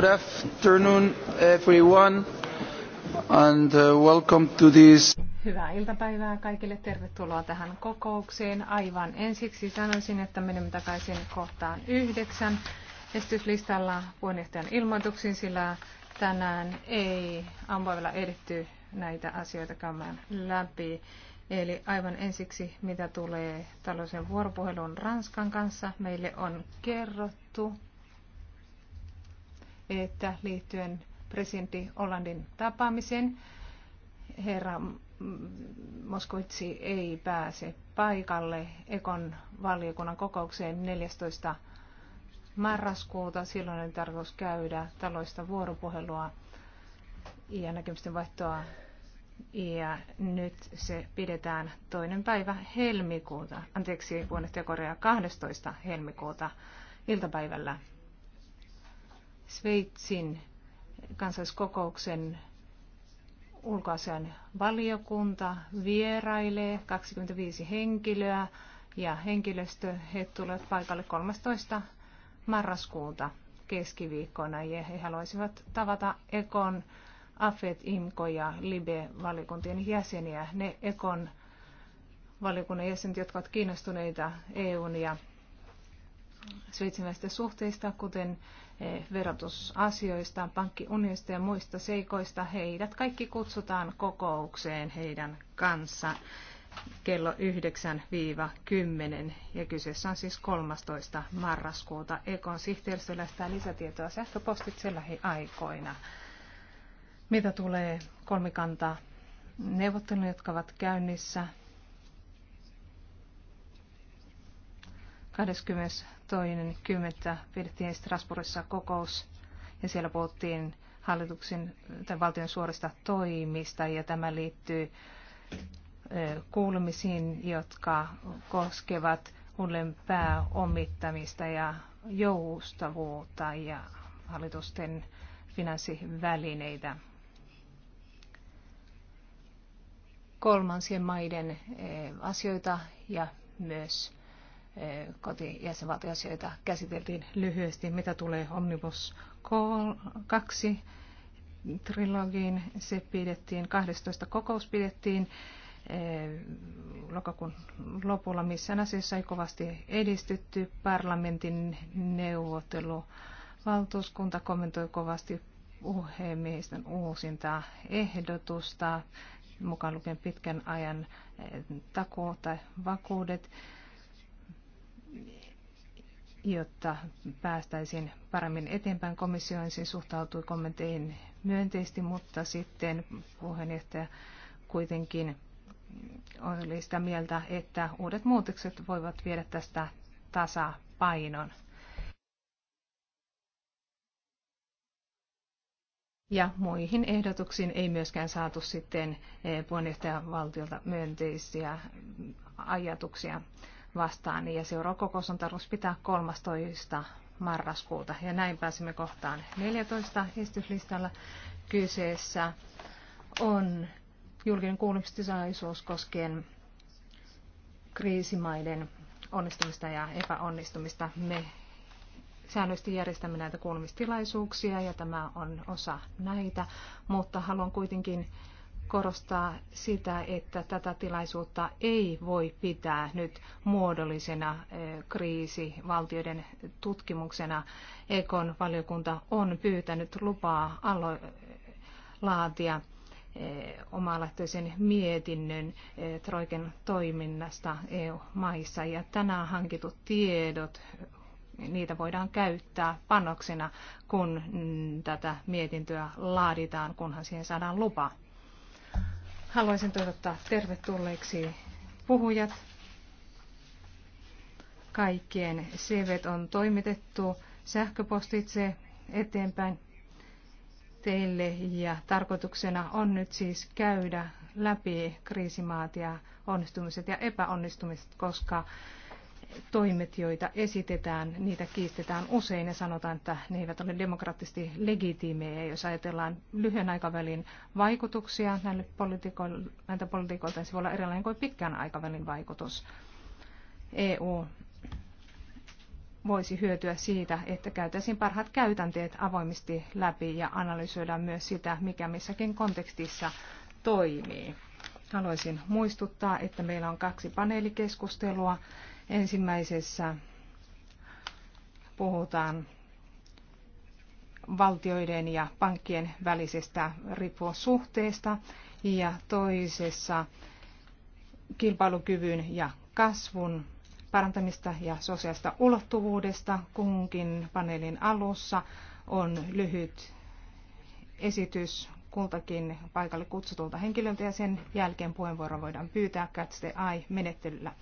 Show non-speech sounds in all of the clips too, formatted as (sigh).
Good afternoon everyone and uh, welcome to this. Hyvää iltapäivää kaikille. Tervetuloa tähän kokoukseen. Aivan ensiksi sanoisin, että menemme takaisin kohtaan yhdeksän. Estyslistalla puheenjohtajan ilmoituksiin, sillä tänään ei aamupäivällä edetty näitä asioita käymään läpi. Eli aivan ensiksi, mitä tulee tällaisen vuoropuhelun Ranskan kanssa, meille on kerrottu, että liittyen presidentti Hollandin tapaamiseen herra Moskovitsi ei pääse paikalle Ekon valiokunnan kokoukseen 14. marraskuuta. Silloin oli tarkoitus käydä taloista vuoropuhelua ja näkemysten vaihtoa. Ja nyt se pidetään toinen päivä helmikuuta, anteeksi, vuonna Korea 12. helmikuuta iltapäivällä Sveitsin kansalliskokouksen ulkoasian valiokunta vierailee 25 henkilöä ja henkilöstö, he tulevat paikalle 13. marraskuuta keskiviikkona ja he haluaisivat tavata Ekon, Afet, Imko ja Libe-valikuntien jäseniä. Ne Ekon valikunnan jäsenet, jotka ovat kiinnostuneita EUn ja sveitsiläisistä suhteista, kuten verotusasioista, pankkiunionista ja muista seikoista. Heidät kaikki kutsutaan kokoukseen heidän kanssa kello 9-10 ja kyseessä on siis 13. marraskuuta. Ekon sihteeristö lähtää lisätietoa sähköpostitse lähiaikoina. Mitä tulee kolmikanta neuvotteluun, jotka ovat käynnissä, 22.10. pidettiin Strasbourgissa kokous ja siellä puhuttiin hallituksen tai valtion suorista toimista ja tämä liittyy kuulumisiin, jotka koskevat uuden pääomittamista ja joustavuutta ja hallitusten finanssivälineitä. Kolmansien maiden asioita ja myös Eh, kotijäsenvaltioasioita käsiteltiin lyhyesti, mitä tulee Omnibus 2 trilogiin. Se pidettiin, 12 kokous pidettiin eh, lokakuun lopulla, missä asiassa ei kovasti edistytty. Parlamentin neuvottelu valtuuskunta kommentoi kovasti puheenmiehistön uusinta ehdotusta, mukaan lukien pitkän ajan eh, takuu tai vakuudet jotta päästäisiin paremmin eteenpäin. Komissio ensin suhtautui kommentteihin myönteisesti, mutta sitten puheenjohtaja kuitenkin oli sitä mieltä, että uudet muutokset voivat viedä tästä tasapainon. Ja muihin ehdotuksiin ei myöskään saatu sitten eh, puheenjohtajavaltiolta myönteisiä ajatuksia vastaan. Niin ja seuraava kokous on tarkoitus pitää 13. marraskuuta. Ja näin pääsemme kohtaan 14 esityslistalla. Kyseessä on julkinen kuulemistisaisuus koskien kriisimaiden onnistumista ja epäonnistumista. Me säännöllisesti järjestämme näitä kuulemistilaisuuksia ja tämä on osa näitä, mutta haluan kuitenkin korostaa sitä, että tätä tilaisuutta ei voi pitää nyt muodollisena eh, kriisivaltioiden tutkimuksena. Ekon valiokunta on pyytänyt lupaa alo- laatia eh, omalähtöisen mietinnön eh, Troiken toiminnasta EU-maissa. Ja tänään hankitut tiedot niitä voidaan käyttää panoksena, kun mm, tätä mietintöä laaditaan, kunhan siihen saadaan lupa. Haluaisin toivottaa tervetulleeksi puhujat. Kaikkien CV on toimitettu sähköpostitse eteenpäin teille ja tarkoituksena on nyt siis käydä läpi kriisimaat ja onnistumiset ja epäonnistumiset, koska toimet, joita esitetään, niitä kiistetään usein ja sanotaan, että ne eivät ole demokraattisesti legitiimejä. Jos ajatellaan lyhyen aikavälin vaikutuksia näille politiikoille, näiltä politiikoilta, niin se voi olla erilainen kuin pitkän aikavälin vaikutus. EU voisi hyötyä siitä, että käytäisiin parhaat käytänteet avoimesti läpi ja analysoidaan myös sitä, mikä missäkin kontekstissa toimii. Haluaisin muistuttaa, että meillä on kaksi paneelikeskustelua Ensimmäisessä puhutaan valtioiden ja pankkien välisestä riippuvuussuhteesta ja toisessa kilpailukyvyn ja kasvun parantamista ja sosiaalista ulottuvuudesta. Kunkin paneelin alussa on lyhyt esitys kultakin paikalle kutsutulta henkilöltä ja sen jälkeen puheenvuoro voidaan pyytää catch the eye menettelyllä.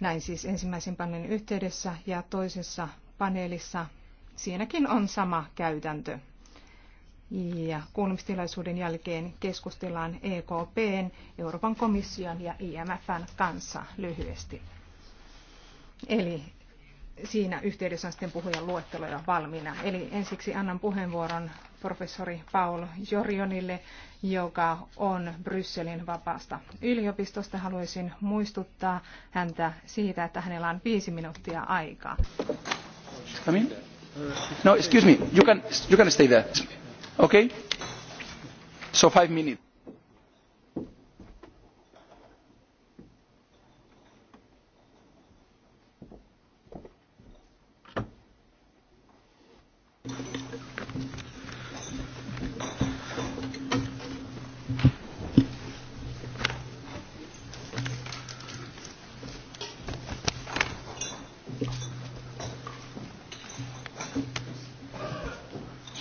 Näin siis ensimmäisen paneelin yhteydessä ja toisessa paneelissa siinäkin on sama käytäntö. Ja kuulemistilaisuuden jälkeen keskustellaan EKPn, Euroopan komission ja IMFn kanssa lyhyesti. Eli siinä yhteydessä on sitten puhujan jo valmiina. Eli ensiksi annan puheenvuoron professori Paul Jorionille, joka on Brysselin vapaasta yliopistosta. Haluaisin muistuttaa häntä siitä, että hänellä on viisi minuuttia aikaa. Come in? No, excuse me. You can, you can stay there. Okay? So five minutes.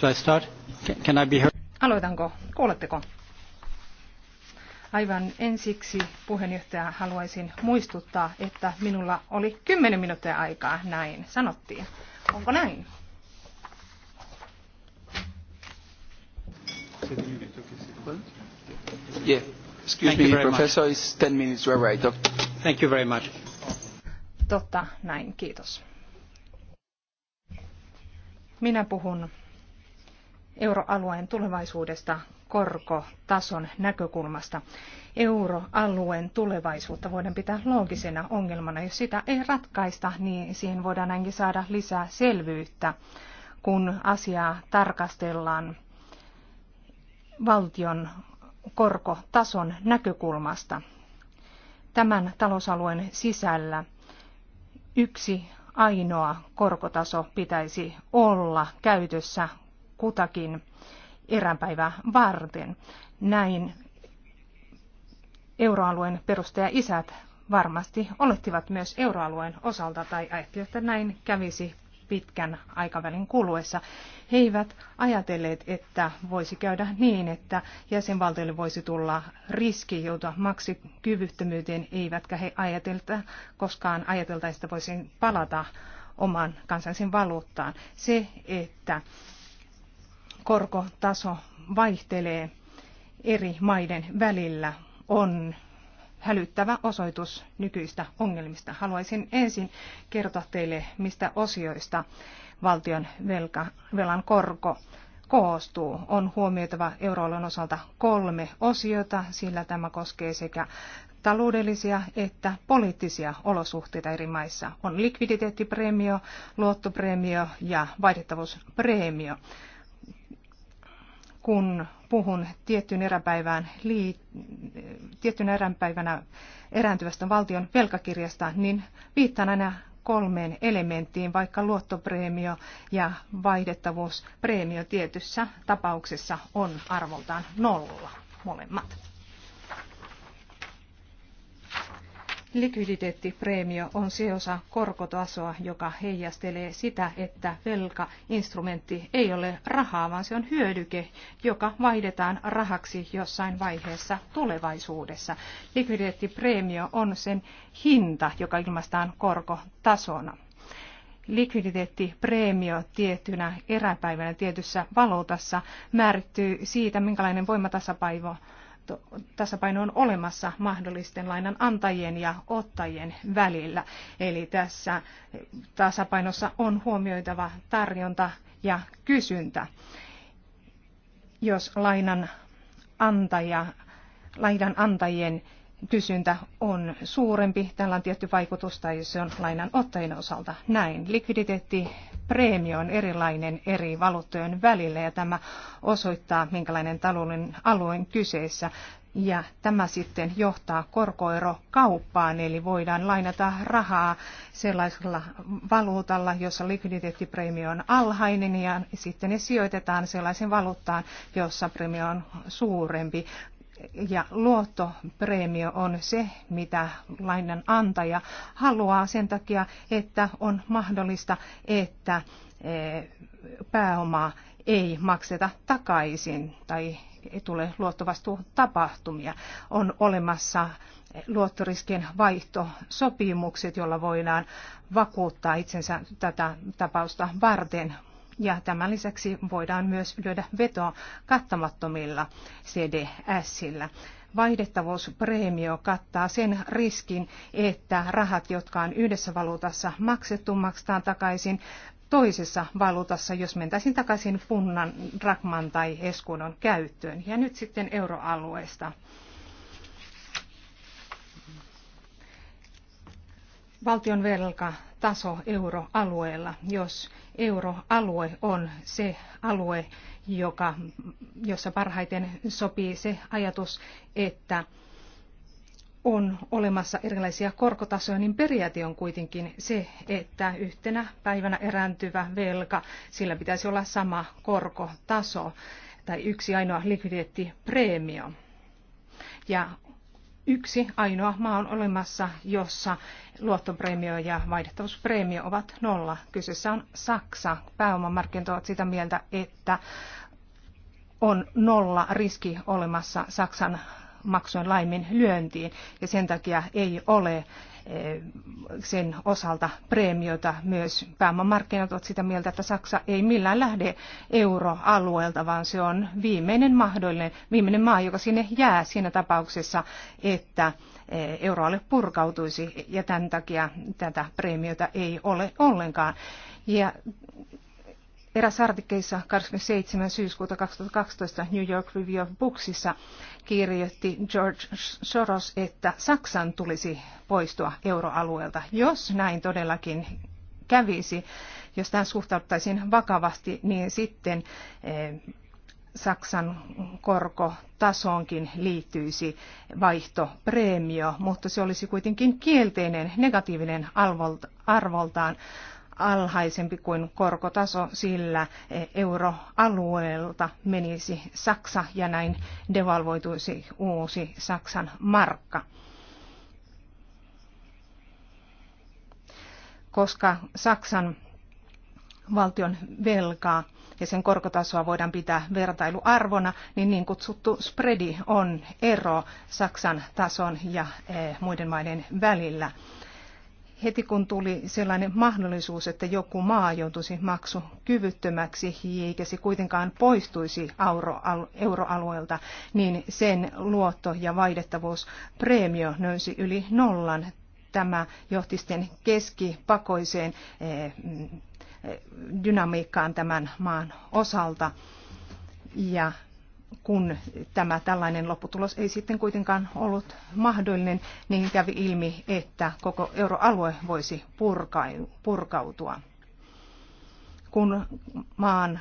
Should I start? Can I be heard? Aloitanko? Kuuletteko? Aivan ensiksi puheenjohtaja haluaisin muistuttaa, että minulla oli 10 minuuttia aikaa, näin sanottiin. Onko näin? Yeah. Excuse Thank me, professor, it's 10 minutes, you're right. Thank you very much. Totta, näin, kiitos. Minä puhun euroalueen tulevaisuudesta korkotason näkökulmasta. Euroalueen tulevaisuutta voidaan pitää loogisena ongelmana. Jos sitä ei ratkaista, niin siihen voidaan ainakin saada lisää selvyyttä, kun asiaa tarkastellaan valtion korkotason näkökulmasta. Tämän talousalueen sisällä yksi ainoa korkotaso pitäisi olla käytössä kutakin eräpäivää varten. Näin euroalueen perustaja isät varmasti olettivat myös euroalueen osalta tai ajattelivat, että näin kävisi pitkän aikavälin kuluessa. He eivät ajatelleet, että voisi käydä niin, että jäsenvaltioille voisi tulla riski joutua maksikyvyttömyyteen, eivätkä he ajatelta, koskaan ajateltaisiin että voisi palata oman kansallisen valuuttaan. Se, että korkotaso vaihtelee eri maiden välillä, on hälyttävä osoitus nykyistä ongelmista. Haluaisin ensin kertoa teille, mistä osioista valtion velka, velan korko koostuu. On huomioitava euroalueen osalta kolme osiota, sillä tämä koskee sekä taloudellisia että poliittisia olosuhteita eri maissa. On likviditeettipreemio, luottopremio ja vaihdettavuuspreemio kun puhun tiettyyn eräpäivään, lii, tiettyyn eräpäivänä erääntyvästä valtion velkakirjasta, niin viittaan aina kolmeen elementtiin, vaikka luottopreemio ja vaihdettavuuspreemio tietyssä tapauksessa on arvoltaan nolla molemmat. Likviditeettipreemio on se osa korkotasoa, joka heijastelee sitä, että velkainstrumentti ei ole rahaa, vaan se on hyödyke, joka vaihdetaan rahaksi jossain vaiheessa tulevaisuudessa. Likviditeettipreemio on sen hinta, joka ilmaistaan korkotasona likviditeettipreemio tiettynä eräpäivänä tietyssä valuutassa määrittyy siitä, minkälainen voimatasapaino tasapaino on olemassa mahdollisten lainan antajien ja ottajien välillä. Eli tässä tasapainossa on huomioitava tarjonta ja kysyntä. Jos lainan antaja, lainan antajien kysyntä on suurempi. Tällä on tietty vaikutus, tai se on lainanottajien osalta näin. preemio on erilainen eri valuuttojen välillä, ja tämä osoittaa, minkälainen talouden alueen kyseessä. Ja tämä sitten johtaa kauppaan eli voidaan lainata rahaa sellaisella valuutalla, jossa likviditeettipreemio on alhainen, ja sitten ne sijoitetaan sellaisen valuuttaan, jossa premio on suurempi ja luottopreemio on se, mitä lainan antaja haluaa sen takia, että on mahdollista, että eh, pääomaa ei makseta takaisin tai ei tule luottovastuutapahtumia. On olemassa eh, luottoriskien vaihtosopimukset, joilla voidaan vakuuttaa itsensä tätä tapausta varten, ja tämän lisäksi voidaan myös lyödä vetoa kattamattomilla CDSillä. Vaihdettavuuspreemio kattaa sen riskin, että rahat, jotka on yhdessä valuutassa maksettu, maksetaan takaisin toisessa valuutassa, jos mentäisiin takaisin punnan, rakman tai eskunon käyttöön. Ja nyt sitten euroalueesta. Valtion velka taso euroalueella, jos euroalue on se alue, joka, jossa parhaiten sopii se ajatus, että on olemassa erilaisia korkotasoja, niin periaate on kuitenkin se, että yhtenä päivänä erääntyvä velka, sillä pitäisi olla sama korkotaso tai yksi ainoa likviditeettipreemio. Ja yksi ainoa maa on olemassa, jossa luottopremio ja vaihdettavuuspremio ovat nolla. Kyseessä on Saksa. Pääomamarkkinat ovat sitä mieltä, että on nolla riski olemassa Saksan maksujen laiminlyöntiin ja sen takia ei ole Eh, sen osalta preemiota. Myös pääomamarkkinat ovat sitä mieltä, että Saksa ei millään lähde euroalueelta, vaan se on viimeinen mahdollinen, viimeinen maa, joka sinne jää siinä tapauksessa, että eh, euroalue purkautuisi ja tämän takia tätä preemiota ei ole ollenkaan. Ja Eräs artikkeissa 27. syyskuuta 2012 New York Review of Booksissa kirjoitti George Soros, että Saksan tulisi poistua euroalueelta, jos näin todellakin kävisi. Jos tähän suhtauttaisiin vakavasti, niin sitten eh, Saksan korkotasoonkin liittyisi vaihtopreemio, mutta se olisi kuitenkin kielteinen, negatiivinen arvoltaan alhaisempi kuin korkotaso, sillä e, euroalueelta menisi Saksa ja näin devalvoituisi uusi Saksan markka. Koska Saksan valtion velkaa ja sen korkotasoa voidaan pitää vertailuarvona, niin niin kutsuttu spreadi on ero Saksan tason ja e, muiden maiden välillä heti kun tuli sellainen mahdollisuus, että joku maa joutuisi maksukyvyttömäksi eikä se kuitenkaan poistuisi euroalueelta, niin sen luotto- ja vaihdettavuuspreemio nousi yli nollan. Tämä johti sitten keskipakoiseen eh, mm, eh, dynamiikkaan tämän maan osalta. Ja kun tämä tällainen lopputulos ei sitten kuitenkaan ollut mahdollinen, niin kävi ilmi, että koko euroalue voisi purkautua. Kun maan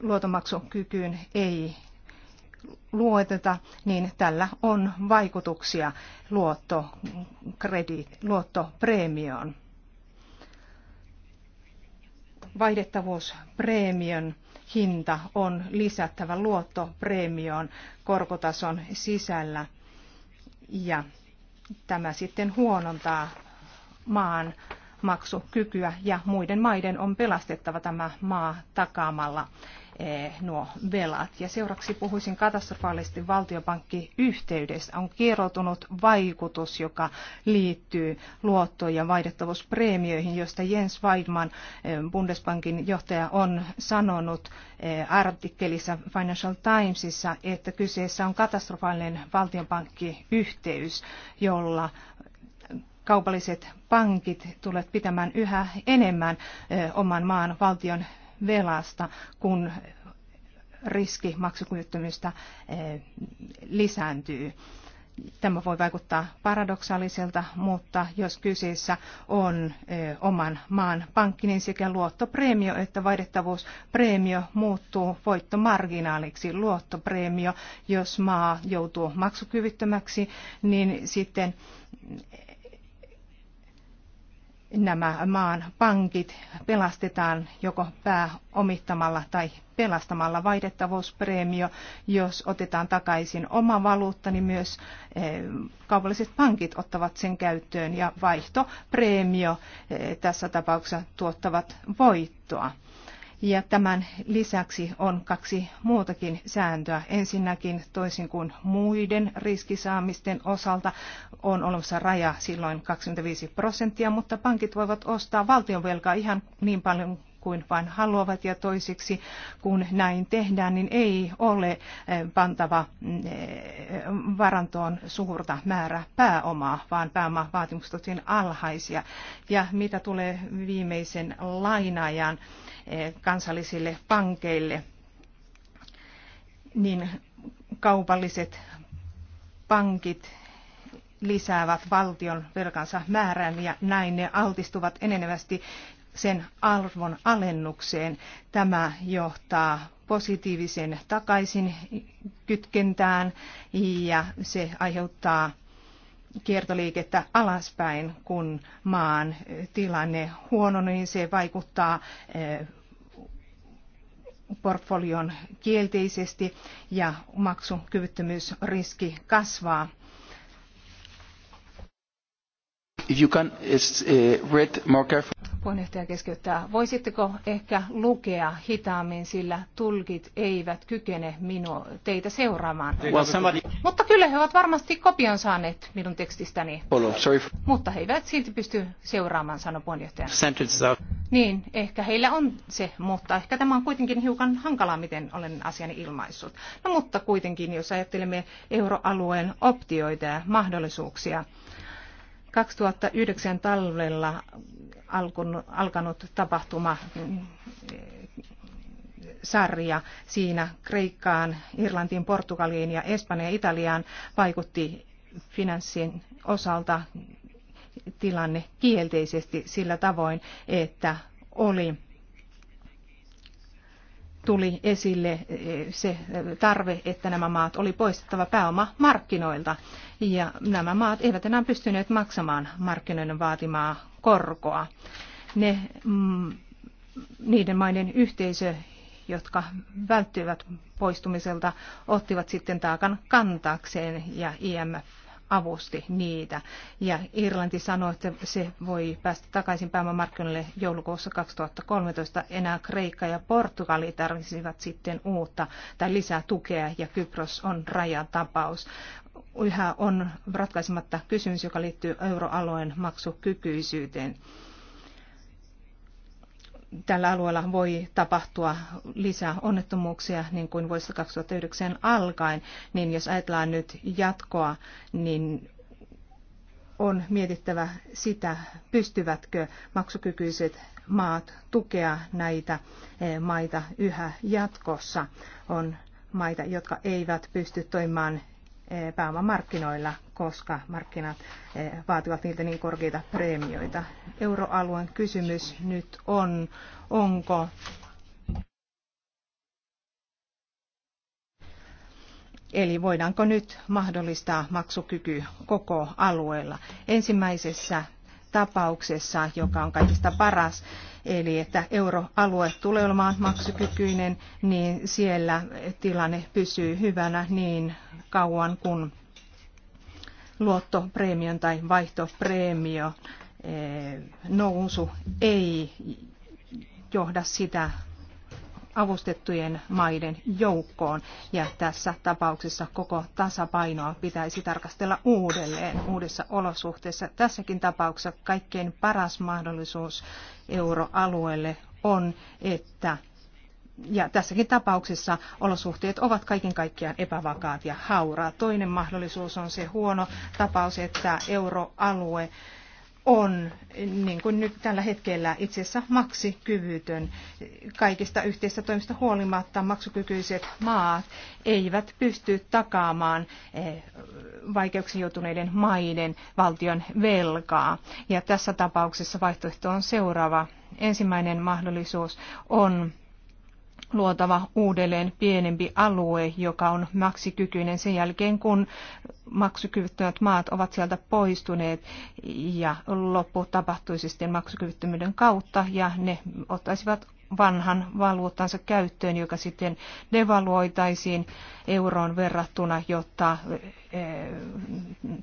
luotomaksukykyyn ei luoteta, niin tällä on vaikutuksia luottokredit, luottopreemioon. Vaihdettavuuspreemion hinta on lisättävä luottopreemioon korkotason sisällä ja tämä sitten huonontaa maan maksukykyä ja muiden maiden on pelastettava tämä maa takaamalla Eh, nuo velat. Ja seuraksi puhuisin katastrofaalisesti valtiopankkiyhteydestä. On kieroutunut vaikutus, joka liittyy luotto- ja vaihdettavuuspreemioihin, josta Jens Weidman, eh, Bundesbankin johtaja, on sanonut eh, artikkelissa Financial Timesissa, että kyseessä on katastrofaalinen valtiobanki-yhteys, jolla kaupalliset pankit tulevat pitämään yhä enemmän oman maan valtion velasta, kun riski maksukyvyttömyystä eh, lisääntyy. Tämä voi vaikuttaa paradoksaaliselta, mutta jos kyseessä on eh, oman maan pankki, niin sekä luottopreemio että vaihdettavuuspreemio muuttuu voittomarginaaliksi. Luottopreemio, jos maa joutuu maksukyvyttömäksi, niin sitten nämä maan pankit pelastetaan joko pääomittamalla tai pelastamalla vaihdettavuuspreemio. Jos otetaan takaisin oma valuutta, niin myös eh, kaupalliset pankit ottavat sen käyttöön ja vaihtopreemio eh, tässä tapauksessa tuottavat voittoa. Ja tämän lisäksi on kaksi muutakin sääntöä. Ensinnäkin toisin kuin muiden riskisaamisten osalta on olemassa raja silloin 25 prosenttia, mutta pankit voivat ostaa valtionvelkaa ihan niin paljon kuin vain haluavat ja toiseksi kun näin tehdään, niin ei ole eh, pantava mm, eh, varantoon suurta määrä pääomaa, vaan pääomavaatimukset ovat alhaisia. Ja mitä tulee viimeisen lainaajan kansallisille pankeille, niin kaupalliset pankit lisäävät valtion velkansa määrän ja näin ne altistuvat enenevästi sen arvon alennukseen. Tämä johtaa positiivisen takaisin kytkentään ja se aiheuttaa kiertoliikettä alaspäin, kun maan tilanne huononee, niin se vaikuttaa eh, portfolion kielteisesti ja maksukyvyttömyysriski kasvaa if you can uh, read more carefully. Puheenjohtaja keskeyttää. Voisitteko ehkä lukea hitaammin, sillä tulkit eivät kykene minua teitä seuraamaan. Well, somebody... Mutta kyllä he ovat varmasti kopion saaneet minun tekstistäni. Polo, sorry Mutta he eivät silti pysty seuraamaan, sanoi puheenjohtaja. Niin, ehkä heillä on se, mutta ehkä tämä on kuitenkin hiukan hankalaa, miten olen asiani ilmaissut. No mutta kuitenkin, jos ajattelemme euroalueen optioita ja mahdollisuuksia, 2009 talvella alkanut tapahtuma mm, sarja. Siinä Kreikkaan, Irlantiin, Portugaliin ja Espanjaan ja Italiaan vaikutti finanssien osalta tilanne kielteisesti sillä tavoin, että oli tuli esille eh, se eh, tarve, että nämä maat oli poistettava pääoma markkinoilta. Ja nämä maat eivät enää pystyneet maksamaan markkinoiden vaatimaa korkoa. Ne, mm, niiden maiden yhteisö, jotka välttyivät poistumiselta, ottivat sitten taakan kantaakseen ja IMF avusti niitä. Ja Irlanti sanoi, että se voi päästä takaisin pääomamarkkinoille joulukuussa 2013. Enää Kreikka ja Portugali tarvitsivat sitten uutta tai lisää tukea ja Kypros on rajatapaus yhä on ratkaisematta kysymys, joka liittyy euroalueen maksukykyisyyteen tällä alueella voi tapahtua lisää onnettomuuksia niin kuin vuodesta 2009 alkaen, niin jos ajatellaan nyt jatkoa, niin on mietittävä sitä, pystyvätkö maksukykyiset maat tukea näitä eh, maita yhä jatkossa. On maita, jotka eivät pysty toimimaan eh, pääomamarkkinoilla koska markkinat eh, vaativat niiltä niin korkeita preemioita. Euroalueen kysymys nyt on, onko Eli voidaanko nyt mahdollistaa maksukyky koko alueella? Ensimmäisessä tapauksessa, joka on kaikista paras, eli että euroalue tulee olemaan maksukykyinen, niin siellä tilanne pysyy hyvänä niin kauan, kuin luottopreemion tai vaihtopreemio eh, nousu ei johda sitä avustettujen maiden joukkoon. Ja tässä tapauksessa koko tasapainoa pitäisi tarkastella uudelleen uudessa olosuhteessa. Tässäkin tapauksessa kaikkein paras mahdollisuus euroalueelle on, että ja tässäkin tapauksessa olosuhteet ovat kaiken kaikkiaan epävakaat ja hauraa. Toinen mahdollisuus on se huono tapaus, että euroalue on niin kuin nyt tällä hetkellä itse asiassa maksikyvytön. Kaikista yhteistä toimista huolimatta maksukykyiset maat eivät pysty takaamaan eh, vaikeuksiin joutuneiden maiden valtion velkaa. Ja tässä tapauksessa vaihtoehto on seuraava. Ensimmäinen mahdollisuus on luotava uudelleen pienempi alue, joka on maksikykyinen sen jälkeen, kun maksukyvyttömät maat ovat sieltä poistuneet ja loppu tapahtuisi sitten maksukyvyttömyyden kautta ja ne ottaisivat vanhan valuuttansa käyttöön, joka sitten devaluoitaisiin euroon verrattuna, jotta eh,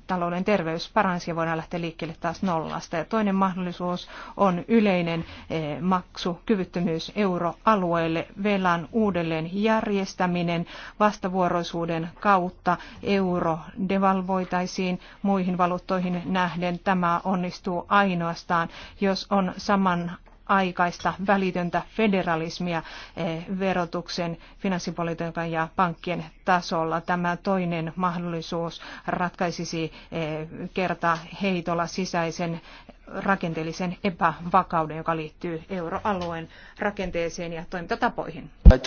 talouden terveys paransi ja voidaan lähteä liikkeelle taas nollasta. Ja toinen mahdollisuus on yleinen eh, maksukyvyttömyys euroalueelle, velan uudelleen järjestäminen vastavuoroisuuden kautta euro devalvoitaisiin muihin valuuttoihin nähden. Tämä onnistuu ainoastaan, jos on saman aikaista välitöntä federalismia eh, verotuksen, finanssipolitiikan ja pankkien tasolla. Tämä toinen mahdollisuus ratkaisisi eh, kerta heitolla sisäisen rakenteellisen epävakauden, joka liittyy euroalueen rakenteeseen ja toimintatapoihin. Eh,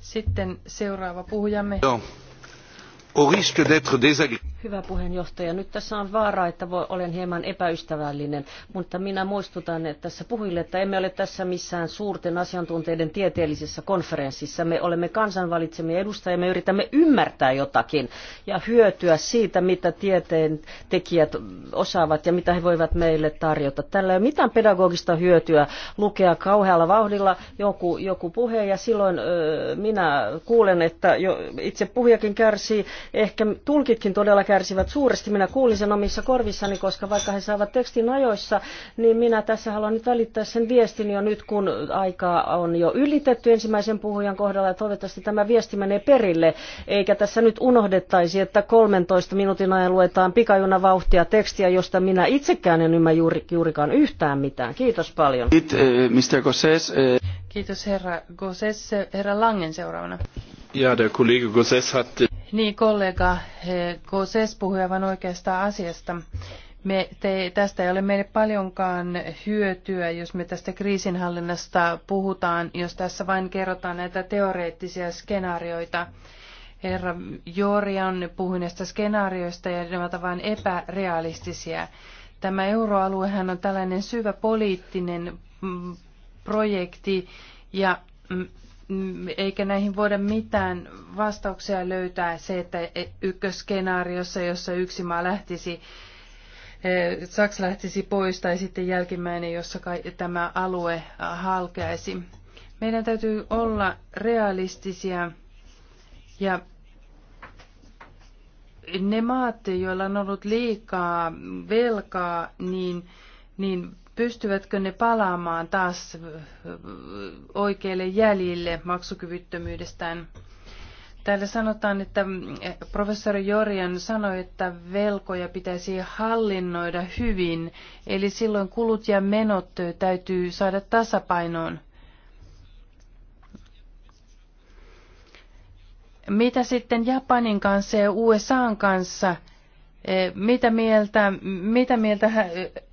Sitten seuraava puhujamme. Au risque d'être désagréable Hyvä puheenjohtaja. Nyt tässä on vaara, että voi, olen hieman epäystävällinen, mutta minä muistutan että tässä puhujille, että emme ole tässä missään suurten asiantuntijoiden tieteellisessä konferenssissa. Me olemme kansanvalitsemia edustajia, me yritämme ymmärtää jotakin ja hyötyä siitä, mitä tieteen tekijät osaavat ja mitä he voivat meille tarjota. Tällä ei ole mitään pedagogista hyötyä lukea kauhealla vauhdilla joku, joku puhe ja silloin ö, minä kuulen, että jo, itse puhujakin kärsii, ehkä tulkitkin todella kärsivät suuresti. Minä kuulin sen omissa korvissani, koska vaikka he saavat tekstin ajoissa, niin minä tässä haluan nyt välittää sen viestin jo nyt, kun aikaa on jo ylitetty ensimmäisen puhujan kohdalla. Ja toivottavasti tämä viesti menee perille, eikä tässä nyt unohdettaisi, että 13 minuutin ajan luetaan pikajuna vauhtia tekstiä, josta minä itsekään en ymmärrä juuri, juurikaan yhtään mitään. Kiitos paljon. It, uh, äh, Mr. Gosses, uh... Kiitos herra Gosses. Herra Langen seuraavana. Ja, der Kollege Gosses hat... Niin, kollega Gosses puhui aivan oikeasta asiasta. Me te, tästä ei ole meille paljonkaan hyötyä, jos me tästä kriisinhallinnasta puhutaan, jos tässä vain kerrotaan näitä teoreettisia skenaarioita. Herra Jorian puhui näistä skenaarioista ja ne ovat vain epärealistisia. Tämä euroaluehan on tällainen syvä poliittinen mm, projekti ja mm, Mm, eikä näihin voida mitään vastauksia löytää. Se, että e, ykkösskenaariossa, jossa yksi maa lähtisi, e, Saksa lähtisi pois tai sitten jälkimmäinen, jossa tämä alue halkeaisi. Meidän täytyy olla realistisia ja ne maat, joilla on ollut liikaa velkaa, niin, niin pystyvätkö ne palaamaan taas oikeille jäljille maksukyvyttömyydestään. Täällä sanotaan, että mm, eh, professori Jorian sanoi, että velkoja pitäisi hallinnoida hyvin, eli silloin kulut ja menot täytyy saada tasapainoon. Mitä sitten Japanin kanssa ja USA kanssa? Eh, mitä mieltä, mitä mieltä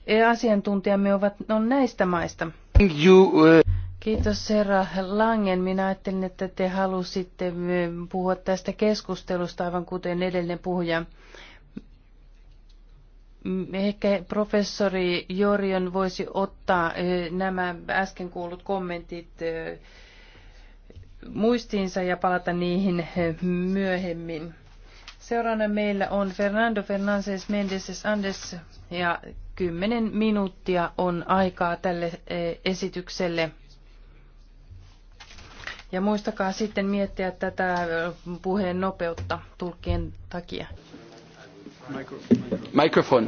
E, asiantuntijamme ovat, on näistä maista. Uh, Kiitos herra Langen. Minä ajattelin, että te halusitte uh, puhua tästä keskustelusta, aivan kuten edellinen puhuja. Mm, ehkä professori Jorion voisi ottaa uh, nämä äsken kuullut kommentit muistiinsa ja palata niihin myöhemmin. Seuraavana meillä on Fernando Fernandes Mendes Andes ja 10 minuuttia on aikaa tälle e, esitykselle. Ja muistakaa sitten miettiä tätä puheen nopeutta tulkien takia. Microphone.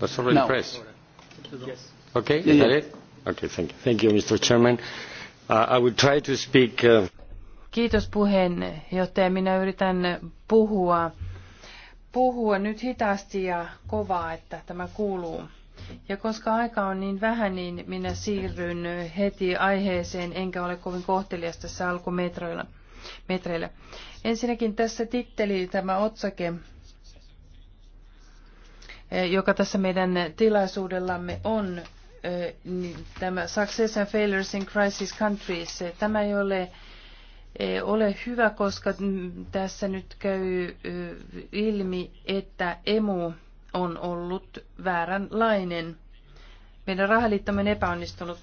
That's already no. Yes. Okay, yeah, yeah. Okay, thank you. Thank you, Mr. Chairman. Uh, I will try to speak... Uh... Kiitos puheen, puheenjohtaja. Minä yritän puhua, puhua nyt hitaasti ja kovaa, että tämä kuuluu. Ja koska aika on niin vähän, niin minä siirryn heti aiheeseen, enkä ole kovin kohtelias tässä alkumetreillä. Metreillä. Ensinnäkin tässä titteli, tämä otsake, e, joka tässä meidän tilaisuudellamme on, e, niin tämä Success and Failures in Crisis Countries. E, tämä ei ole ole hyvä, koska tässä nyt käy ilmi, että emu on ollut vääränlainen. Meidän rahaliittomme on epäonnistunut.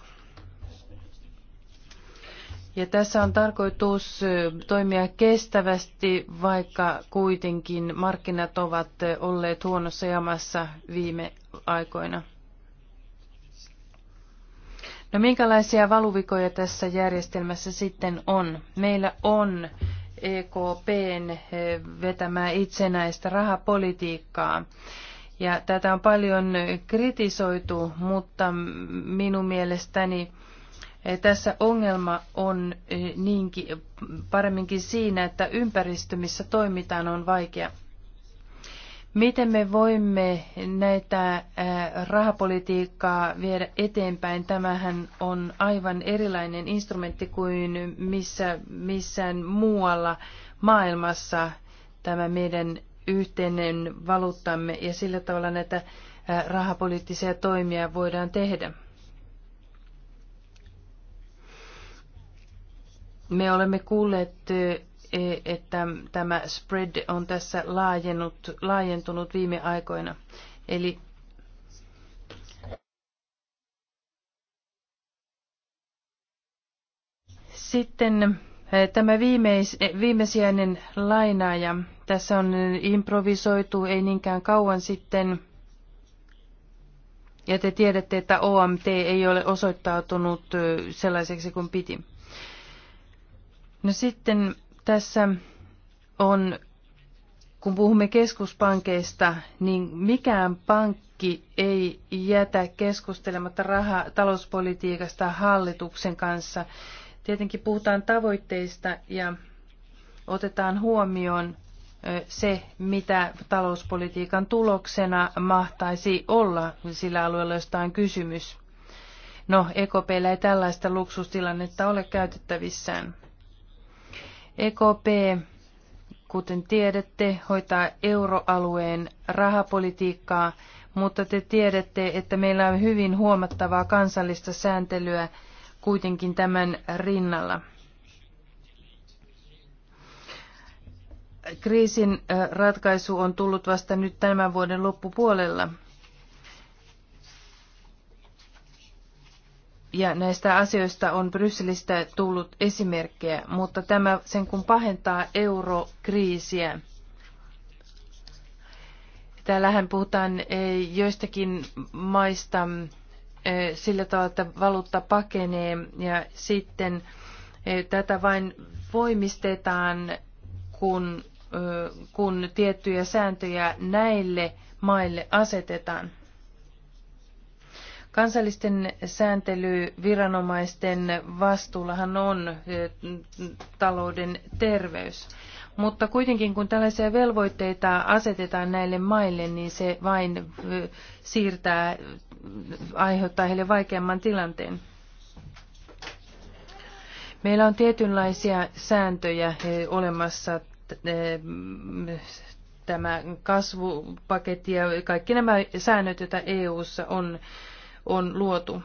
Ja tässä on tarkoitus toimia kestävästi, vaikka kuitenkin markkinat ovat olleet huonossa jamassa viime aikoina. No minkälaisia valuvikoja tässä järjestelmässä sitten on? Meillä on EKPn eh, vetämää itsenäistä rahapolitiikkaa. Ja tätä on paljon kritisoitu, mutta minun mielestäni eh, tässä ongelma on eh, niinkin, paremminkin siinä, että ympäristö, missä toimitaan, on vaikea. Miten me voimme näitä rahapolitiikkaa viedä eteenpäin? Tämähän on aivan erilainen instrumentti kuin missä, missään muualla maailmassa tämä meidän yhteinen valuuttamme ja sillä tavalla näitä rahapoliittisia toimia voidaan tehdä. Me olemme kuulleet E, että tämä spread on tässä laajennut, laajentunut viime aikoina. Eli sitten e, tämä viimeis, e, viimesijainen lainaaja. Tässä on improvisoitu ei niinkään kauan sitten. Ja te tiedätte, että OMT ei ole osoittautunut sellaiseksi kuin piti. No sitten tässä on, kun puhumme keskuspankeista, niin mikään pankki ei jätä keskustelematta raha, talouspolitiikasta hallituksen kanssa. Tietenkin puhutaan tavoitteista ja otetaan huomioon se, mitä talouspolitiikan tuloksena mahtaisi olla sillä alueella, josta on kysymys. No, EKP ei tällaista luksustilannetta ole käytettävissään. EKP, kuten tiedätte, hoitaa euroalueen rahapolitiikkaa, mutta te tiedätte, että meillä on hyvin huomattavaa kansallista sääntelyä kuitenkin tämän rinnalla. Kriisin ratkaisu on tullut vasta nyt tämän vuoden loppupuolella. ja näistä asioista on Brysselistä tullut esimerkkejä, mutta tämä sen kun pahentaa eurokriisiä. Täällähän puhutaan eh, joistakin maista eh, sillä tavalla, että valuutta pakenee ja sitten eh, tätä vain voimistetaan, kun, kun tiettyjä sääntöjä näille maille asetetaan. Kansallisten sääntelyviranomaisten vastuullahan on talouden terveys. Mutta kuitenkin kun tällaisia velvoitteita asetetaan näille maille, niin se vain siirtää, aiheuttaa heille vaikeamman tilanteen. Meillä on tietynlaisia sääntöjä olemassa tämä kasvupaketti ja kaikki nämä säännöt, joita EU:ssa on on luotu.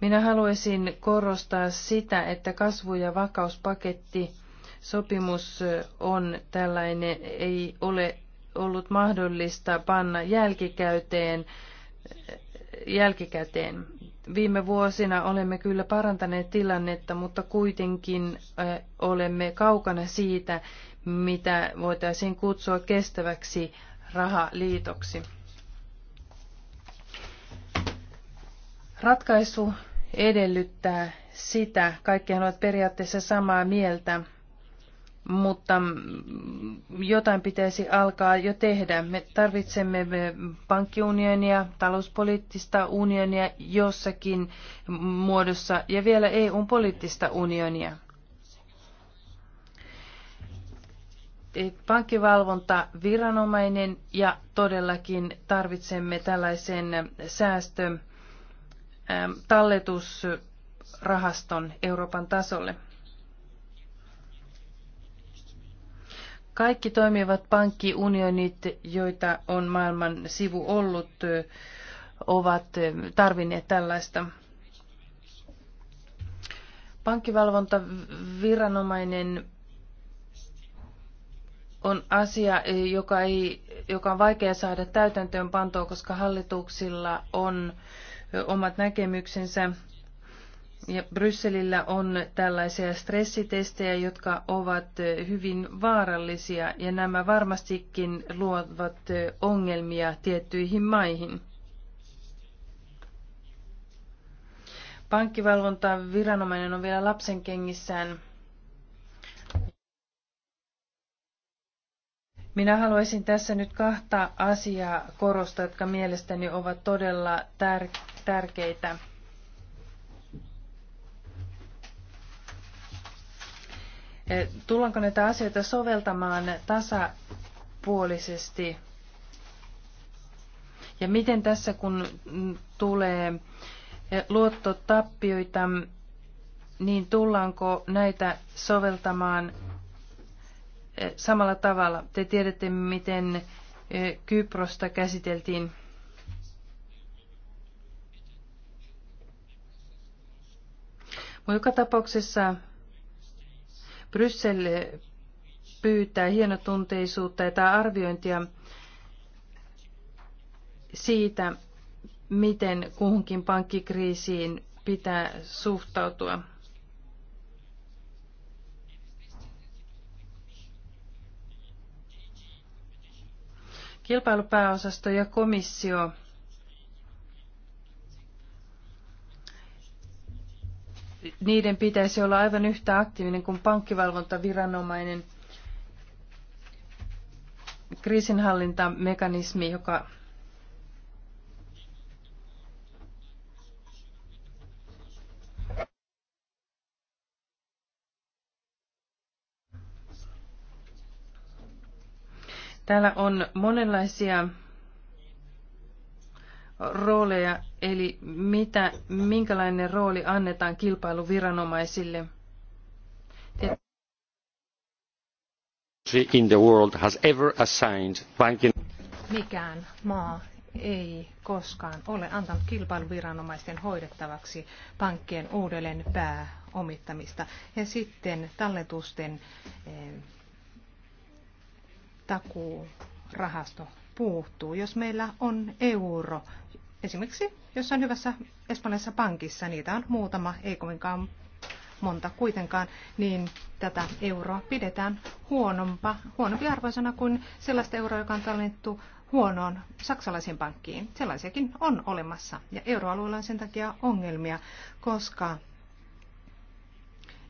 Minä haluaisin korostaa sitä, että kasvu- ja vakauspaketti sopimus on tällainen, ei ole ollut mahdollista panna jälkikäteen, jälkikäteen. Viime vuosina olemme kyllä parantaneet tilannetta, mutta kuitenkin äh, olemme kaukana siitä, mitä voitaisiin kutsua kestäväksi rahaliitoksi. Ratkaisu edellyttää sitä, kaikkihan ovat periaatteessa samaa mieltä, mutta jotain pitäisi alkaa jo tehdä. Me tarvitsemme pankkiunionia, talouspoliittista unionia jossakin muodossa ja vielä EUn poliittista unionia. pankkivalvonta viranomainen ja todellakin tarvitsemme tällaisen säästö- Ähm, talletusrahaston Euroopan tasolle. Kaikki toimivat pankkiunionit, joita on maailman sivu ollut, ovat ähm, tarvinneet tällaista. Pankkivalvontaviranomainen on asia, joka, ei, joka on vaikea saada täytäntöön pantoa, koska hallituksilla on äh, omat näkemyksensä. Ja Brysselillä on tällaisia stressitestejä, jotka ovat hyvin vaarallisia ja nämä varmastikin luovat ongelmia tiettyihin maihin. viranomainen on vielä lapsen kengissään. Minä haluaisin tässä nyt kahta asiaa korostaa, jotka mielestäni ovat todella tärkeitä tärkeitä. Eh, tullaanko näitä asioita soveltamaan tasapuolisesti? Ja miten tässä, kun tulee eh, luottotappioita, niin tullaanko näitä soveltamaan eh, samalla tavalla? Te tiedätte, miten Kyprosta käsiteltiin Joka tapauksessa Bryssel pyytää hienotunteisuutta ja arviointia siitä, miten kuhunkin pankkikriisiin pitää suhtautua. Kilpailupääosasto ja komissio niiden pitäisi olla aivan yhtä aktiivinen kuin pankkivalvontaviranomainen kriisinhallintamekanismi, joka Täällä on monenlaisia rooleja, eli mitä, minkälainen rooli annetaan kilpailuviranomaisille. In the world has ever assigned banking. Mikään maa ei koskaan ole antanut kilpailuviranomaisten hoidettavaksi pankkien uudelleen pääomittamista. Ja sitten talletusten eh, takuurahasto puuttuu. Jos meillä on euro, esimerkiksi jossain hyvässä espanjassa pankissa, niitä on muutama, ei kovinkaan monta kuitenkaan, niin tätä euroa pidetään huonompa, huonompi arvoisena kuin sellaista euroa, joka on tallennettu huonoon saksalaisiin pankkiin. Sellaisiakin on olemassa. Ja euroalueella on sen takia ongelmia, koska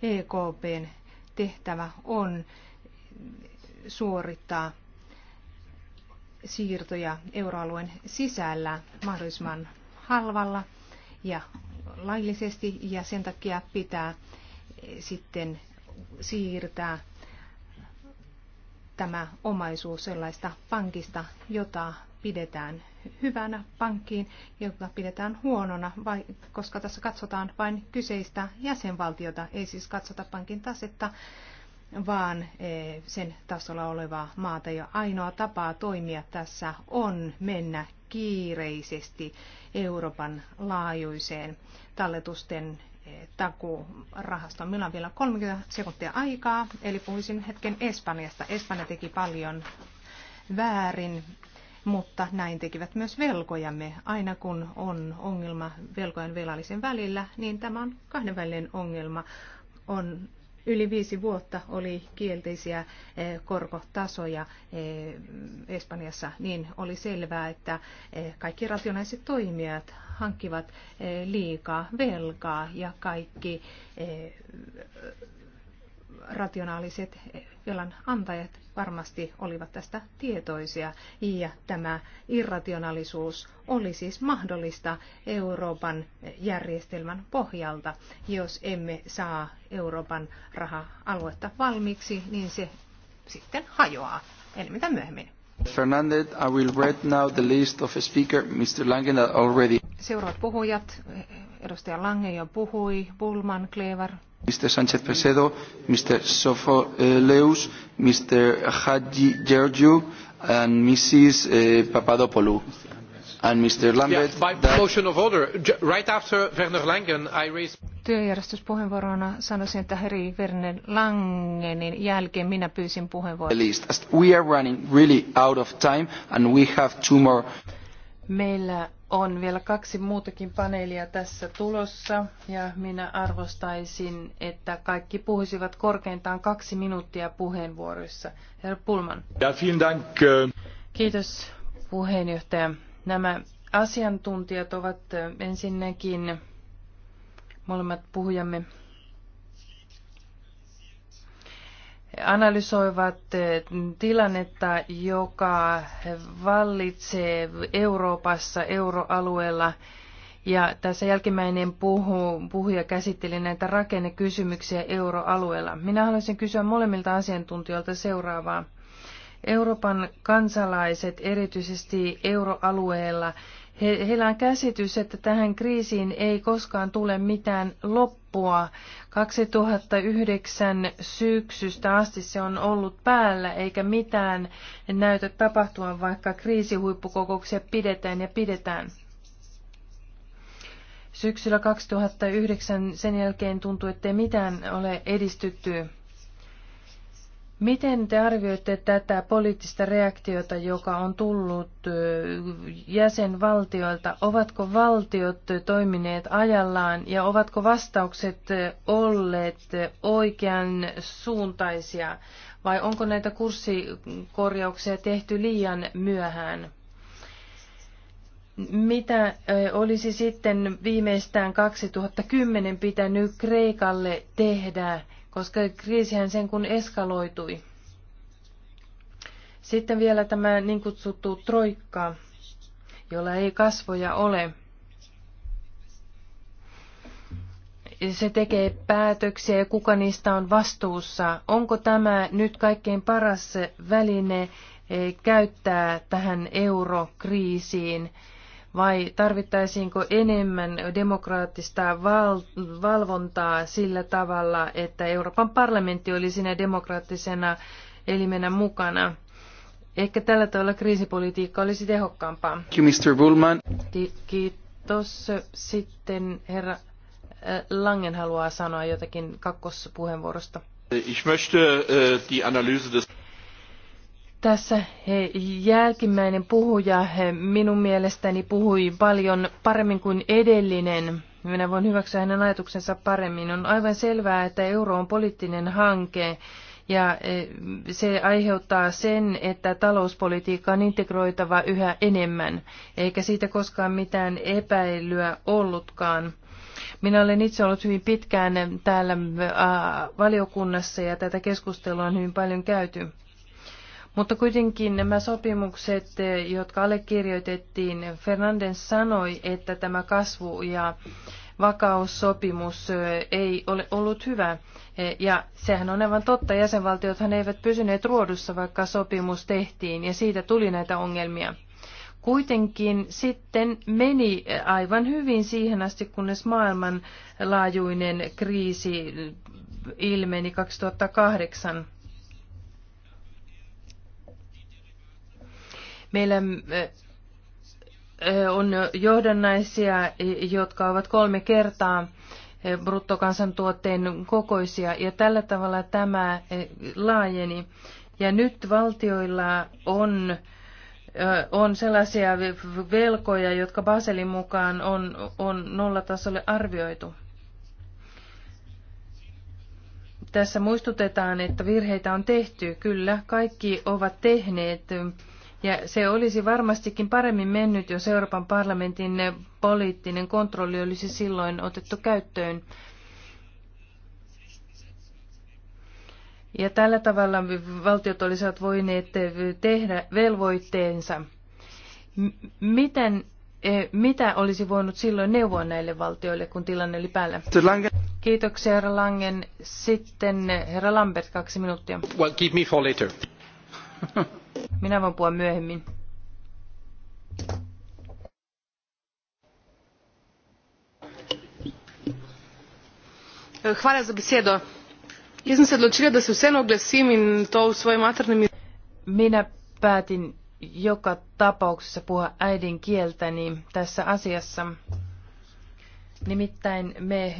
EKPn tehtävä on suorittaa siirtoja euroalueen sisällä mahdollisimman halvalla ja laillisesti ja sen takia pitää eh, sitten siirtää tämä omaisuus sellaista pankista, jota pidetään hyvänä pankkiin, jota pidetään huonona, vai, koska tässä katsotaan vain kyseistä jäsenvaltiota, ei siis katsota pankin tasetta, vaan e, sen tasolla oleva maata. Ja ainoa tapa toimia tässä on mennä kiireisesti Euroopan laajuiseen talletusten e, takurahastoon. Meillä on vielä 30 sekuntia aikaa, eli puhuisin hetken Espanjasta. Espanja teki paljon väärin, mutta näin tekivät myös velkojamme. Aina kun on ongelma velkojen velallisen välillä, niin tämä on kahdenvälinen ongelma. On yli viisi vuotta oli kielteisiä eh, korkotasoja eh, Espanjassa, niin oli selvää, että eh, kaikki rationaaliset toimijat hankkivat liikaa velkaa ja kaikki rationaaliset velan antajat varmasti olivat tästä tietoisia ja tämä irrationaalisuus oli siis mahdollista Euroopan järjestelmän pohjalta. Jos emme saa Euroopan raha-aluetta valmiiksi, niin se sitten hajoaa enemmän tai myöhemmin. Fernandez, I will read now the list of speaker, Mr. Langen already. Seuraavat puhujat, edustaja Lange jo puhui, Bulman Klever. Mr. Sanchez Pesedo, Mr. Sofoleus, Mr. Hadji Georgiou and Mrs. Eh, Papadopoulou by motion of order, right after Werner Langen, I raised... Työjärjestyspuheenvuorona sanoisin, että Heri Werner Langenin jälkeen minä pyysin puheenvuoron. We are running really out of time and we have two more... Meillä on vielä kaksi muutakin paneelia tässä tulossa ja minä arvostaisin, että kaikki puhuisivat korkeintaan kaksi minuuttia puheenvuoroissa. Herra Pulman. Ja, dank. Äh. Kiitos puheenjohtaja. Nämä asiantuntijat ovat ensinnäkin molemmat puhujamme analysoivat tilannetta, joka vallitsee Euroopassa, euroalueella. Ja tässä jälkimmäinen puhu, puhuja käsitteli näitä rakennekysymyksiä euroalueella. Minä haluaisin kysyä molemmilta asiantuntijoilta seuraavaa. Euroopan kansalaiset, erityisesti euroalueella, he, heillä on käsitys, että tähän kriisiin ei koskaan tule mitään loppua. 2009 syksystä asti se on ollut päällä, eikä mitään näytä tapahtuvan, vaikka kriisihuippukokouksia pidetään ja pidetään. Syksyllä 2009 sen jälkeen tuntuu, ettei mitään ole edistytty Miten te arvioitte tätä poliittista reaktiota, joka on tullut jäsenvaltioilta? Ovatko valtiot toimineet ajallaan ja ovatko vastaukset olleet oikean suuntaisia vai onko näitä kurssikorjauksia tehty liian myöhään? Mitä olisi sitten viimeistään 2010 pitänyt Kreikalle tehdä? koska kriisihän sen kun eskaloitui. Sitten vielä tämä niin kutsuttu troikka, jolla ei kasvoja ole. Se tekee päätöksiä ja kuka niistä on vastuussa. Onko tämä nyt kaikkein paras väline eh, käyttää tähän eurokriisiin? vai tarvittaisiinko enemmän demokraattista val- valvontaa sillä tavalla, että Euroopan parlamentti oli siinä demokraattisena elimenä mukana? Ehkä tällä tavalla kriisipolitiikka olisi tehokkaampaa. Thank you, Mr. Bullman. Ki- kiitos. Sitten herra äh, Langen haluaa sanoa jotakin kakkospuheenvuorosta. Ich möchte, äh, die Analyse des tässä he, jälkimmäinen puhuja he, minun mielestäni puhui paljon paremmin kuin edellinen. Minä voin hyväksyä hänen ajatuksensa paremmin. On aivan selvää, että euro on poliittinen hanke ja e, se aiheuttaa sen, että talouspolitiikka on integroitava yhä enemmän, eikä siitä koskaan mitään epäilyä ollutkaan. Minä olen itse ollut hyvin pitkään täällä valiokunnassa ja tätä keskustelua on hyvin paljon käyty. Mutta kuitenkin nämä sopimukset, jotka allekirjoitettiin, Fernandes sanoi, että tämä kasvu- ja vakaussopimus ei ole ollut hyvä. E, ja sehän on aivan totta, jäsenvaltiothan eivät pysyneet ruodussa, vaikka sopimus tehtiin, ja siitä tuli näitä ongelmia. Kuitenkin sitten meni aivan hyvin siihen asti, kunnes maailmanlaajuinen kriisi ilmeni 2008. Meillä on johdannaisia, jotka ovat kolme kertaa bruttokansantuotteen kokoisia, ja tällä tavalla tämä laajeni. Ja nyt valtioilla on, on sellaisia velkoja, jotka Baselin mukaan on, on nollatasolle arvioitu. Tässä muistutetaan, että virheitä on tehty. Kyllä, kaikki ovat tehneet ja se olisi varmastikin paremmin mennyt, jos Euroopan parlamentin poliittinen kontrolli olisi silloin otettu käyttöön. Ja tällä tavalla valtiot olisivat voineet tehdä velvoitteensa. Miten, e, mitä olisi voinut silloin neuvoa näille valtioille, kun tilanne oli päällä? Kiitoksia, herra Langen. Sitten herra Lambert, kaksi minuuttia. Well, keep me for later. (laughs) Minä voin puhua myöhemmin. Hvala za besedo. Jaz sem se odločila, da se vseeno oglasim in to v svoji maternem Minä päätin joka tapauksessa puhua äidinkieltäni tässä asiassa. Nimittäin me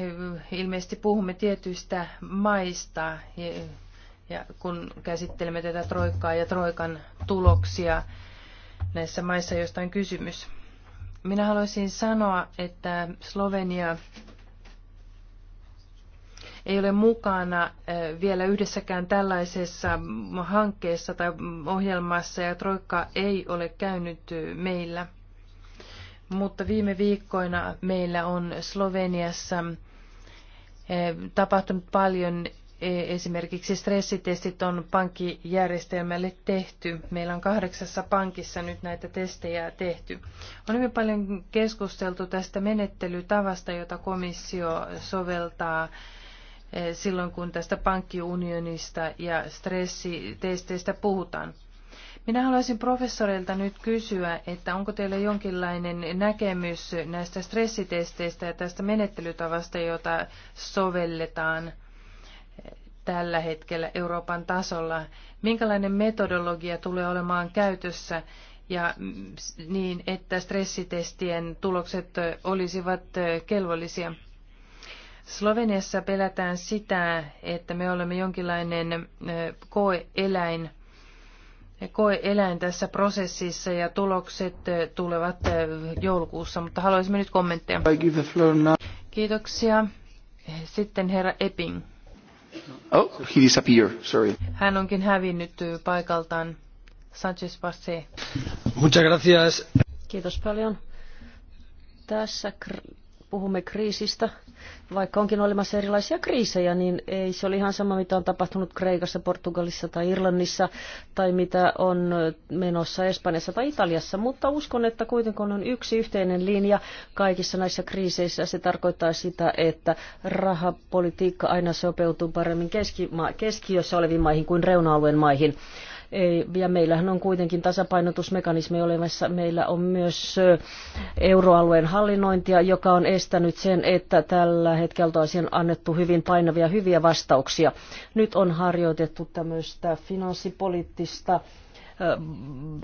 ilmeisesti puhumme tietyistä maista, ja kun käsittelemme tätä troikkaa ja troikan tuloksia näissä maissa, joista on kysymys. Minä haluaisin sanoa, että Slovenia ei ole mukana eh, vielä yhdessäkään tällaisessa hankkeessa tai ohjelmassa ja Troikka ei ole käynyt meillä. Mutta viime viikkoina meillä on Sloveniassa eh, tapahtunut paljon Esimerkiksi stressitestit on pankkijärjestelmälle tehty. Meillä on kahdeksassa pankissa nyt näitä testejä tehty. On hyvin paljon keskusteltu tästä menettelytavasta, jota komissio soveltaa eh, silloin, kun tästä pankkiunionista ja stressitesteistä puhutaan. Minä haluaisin professoreilta nyt kysyä, että onko teillä jonkinlainen näkemys näistä stressitesteistä ja tästä menettelytavasta, jota sovelletaan tällä hetkellä Euroopan tasolla? Minkälainen metodologia tulee olemaan käytössä ja mm, niin, että stressitestien tulokset olisivat kelvollisia? Sloveniassa pelätään sitä, että me olemme jonkinlainen eläin, koe eläin tässä prosessissa ja tulokset tulevat joulukuussa, mutta haluaisimme nyt kommentteja. Kiitoksia. Sitten herra Epping. Oh, he disappeared, sorry. Hän onkin hävinnyt paikaltaan. Sanchez Passé. Muchas gracias. Kiitos paljon. Tässä puhumme kriisistä, vaikka onkin olemassa erilaisia kriisejä, niin ei se ole ihan sama, mitä on tapahtunut Kreikassa, Portugalissa tai Irlannissa, tai mitä on menossa Espanjassa tai Italiassa. Mutta uskon, että kuitenkin on yksi yhteinen linja kaikissa näissä kriiseissä. Se tarkoittaa sitä, että rahapolitiikka aina sopeutuu paremmin keski- keskiössä oleviin maihin kuin reuna-alueen maihin. Ei, ja meillähän on kuitenkin tasapainotusmekanismi olemassa. Meillä on myös euroalueen hallinnointia, joka on estänyt sen, että tällä hetkellä on annettu hyvin painavia hyviä vastauksia. Nyt on harjoitettu tämmöistä finanssipoliittista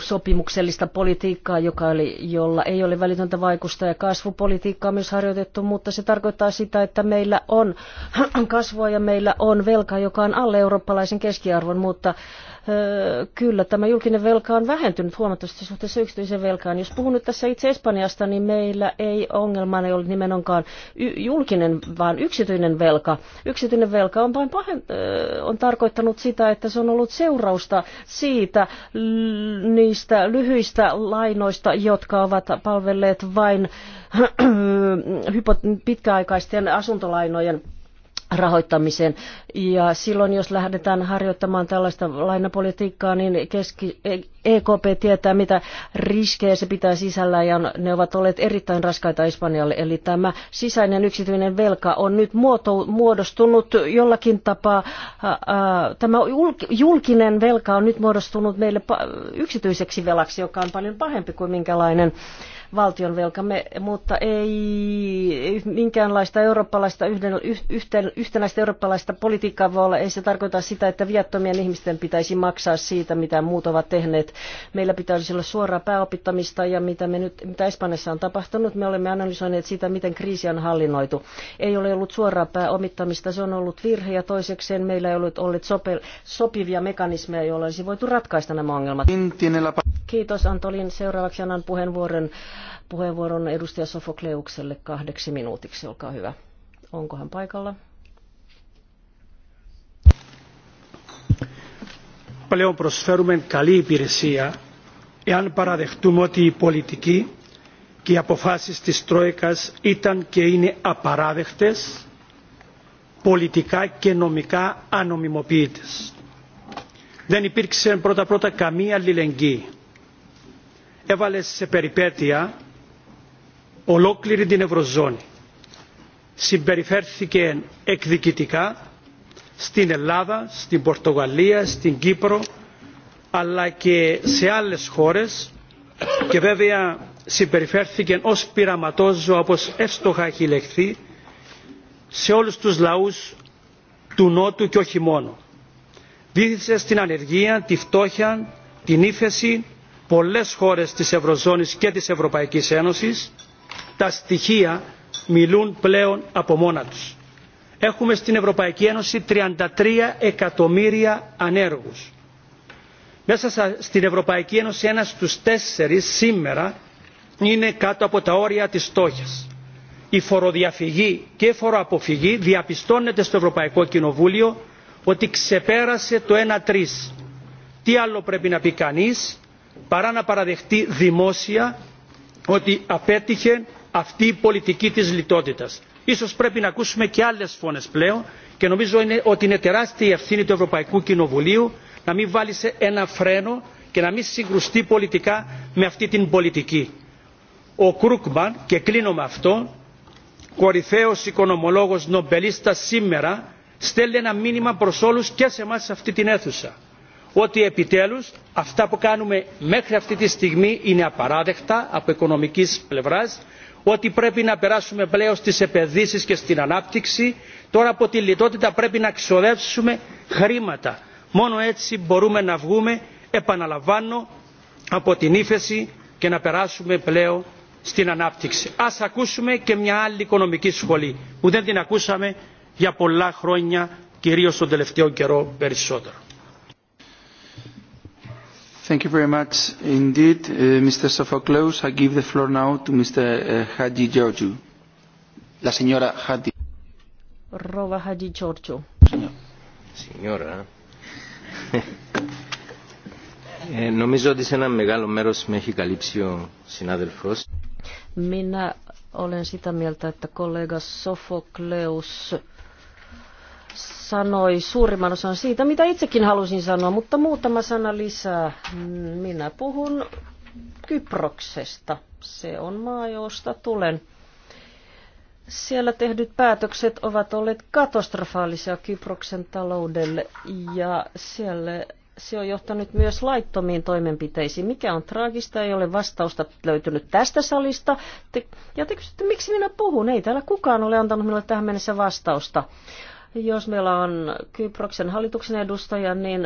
sopimuksellista politiikkaa, joka oli, jolla ei ole välitöntä vaikutusta ja kasvupolitiikkaa myös harjoitettu, mutta se tarkoittaa sitä, että meillä on (clears throat) kasvua ja meillä on velka, joka on alle eurooppalaisen keskiarvon, mutta kyllä tämä julkinen velka on vähentynyt huomattavasti suhteessa yksityisen velkaan. Jos puhun nyt tässä itse Espanjasta, niin meillä ei ongelma ei ole nimenomaan julkinen, vaan yksityinen velka. Yksityinen velka on vain pahen, on tarkoittanut sitä, että se on ollut seurausta siitä niistä lyhyistä lainoista, jotka ovat palvelleet vain (clears throat) pitkäaikaisten asuntolainojen rahoittamiseen. Ja silloin, jos lähdetään harjoittamaan tällaista lainapolitiikkaa, niin keski, EKP e tietää, mitä riskejä se pitää sisällä, ja ne ovat olleet erittäin raskaita Espanjalle. Eli tämä sisäinen yksityinen velka on nyt muodostunut jollakin tapaa, tämä julkinen velka on nyt muodostunut meille yksityiseksi velaksi, joka on paljon pahempi kuin minkälainen Ää, valtionvelkamme, mutta ei minkäänlaista eurooppalaista, yhden, yhten, yhtenäistä eurooppalaista politiikkaa voi olla. Ei se tarkoita sitä, että viattomien ihmisten pitäisi maksaa siitä, mitä muut ovat tehneet. Meillä pitäisi olla suoraa pääopittamista ja mitä, me nyt, mitä Espanjassa on tapahtunut. Me olemme analysoineet sitä, miten kriisi on hallinnoitu. Ei ole ollut suoraa pääomittamista, se on ollut virhe ja toisekseen meillä ei ollut, ollut sope, sopivia mekanismeja, joilla olisi voitu ratkaista nämä ongelmat. Niin, Kiitos Antolin. Seuraavaksi annan puheenvuoron puheenvuoron edustaja Sofokleukselle kahdeksi minuutiksi. Olkaa hyvä. Onko hän paikalla? Πλέον προσφέρουμε καλή υπηρεσία εάν παραδεχτούμε ότι η πολιτική και οι αποφάσεις της Τρόικας ήταν και είναι απαράδεκτες, πολιτικά και νομικά ανομιμοποιητές. Δεν υπήρξε πρώτα-πρώτα καμία αλληλεγγύη. Έβαλε σε περιπέτεια ολόκληρη την Ευρωζώνη. Συμπεριφέρθηκε εκδικητικά στην Ελλάδα, στην Πορτογαλία, στην Κύπρο αλλά και σε άλλες χώρες και βέβαια συμπεριφέρθηκε ως πειραματόζωο όπως εύστοχα έχει λεχθεί σε όλους τους λαούς του Νότου και όχι μόνο. Βήθησε στην ανεργία, τη φτώχεια, την ύφεση πολλές χώρες της Ευρωζώνης και της Ευρωπαϊκής Ένωσης τα στοιχεία μιλούν πλέον από μόνα τους. Έχουμε στην Ευρωπαϊκή Ένωση 33 εκατομμύρια ανέργους. Μέσα στην Ευρωπαϊκή Ένωση ένας στους τέσσερις σήμερα είναι κάτω από τα όρια της στόχης. Η φοροδιαφυγή και η φοροαποφυγή διαπιστώνεται στο Ευρωπαϊκό Κοινοβούλιο ότι ξεπέρασε το 1-3. Τι άλλο πρέπει να πει κανείς παρά να παραδεχτεί δημόσια ότι απέτυχε αυτή η πολιτική της λιτότητας. Ίσως πρέπει να ακούσουμε και άλλες φωνές πλέον και νομίζω ότι είναι τεράστια η ευθύνη του Ευρωπαϊκού Κοινοβουλίου να μην βάλει σε ένα φρένο και να μην συγκρουστεί πολιτικά με αυτή την πολιτική. Ο Κρούκμαν, και κλείνω με αυτό, κορυφαίος οικονομολόγος νομπελίστας σήμερα, στέλνει ένα μήνυμα προς όλους και σε εμάς σε αυτή την αίθουσα ότι επιτέλους αυτά που κάνουμε μέχρι αυτή τη στιγμή είναι απαράδεκτα από οικονομικής πλευράς ότι πρέπει να περάσουμε πλέον στις επενδύσεις και στην ανάπτυξη, τώρα από τη λιτότητα πρέπει να ξοδεύσουμε χρήματα. Μόνο έτσι μπορούμε να βγούμε, επαναλαμβάνω, από την ύφεση και να περάσουμε πλέον στην ανάπτυξη. Ας ακούσουμε και μια άλλη οικονομική σχολή που δεν την ακούσαμε για πολλά χρόνια, κυρίως τον τελευταίο καιρό περισσότερο. Thank you very much indeed, uh, Mr. Sofoklos. I give the floor now to Mr. Uh, Hadji Georgiou. La señora Hadji. Rova Hadji Georgiou. Señora. ε, νομίζω ότι σε ένα μεγάλο μέρος με έχει καλύψει ο συνάδελφος. Minä olen sitä mieltä, että kollega Sofokleus sanoi suurimman osan siitä, mitä itsekin halusin sanoa, mutta muutama sana lisää. Minä puhun Kyproksesta. Se on maa, josta tulen. Siellä tehdyt päätökset ovat olleet katastrofaalisia Kyproksen taloudelle ja siellä se on johtanut myös laittomiin toimenpiteisiin. Mikä on traagista, ei ole vastausta löytynyt tästä salista. Te, ja te kysytte, miksi minä puhun? Ei täällä kukaan ole antanut minulle tähän mennessä vastausta. Jos meillä on Kyproksen hallituksen edustaja, niin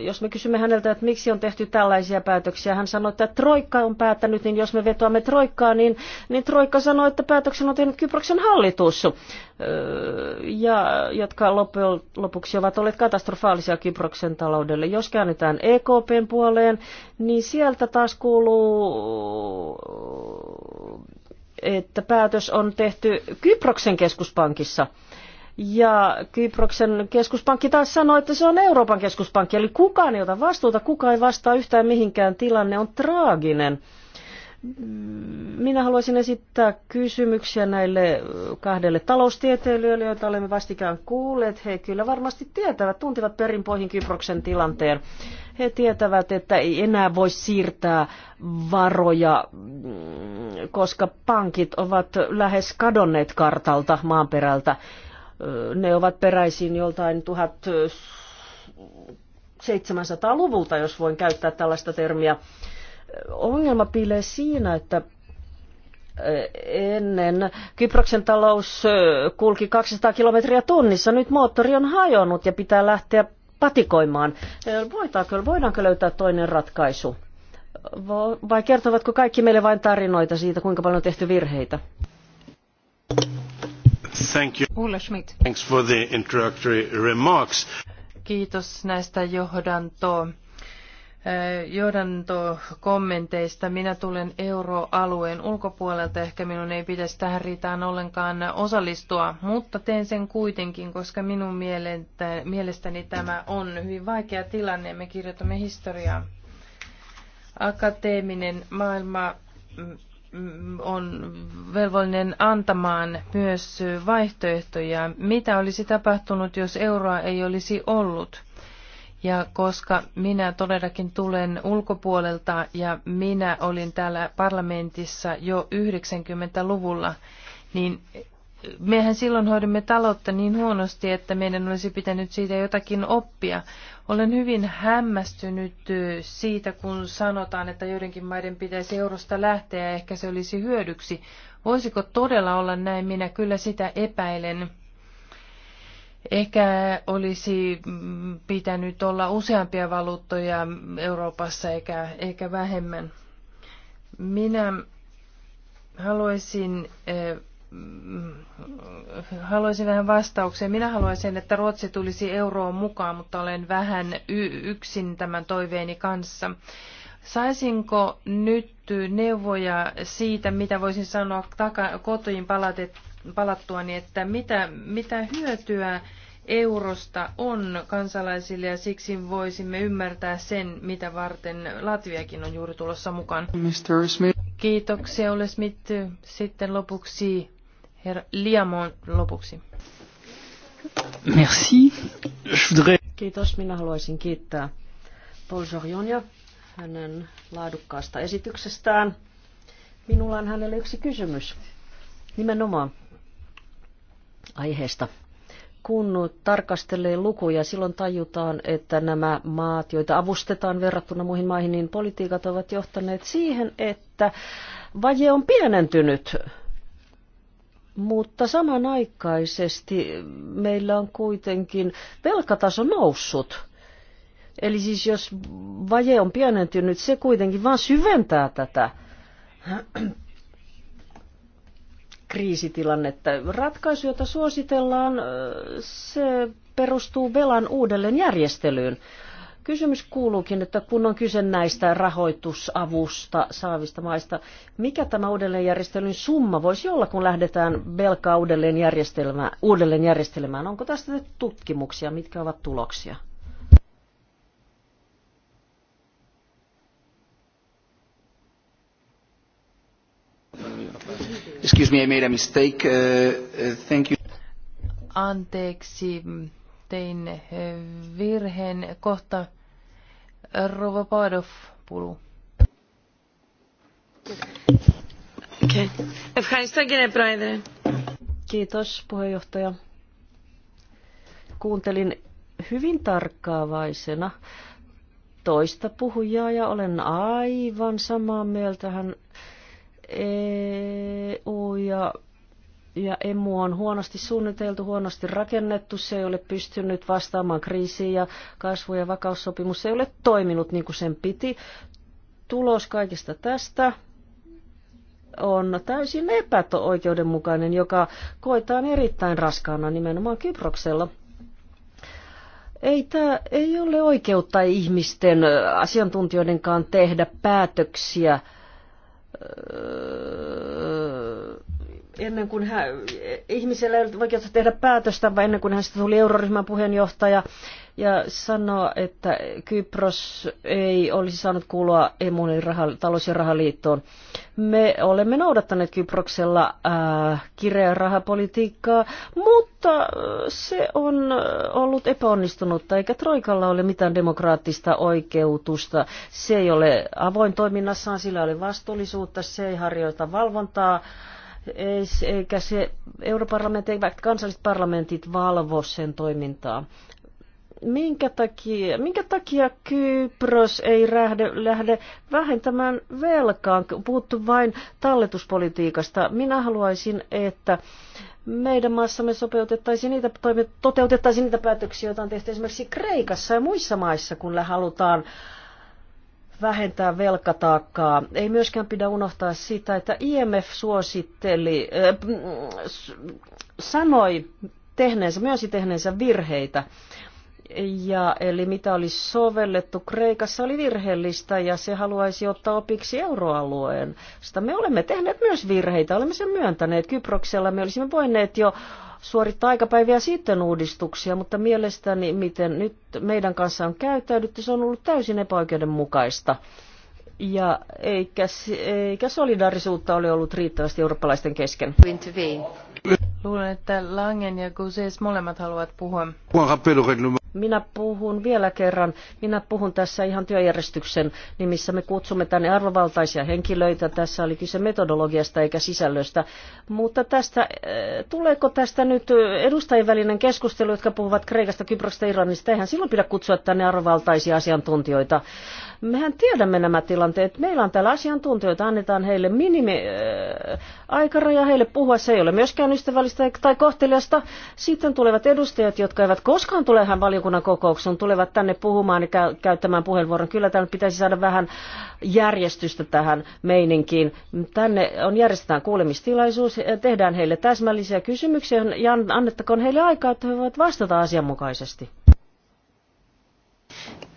jos me kysymme häneltä, että miksi on tehty tällaisia päätöksiä, hän sanoi, että Troikka on päättänyt, niin jos me vetoamme Troikkaa, niin, niin Troikka sanoi, että päätöksen on tehnyt Kyproksen hallitus, ja, jotka lopuksi ovat olleet katastrofaalisia Kyproksen taloudelle. Jos käännetään EKPn puoleen, niin sieltä taas kuuluu että päätös on tehty Kyproksen keskuspankissa – ja Kyproksen keskuspankki taas sanoi, että se on Euroopan keskuspankki, eli kukaan ei ota vastuuta, kukaan ei vastaa yhtään mihinkään, tilanne on traaginen. Minä haluaisin esittää kysymyksiä näille kahdelle taloustieteilijöille, joita olemme vastikään kuulleet. He kyllä varmasti tietävät, tuntivat perinpohjin Kyproksen tilanteen. He tietävät, että ei enää voi siirtää varoja, mm, koska pankit ovat lähes kadonneet kartalta maanperältä ne ovat peräisin joltain 1700-luvulta, jos voin käyttää tällaista termiä. Ongelma piilee siinä, että ennen Kyproksen talous kulki 200 kilometriä tunnissa. Nyt moottori on hajonnut ja pitää lähteä patikoimaan. Voidaanko, voidaanko löytää toinen ratkaisu? Vai kertovatko kaikki meille vain tarinoita siitä, kuinka paljon on tehty virheitä? Schmidt. Kiitos näistä johdantoa eh, johdantokommenteista. Minä tulen euroalueen ulkopuolelta, ehkä minun ei pitäisi tähän riitaan ollenkaan osallistua, mutta teen sen kuitenkin, koska minun mielestäni tämä on hyvin vaikea tilanne. Me kirjoitamme historiaa. Akateeminen maailma mm, Mm, on velvollinen antamaan myös vaihtoehtoja, mitä olisi tapahtunut, jos euroa ei olisi ollut. Ja koska minä todellakin tulen ulkopuolelta ja minä olin täällä parlamentissa jo 90-luvulla, niin mehän silloin hoidimme taloutta niin huonosti, että meidän olisi pitänyt siitä jotakin oppia. Olen hyvin hämmästynyt siitä, kun sanotaan, että joidenkin maiden pitäisi eurosta lähteä ja ehkä se olisi hyödyksi. Voisiko todella olla näin? Minä kyllä sitä epäilen. Ehkä olisi mm, pitänyt olla useampia valuuttoja Euroopassa eikä, eikä vähemmän. Minä haluaisin haluaisin vähän vastauksia. Minä haluaisin, että Ruotsi tulisi euroon mukaan, mutta olen vähän yksin tämän toiveeni kanssa. Saisinko nyt neuvoja siitä, mitä voisin sanoa taka- kotiin palattuani, että mitä, mitä hyötyä eurosta on kansalaisille ja siksi voisimme ymmärtää sen, mitä varten Latviakin on juuri tulossa mukaan. Mr. Smith. Kiitoksia, Ole Smith. Sitten lopuksi Herr Liamon lopuksi. Merci. Kiitos. Minä haluaisin kiittää Paul Jorionia hänen laadukkaasta esityksestään. Minulla on hänelle yksi kysymys nimenomaan aiheesta. Kun tarkastelee lukuja, silloin tajutaan, että nämä maat, joita avustetaan verrattuna muihin maihin, niin politiikat ovat johtaneet siihen, että vaje on pienentynyt mutta samanaikaisesti meillä on kuitenkin velkataso noussut. Eli siis jos vaje on pienentynyt, se kuitenkin vaan syventää tätä kriisitilannetta. Ratkaisu, jota suositellaan, se perustuu velan uudelleenjärjestelyyn. järjestelyyn Kysymys kuuluukin, että kun on kyse näistä rahoitusavusta saavista maista, mikä tämä uudelleenjärjestelyn summa voisi olla, kun lähdetään velkaa uudelleenjärjestelmään? uudelleenjärjestelmään? Onko tästä tutkimuksia? Mitkä ovat tuloksia? Excuse me, I made a mistake. Uh, uh thank you. Anteeksi, tein eh, virheen. Kohta Rova Padov pulu. Kiitos puheenjohtaja. Kuuntelin hyvin tarkkaavaisena toista puhujaa ja olen aivan samaa mieltä. Hän EU ja ja emu on huonosti suunniteltu, huonosti rakennettu, se ei ole pystynyt vastaamaan kriisiin ja kasvu- ja vakaussopimus ei ole toiminut niin kuin sen piti. Tulos kaikesta tästä on täysin epäoikeudenmukainen, joka koetaan erittäin raskaana nimenomaan Kyproksella. Ei, tämä ei ole oikeutta ihmisten asiantuntijoidenkaan tehdä päätöksiä öö, ennen kuin hän, ihmisellä ei ollut oikeutta tehdä päätöstä, vaan ennen kuin hänestä tuli euroryhmän puheenjohtaja ja sanoi, että Kypros ei olisi saanut kuulua EMUn eli raha, talous- ja rahaliittoon. Me olemme noudattaneet Kyproksella äh, kireää rahapolitiikkaa, mutta äh, se on äh, ollut epäonnistunutta, eikä Troikalla ole mitään demokraattista oikeutusta. Se ei ole avoin toiminnassaan, sillä ei ole vastuullisuutta, se ei harjoita valvontaa. Äh, eikä se europarlamentti eikä kansalliset parlamentit valvo sen toimintaa. Minkä takia, minkä takia Kypros ei lähde, lähde vähentämään velkaan? Puhuttu vain talletuspolitiikasta. Minä haluaisin, että meidän maassamme sopeutettaisiin niitä, toteutettaisiin niitä päätöksiä, joita on tehty esimerkiksi Kreikassa ja muissa maissa, kun halutaan äh, vähentää velkataakkaa. Ei myöskään pidä unohtaa sitä, että IMF suositteli, äh, sanoi tehneensä, myös tehneensä virheitä. Ja eli mitä oli sovellettu Kreikassa oli virheellistä ja se haluaisi ottaa opiksi euroalueen. Sitä me olemme tehneet myös virheitä, olemme sen myöntäneet. Kyproksella me olisimme voineet jo äh, suorittaa aikapäiviä sitten uudistuksia, mutta mielestäni miten nyt meidän kanssa on käyttäydytty, se on ollut täysin epäoikeudenmukaista. Ja eikä, eikä solidarisuutta ole ollut riittävästi eurooppalaisten kesken. Luulen, että Langen ja Guzes molemmat haluavat puhua. Minä puhun vielä kerran, minä puhun tässä ihan työjärjestyksen nimissä. Me kutsumme tänne arvovaltaisia henkilöitä. Tässä oli kyse metodologiasta eikä sisällöstä. Mutta tästä, eh, tuleeko tästä nyt edustajien välinen keskustelu, jotka puhuvat Kreikasta, Kyprosta, Iranista? Eihän silloin pidä kutsua tänne arvovaltaisia asiantuntijoita. Mehän tiedämme nämä tilanteet. Meillä on täällä asiantuntijoita, annetaan heille minimi äh, aikaraja heille puhua. Se ei ole myöskään ystävällistä tai kohteliasta. Sitten tulevat edustajat, jotka eivät koskaan tule hän valiokunnan kokoukseen, tulevat tänne puhumaan ja niin käyttämään puheenvuoron. Kyllä täällä pitäisi saada vähän järjestystä tähän meininkiin. Tänne on järjestetään kuulemistilaisuus, tehdään heille täsmällisiä kysymyksiä ja annettakoon heille aikaa, että he voivat vastata asianmukaisesti.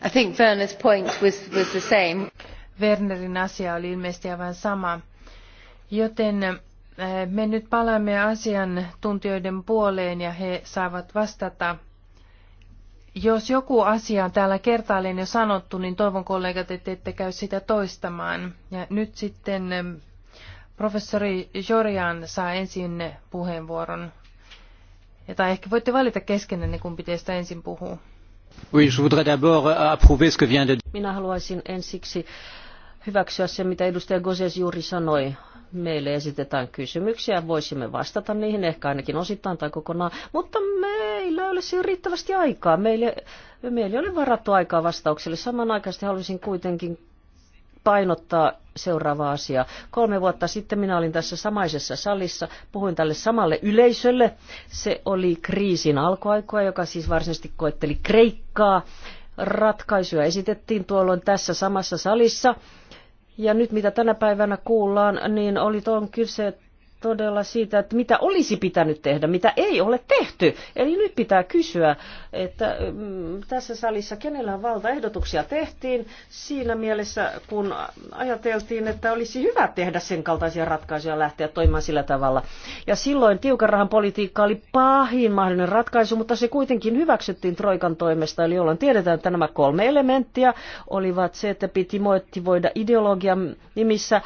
I think Werner's point was, was the same. Wernerin asia oli ilmeisesti aivan sama. Joten äh, me nyt palaamme asiantuntijoiden puoleen ja he saavat vastata. Jos joku asia on täällä kertaalleen jo sanottu, niin toivon kollegat, että ette käy sitä toistamaan. Ja nyt sitten ähm, professori Jorian saa ensin puheenvuoron. Ja tai ehkä voitte valita keskenään, kun pitäisi ensin puhua. Euh, Minä haluaisin ensiksi hyväksyä sen, mitä edustaja Gozes juuri sanoi. Meille esitetään kysymyksiä, voisimme vastata niihin ehkä ainakin osittain tai kokonaan, mutta meillä ei ole siihen riittävästi aikaa. Meille, meillä ei ole varattu aikaa vastaukselle. Samanaikaisesti haluaisin kuitenkin painottaa seuraavaa asiaa. Kolme vuotta sitten minä olin tässä samaisessa salissa, puhuin tälle samalle yleisölle. Se oli kriisin alkuaikoa, joka siis varsinaisesti koetteli Kreikkaa. Ratkaisuja esitettiin tuolloin tässä samassa salissa. Ja nyt mitä tänä päivänä kuullaan, niin oli tuon kyse todella siitä, että mitä olisi pitänyt tehdä, mitä ei ole tehty. Eli nyt pitää kysyä, että mm, tässä salissa kenellä valtaehdotuksia tehtiin siinä mielessä, kun ajateltiin, että olisi hyvä tehdä sen kaltaisia ratkaisuja lähteä toimimaan sillä tavalla. Ja silloin tiukan rahan politiikka oli pahin mahdollinen ratkaisu, mutta se kuitenkin hyväksyttiin Troikan toimesta. Eli jolloin tiedetään, että nämä kolme elementtiä olivat se, että piti motivoida ideologian nimissä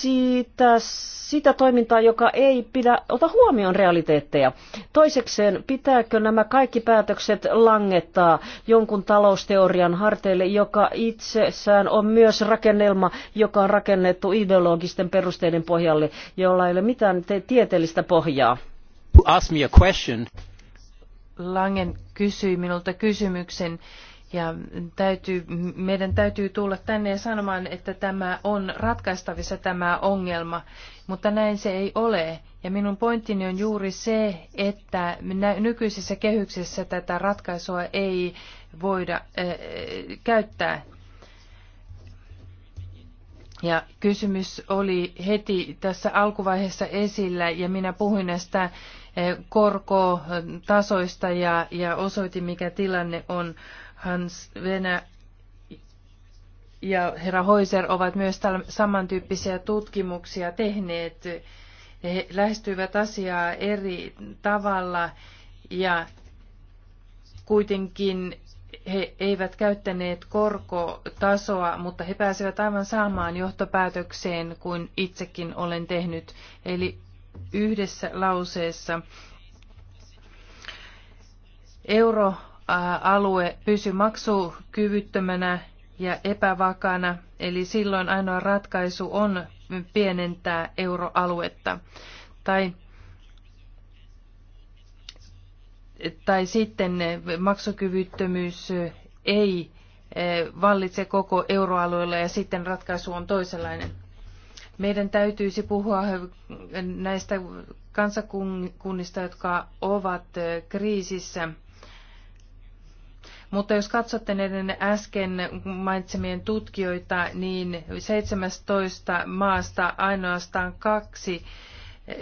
siitä, sitä toimintaa, joka ei pidä ota huomioon realiteetteja. Toisekseen, pitääkö nämä kaikki päätökset langettaa jonkun talousteorian harteille, joka itsessään on myös rakennelma, joka on rakennettu ideologisten perusteiden pohjalle, jolla ei ole mitään tieteellistä pohjaa? Ask me a question. Langen kysyi minulta kysymyksen ja täytyy, meidän täytyy tulla tänne ja sanomaan, että tämä on ratkaistavissa tämä ongelma, mutta näin se ei ole. Ja minun pointtini on juuri se, että nykyisessä kehyksessä tätä ratkaisua ei voida ää, käyttää. Ja kysymys oli heti tässä alkuvaiheessa esillä ja minä puhuin näistä korkotasoista ja, ja osoitin, mikä tilanne on Hans Venä ja herra Hoiser ovat myös samantyyppisiä tutkimuksia tehneet. He lähestyivät asiaa eri tavalla ja kuitenkin he eivät käyttäneet korkotasoa, mutta he pääsevät aivan saamaan johtopäätökseen kuin itsekin olen tehnyt. Eli yhdessä lauseessa euro alue pysy maksukyvyttömänä ja epävakaana, eli silloin ainoa ratkaisu on pienentää euroaluetta. Tai, tai sitten maksukyvyttömyys ei eh, vallitse koko euroalueella ja sitten ratkaisu on toisenlainen. Meidän täytyisi puhua näistä kansakunnista, jotka ovat eh, kriisissä – mutta jos katsotte näiden äsken mainitsemien tutkijoita, niin 17 maasta ainoastaan kaksi,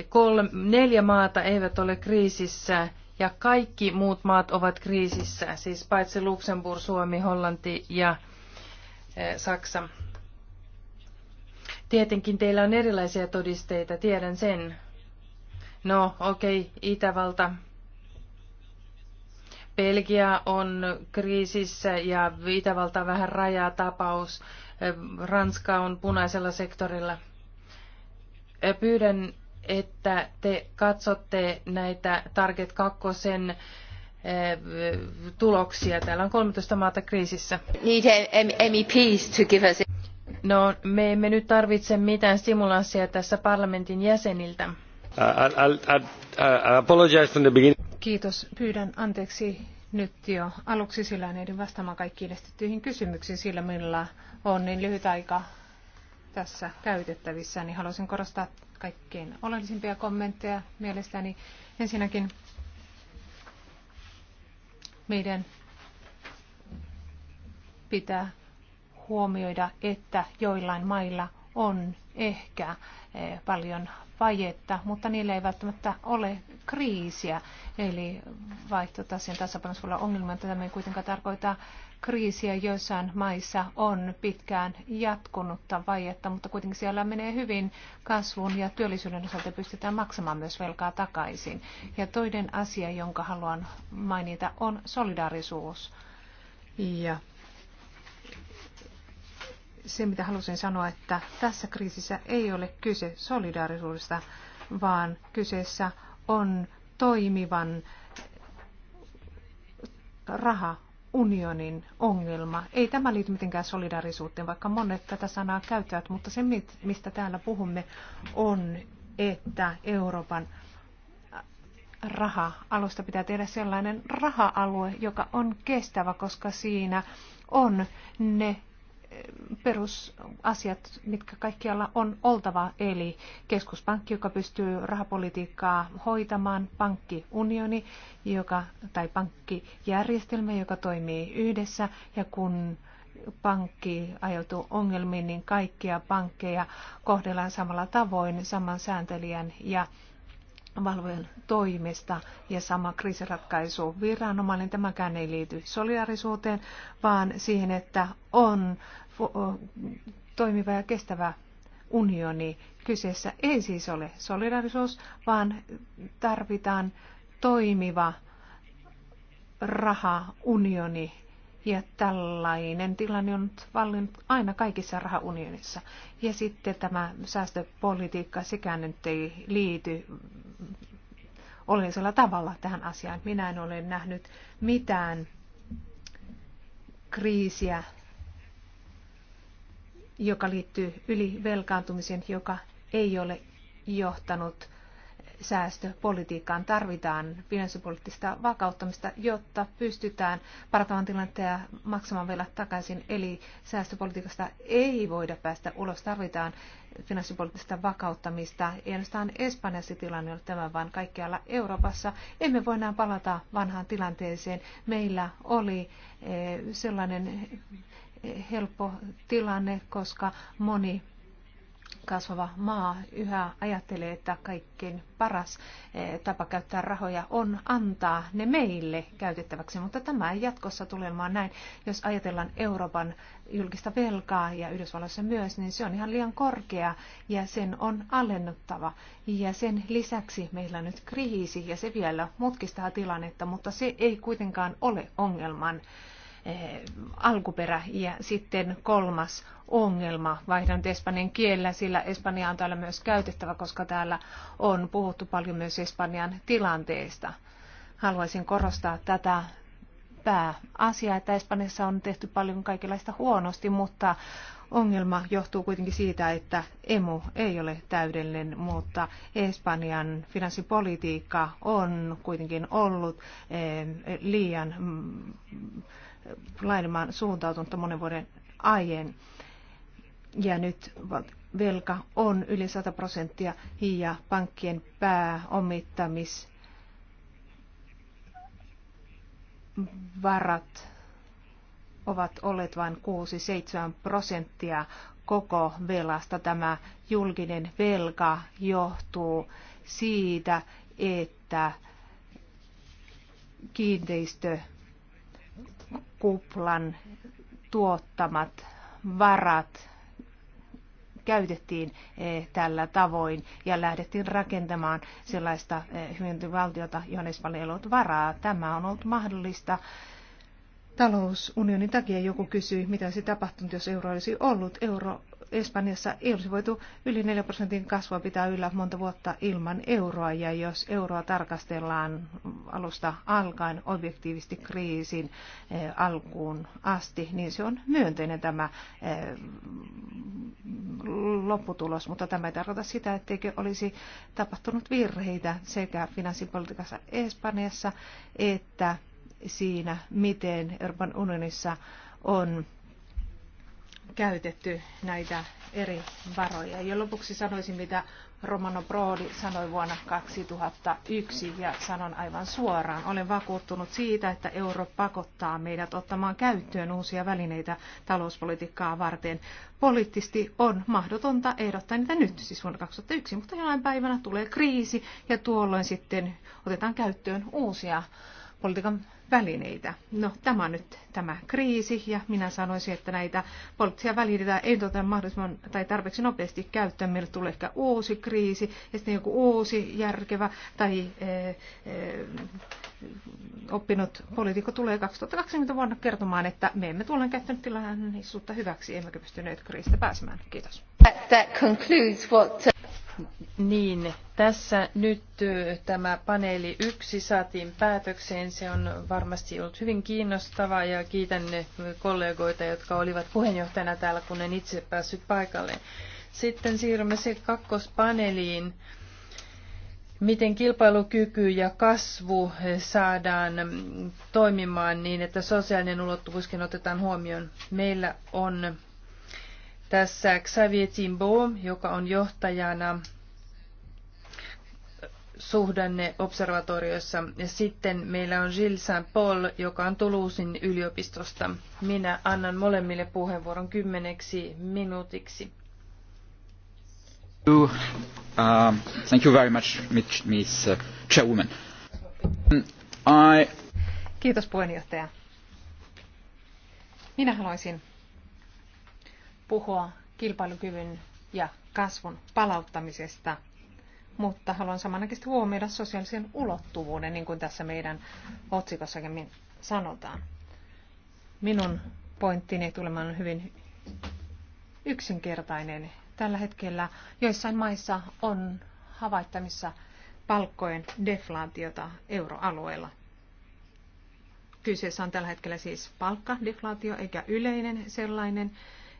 kolme, neljä maata eivät ole kriisissä ja kaikki muut maat ovat kriisissä, siis paitsi Luxemburg, Suomi, Hollanti ja eh, Saksa. Tietenkin teillä on erilaisia todisteita, tiedän sen. No, okei, okay, Itävalta, Belgia on kriisissä ja Itävalta on vähän rajaa tapaus. Ranska on punaisella sektorilla. Pyydän, että te katsotte näitä Target 2 eh, tuloksia. Täällä on 13 maata kriisissä. Need MEPs to give us... No, me emme nyt tarvitse mitään stimulanssia tässä parlamentin jäseniltä. Kiitos. Pyydän anteeksi nyt jo aluksi, sillä en ehdi vastaamaan kaikkiin esitettyihin kysymyksiin, sillä minulla on niin lyhyt aika tässä käytettävissä, niin haluaisin korostaa kaikkein oleellisimpia kommentteja mielestäni. Ensinnäkin meidän pitää huomioida, että joillain mailla on ehkä eh, paljon vajetta, mutta niillä ei välttämättä ole kriisiä. Eli vaihtotaseen tasapainossa voi olla ongelma, että tämä ei kuitenkaan tarkoita kriisiä joissain maissa on pitkään jatkunutta vajetta, mutta kuitenkin siellä menee hyvin kasvun ja työllisyyden osalta pystytään maksamaan myös velkaa takaisin. Ja toinen asia, jonka haluan mainita, on solidaarisuus. Ja se, mitä halusin sanoa, että tässä kriisissä ei ole kyse solidaarisuudesta, vaan kyseessä on toimivan rahaunionin ongelma. Ei tämä liity mitenkään solidaarisuuteen, vaikka monet tätä sanaa käyttävät, mutta se, mistä täällä puhumme, on, että Euroopan raha-alusta pitää tehdä sellainen raha-alue, joka on kestävä, koska siinä on ne perusasiat, mitkä kaikkialla on oltava, eli keskuspankki, joka pystyy rahapolitiikkaa hoitamaan, pankkiunioni joka, tai pankkijärjestelmä, joka toimii yhdessä, ja kun pankki ajautuu ongelmiin, niin kaikkia pankkeja kohdellaan samalla tavoin saman sääntelijän ja valvojen toimesta ja sama kriisiratkaisu viranomainen. Tämäkään ei liity solidarisuuteen, vaan siihen, että on toimiva ja kestävä unioni. Kyseessä ei siis ole solidarisuus, vaan tarvitaan toimiva rahaunioni. Ja tällainen tilanne on vallinnut aina kaikissa rahaunionissa. Ja sitten tämä säästöpolitiikka, sekään nyt ei liity oleellisella tavalla tähän asiaan. Minä en ole nähnyt mitään kriisiä joka liittyy ylivelkaantumiseen, joka ei ole johtanut säästöpolitiikkaan. Tarvitaan finanssipoliittista vakauttamista, jotta pystytään parantamaan tilannetta ja maksamaan velat takaisin. Eli säästöpolitiikasta ei voida päästä ulos. Tarvitaan finanssipoliittista vakauttamista. Ei ainoastaan Espanjassa tilanne ole tämä, vaan kaikkialla Euroopassa. Emme voi enää palata vanhaan tilanteeseen. Meillä oli eh, sellainen helppo tilanne, koska moni kasvava maa yhä ajattelee, että kaikkein paras eh, tapa käyttää rahoja on antaa ne meille käytettäväksi, mutta tämä ei jatkossa tule olemaan näin. Jos ajatellaan Euroopan julkista velkaa ja Yhdysvalloissa myös, niin se on ihan liian korkea ja sen on alennuttava. Ja sen lisäksi meillä on nyt kriisi ja se vielä mutkistaa tilannetta, mutta se ei kuitenkaan ole ongelman Eh, alkuperä. Ja sitten kolmas ongelma, vaihdan espanjan kielellä, sillä espanja on täällä myös käytettävä, koska täällä on puhuttu paljon myös Espanjan tilanteesta. Haluaisin korostaa tätä pääasiaa, että Espanjassa on tehty paljon kaikenlaista huonosti, mutta ongelma johtuu kuitenkin siitä, että emu ei ole täydellinen, mutta Espanjan finanssipolitiikka on kuitenkin ollut eh, liian mm, lainemaan suuntautunutta monen vuoden aiheen. Ja nyt velka on yli 100 prosenttia ja pankkien pääomittamis varat ovat olleet vain 6-7 prosenttia koko velasta. Tämä julkinen velka johtuu siitä, että kiinteistö kuplan tuottamat varat käytettiin eh, tällä tavoin ja lähdettiin rakentamaan sellaista eh, hyvinvointivaltiota, johon Espanja ei ollut varaa. Tämä on ollut mahdollista talousunionin takia. Joku kysyi, mitä olisi tapahtunut, jos euro olisi ollut. Euro Espanjassa ei olisi voitu yli 4 prosentin kasvua pitää yllä monta vuotta ilman euroa, ja jos euroa tarkastellaan alusta alkaen objektiivisesti kriisin eh, alkuun asti, niin se on myönteinen tämä eh, lopputulos, mutta tämä ei tarkoita sitä, etteikö olisi tapahtunut virheitä sekä finanssipolitiikassa Espanjassa että siinä, miten Euroopan unionissa on käytetty näitä eri varoja. Ja lopuksi sanoisin, mitä Romano Prodi sanoi vuonna 2001 ja sanon aivan suoraan. Olen vakuuttunut siitä, että euro pakottaa meidät ottamaan käyttöön uusia välineitä talouspolitiikkaa varten. Poliittisesti on mahdotonta ehdottaa niitä nyt, siis vuonna 2001, mutta jonain päivänä tulee kriisi ja tuolloin sitten otetaan käyttöön uusia politiikan välineitä. No, tämä on nyt tämä kriisi, ja minä sanoisin, että näitä poliittisia välineitä ei tuota mahdollisimman tai tarpeeksi nopeasti käyttöön. Meillä tulee ehkä uusi kriisi, ja sitten joku uusi järkevä tai e, e, oppinut poliitikko tulee 2020 vuonna kertomaan, että me emme tuolla käyttänyt tilaisuutta hyväksi, emmekä pystyneet kriisistä pääsemään. Kiitos. That, that concludes what uh, niin, tässä nyt tämä paneeli yksi saatiin päätökseen. Se on varmasti ollut hyvin kiinnostava ja kiitän ne kollegoita, jotka olivat puheenjohtajana täällä, kun en itse päässyt paikalle. Sitten siirrymme se kakkospaneeliin. Miten kilpailukyky ja kasvu saadaan toimimaan niin, että sosiaalinen ulottuvuuskin otetaan huomioon? Meillä on tässä Xavier Timbo, joka on johtajana suhdanneobservatoriossa. Ja sitten meillä on Gilles Saint-Paul, joka on Toulousin yliopistosta. Minä annan molemmille puheenvuoron kymmeneksi minuutiksi. Uh, thank you very much, Miss uh, Chairwoman. Um, I... Kiitos puheenjohtaja. Minä haluaisin puhua kilpailukyvyn ja kasvun palauttamisesta, mutta haluan samanaikaisesti huomioida sosiaalisen ulottuvuuden, niin kuin tässä meidän otsikossakin sanotaan. Minun pointtini tulemaan on hyvin yksinkertainen. Tällä hetkellä joissain maissa on havaittamissa palkkojen deflaatiota euroalueella. Kyseessä on tällä hetkellä siis palkkadeflaatio eikä yleinen sellainen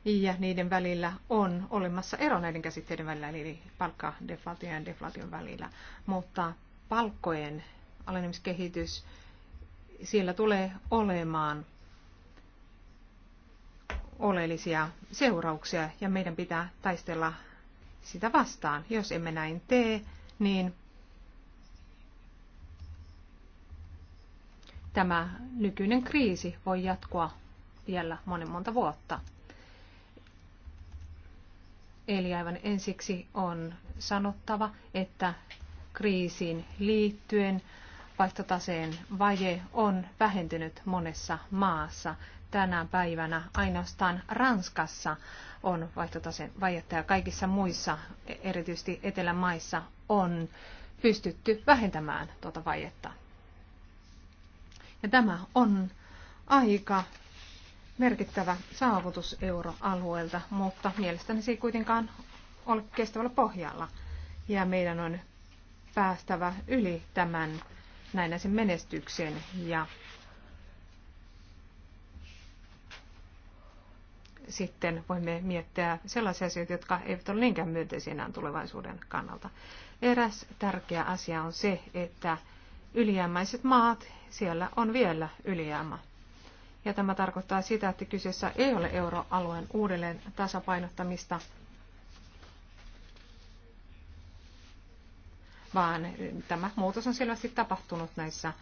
ja niiden välillä on olemassa ero näiden käsitteiden välillä, eli palkkadeflaation ja deflaation välillä. Mutta palkkojen alenemiskehitys, siellä tulee olemaan oleellisia seurauksia ja meidän pitää taistella sitä vastaan. Jos emme näin tee, niin tämä nykyinen kriisi voi jatkua vielä monen monta vuotta. Eli aivan ensiksi on sanottava, että kriisiin liittyen vaihtotaseen vaje on vähentynyt monessa maassa. Tänä päivänä ainoastaan Ranskassa on vaihtotaseen vajetta ja kaikissa muissa, erityisesti etelämaissa, on pystytty vähentämään tuota vajetta. Ja tämä on aika merkittävä saavutus euroalueelta, mutta mielestäni se ei kuitenkaan ole kestävällä pohjalla. Ja meidän on päästävä yli tämän näinäisen menestyksen ja sitten voimme miettiä sellaisia asioita, jotka eivät ole niinkään myönteisiä enää tulevaisuuden kannalta. Eräs tärkeä asia on se, että ylijäämäiset maat, siellä on vielä ylijäämä ja tämä tarkoittaa sitä, että kyseessä ei ole euroalueen uudelleen tasapainottamista, vaan tämä muutos on selvästi tapahtunut näissä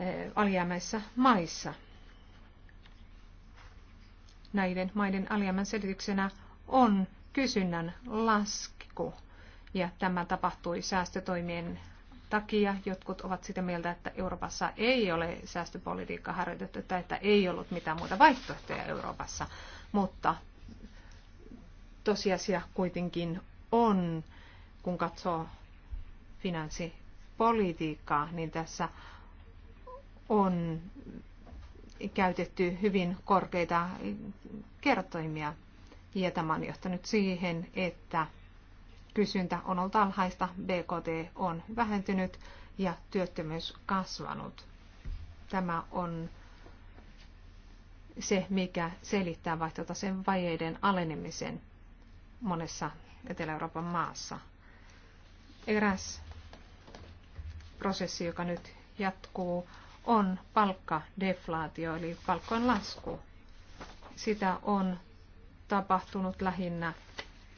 eh, alijäämäisissä maissa. Näiden maiden alijäämän selityksenä on kysynnän lasku, ja tämä tapahtui säästötoimien takia jotkut ovat sitä mieltä, että Euroopassa ei ole säästöpolitiikka harjoitettu tai että ei ollut mitään muuta vaihtoehtoja Euroopassa. Mutta tosiasia kuitenkin on, kun katsoo finanssipolitiikkaa, niin tässä on käytetty hyvin korkeita kertoimia. Ja tämä on johtanut siihen, että kysyntä on ollut alhaista, BKT on vähentynyt ja työttömyys kasvanut. Tämä on se, mikä selittää sen vajeiden alenemisen monessa Etelä-Euroopan maassa. Eräs prosessi, joka nyt jatkuu, on palkkadeflaatio, eli palkkojen lasku. Sitä on tapahtunut lähinnä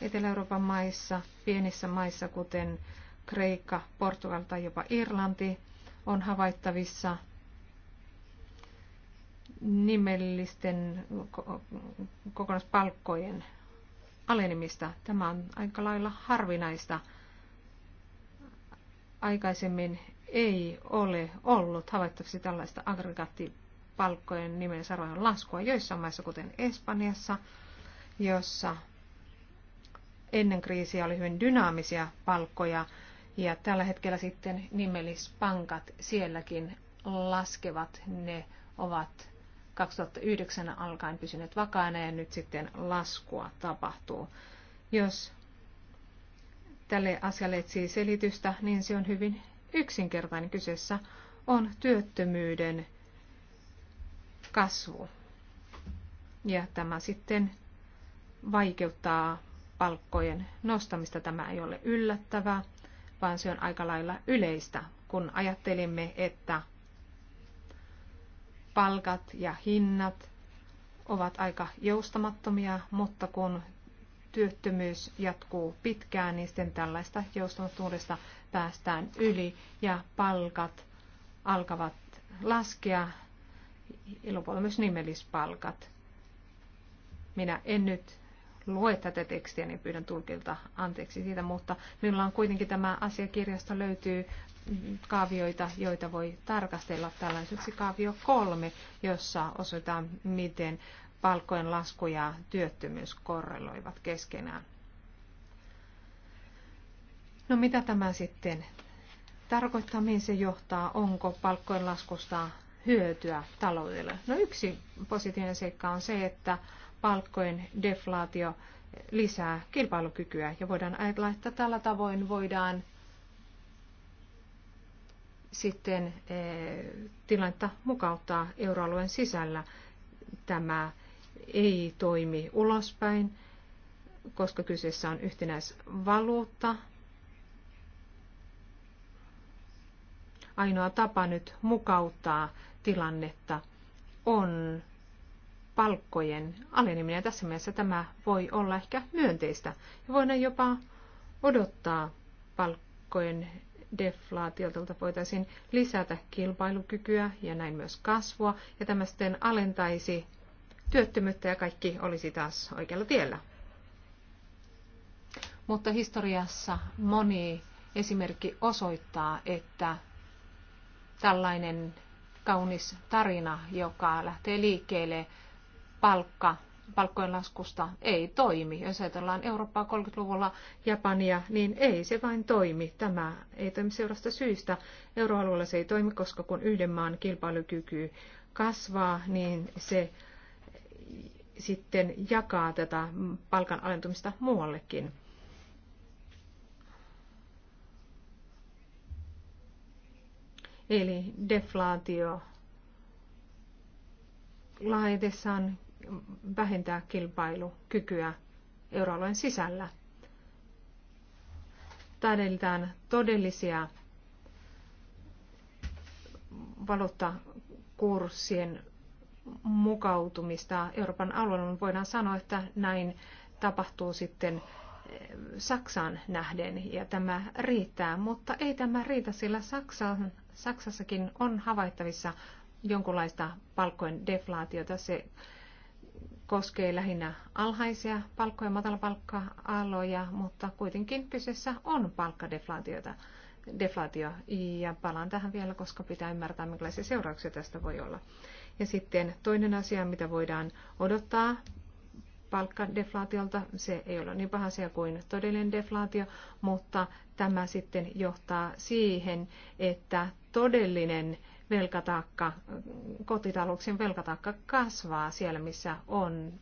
Etelä-Euroopan maissa, pienissä maissa, kuten Kreikka, Portugal tai jopa Irlanti, on havaittavissa nimellisten kokonaispalkkojen alenemista. Tämä on aika lailla harvinaista. Aikaisemmin ei ole ollut havaittavissa tällaista aggregaattipalkkojen nimellisarvojen laskua joissain maissa, kuten Espanjassa, jossa ennen kriisiä oli hyvin dynaamisia palkkoja ja tällä hetkellä sitten nimellispankat sielläkin laskevat. Ne ovat 2009 alkaen pysyneet vakaina ja nyt sitten laskua tapahtuu. Jos tälle asialle etsii selitystä, niin se on hyvin yksinkertainen. Kyseessä on työttömyyden kasvu. Ja tämä sitten vaikeuttaa palkkojen nostamista. Tämä ei ole yllättävää, vaan se on aika lailla yleistä, kun ajattelimme, että palkat ja hinnat ovat aika joustamattomia, mutta kun työttömyys jatkuu pitkään, niin sitten tällaista joustamattomuudesta päästään yli ja palkat alkavat laskea, lopulta myös nimellispalkat. Minä en nyt lue tätä tekstiä, niin pyydän tulkilta anteeksi siitä, mutta minulla on kuitenkin tämä asiakirjasta löytyy kaavioita, joita voi tarkastella tällaiseksi kaavio kolme, jossa osoitetaan, miten palkkojen lasku ja työttömyys korreloivat keskenään. No mitä tämä sitten tarkoittaa, mihin se johtaa, onko palkkojen laskusta hyötyä taloudelle? No yksi positiivinen seikka on se, että palkkojen deflaatio lisää kilpailukykyä. Ja voidaan ajatella, että tällä tavoin voidaan sitten eh, tilannetta mukauttaa euroalueen sisällä. Tämä ei toimi ulospäin, koska kyseessä on yhtenäisvaluutta. Ainoa tapa nyt mukauttaa tilannetta on palkkojen aleneminen. Tässä mielessä tämä voi olla ehkä myönteistä. Ja voidaan jopa odottaa palkkojen deflaatiolta voitaisiin lisätä kilpailukykyä ja näin myös kasvua, ja tämä sitten alentaisi työttömyyttä ja kaikki olisi taas oikealla tiellä. Mutta historiassa moni esimerkki osoittaa, että tällainen kaunis tarina, joka lähtee liikkeelle palkka, palkkojen laskusta ei toimi. Jos ajatellaan Eurooppaa 30-luvulla Japania, niin ei se vain toimi. Tämä ei toimi seurasta syystä. Euroalueella se ei toimi, koska kun yhden maan kilpailukyky kasvaa, niin se sitten jakaa tätä palkan alentumista muuallekin. Eli deflaatio laitessaan vähentää kilpailukykyä euroalueen sisällä. Tähdellään todellisia valuuttakurssien mukautumista Euroopan alueella, voidaan sanoa, että näin tapahtuu sitten eh, Saksaan nähden ja tämä riittää, mutta ei tämä riitä, sillä Saksa, Saksassakin on havaittavissa jonkunlaista palkkojen deflaatiota. Se koskee lähinnä alhaisia palkkoja, matalapalkka-aloja, mutta kuitenkin kyseessä on palkkadeflaatiota. Deflaatio. Ja palaan tähän vielä, koska pitää ymmärtää, minkälaisia seurauksia tästä voi olla. Ja sitten toinen asia, mitä voidaan odottaa palkkadeflaatiolta, se ei ole niin paha asia kuin todellinen deflaatio, mutta tämä sitten johtaa siihen, että todellinen velkataakka, kotitalouksien velkataakka kasvaa siellä, missä on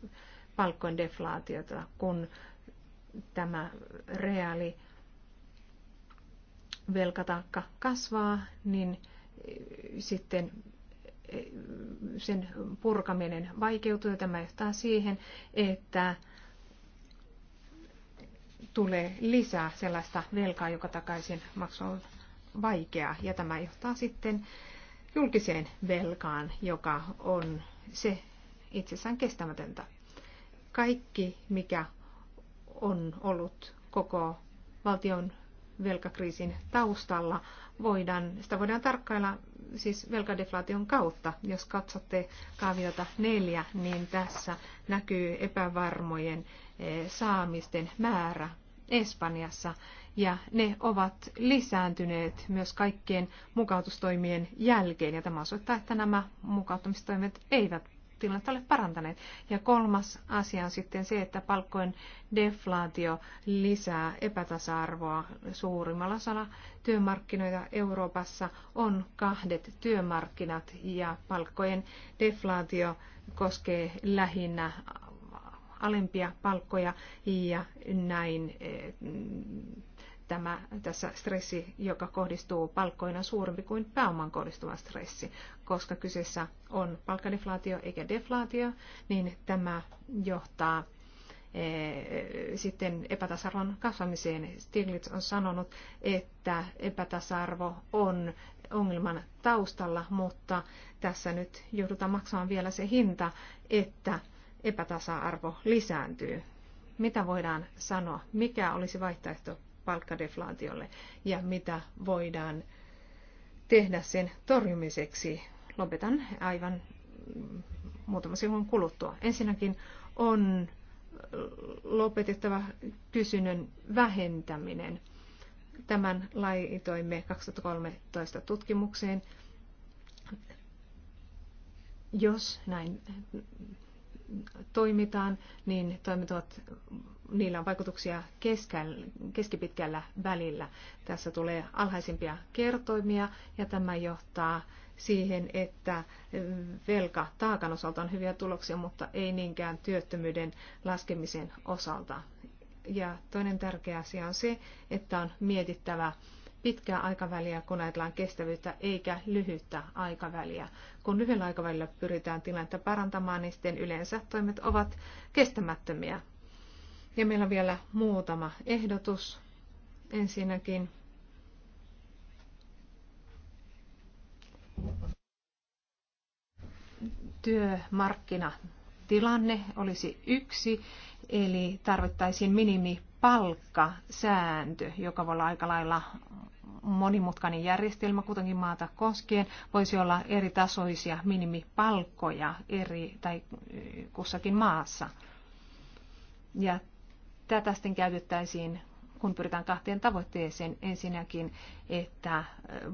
palkkojen deflaatiota, kun tämä reaali velkataakka kasvaa, niin eh, sitten eh, sen purkaminen vaikeutuu ja tämä johtaa siihen, että tulee lisää sellaista velkaa, joka takaisin maksu on vaikeaa. ja tämä johtaa sitten julkiseen velkaan, joka on se itsessään kestämätöntä. Kaikki, mikä on ollut koko valtion velkakriisin taustalla, voidaan, sitä voidaan tarkkailla siis velkadeflaation kautta. Jos katsotte kaaviota neljä, niin tässä näkyy epävarmojen eh, saamisten määrä Espanjassa ja ne ovat lisääntyneet myös kaikkien mukautustoimien jälkeen ja tämä osoittaa, että nämä mukauttamistoimet eivät tilannetta ole parantaneet. Ja kolmas asia on sitten se, että palkkojen deflaatio lisää epätasa-arvoa suurimmalla osalla työmarkkinoita Euroopassa on kahdet työmarkkinat ja palkkojen deflaatio koskee lähinnä alempia palkkoja ja näin eh, tämä, tässä stressi, joka kohdistuu palkkoina, on suurempi kuin pääoman kohdistuva stressi, koska kyseessä on palkkadeflaatio eikä deflaatio, niin tämä johtaa eh, sitten epätasarvon kasvamiseen. Stiglitz on sanonut, että epätasarvo on ongelman taustalla, mutta tässä nyt joudutaan maksamaan vielä se hinta, että epätasa-arvo lisääntyy. Mitä voidaan sanoa? Mikä olisi vaihtoehto palkkadeflaatiolle ja mitä voidaan tehdä sen torjumiseksi? Lopetan aivan mm, muutama sivun kuluttua. Ensinnäkin on lopetettava kysynnön vähentäminen. Tämän laitoimme 2013 tutkimukseen. Jos näin toimitaan, niin toimitot, niillä on vaikutuksia keskipitkällä välillä. Tässä tulee alhaisimpia kertoimia ja tämä johtaa siihen, että velka taakan osalta on hyviä tuloksia, mutta ei niinkään työttömyyden laskemisen osalta. Ja toinen tärkeä asia on se, että on mietittävä pitkää aikaväliä, kun ajatellaan kestävyyttä, eikä lyhyttä aikaväliä. Kun lyhyellä aikavälillä pyritään tilannetta parantamaan, niin sitten yleensä toimet ovat kestämättömiä. Ja meillä on vielä muutama ehdotus. Ensinnäkin työmarkkinatilanne olisi yksi, eli tarvittaisiin minimi palkkasääntö, joka voi olla aika lailla monimutkainen järjestelmä kuitenkin maata koskien. Voisi olla eri tasoisia minimipalkkoja eri tai eh, kussakin maassa. Ja tätä sitten käytettäisiin, kun pyritään kahteen tavoitteeseen. Ensinnäkin, että eh,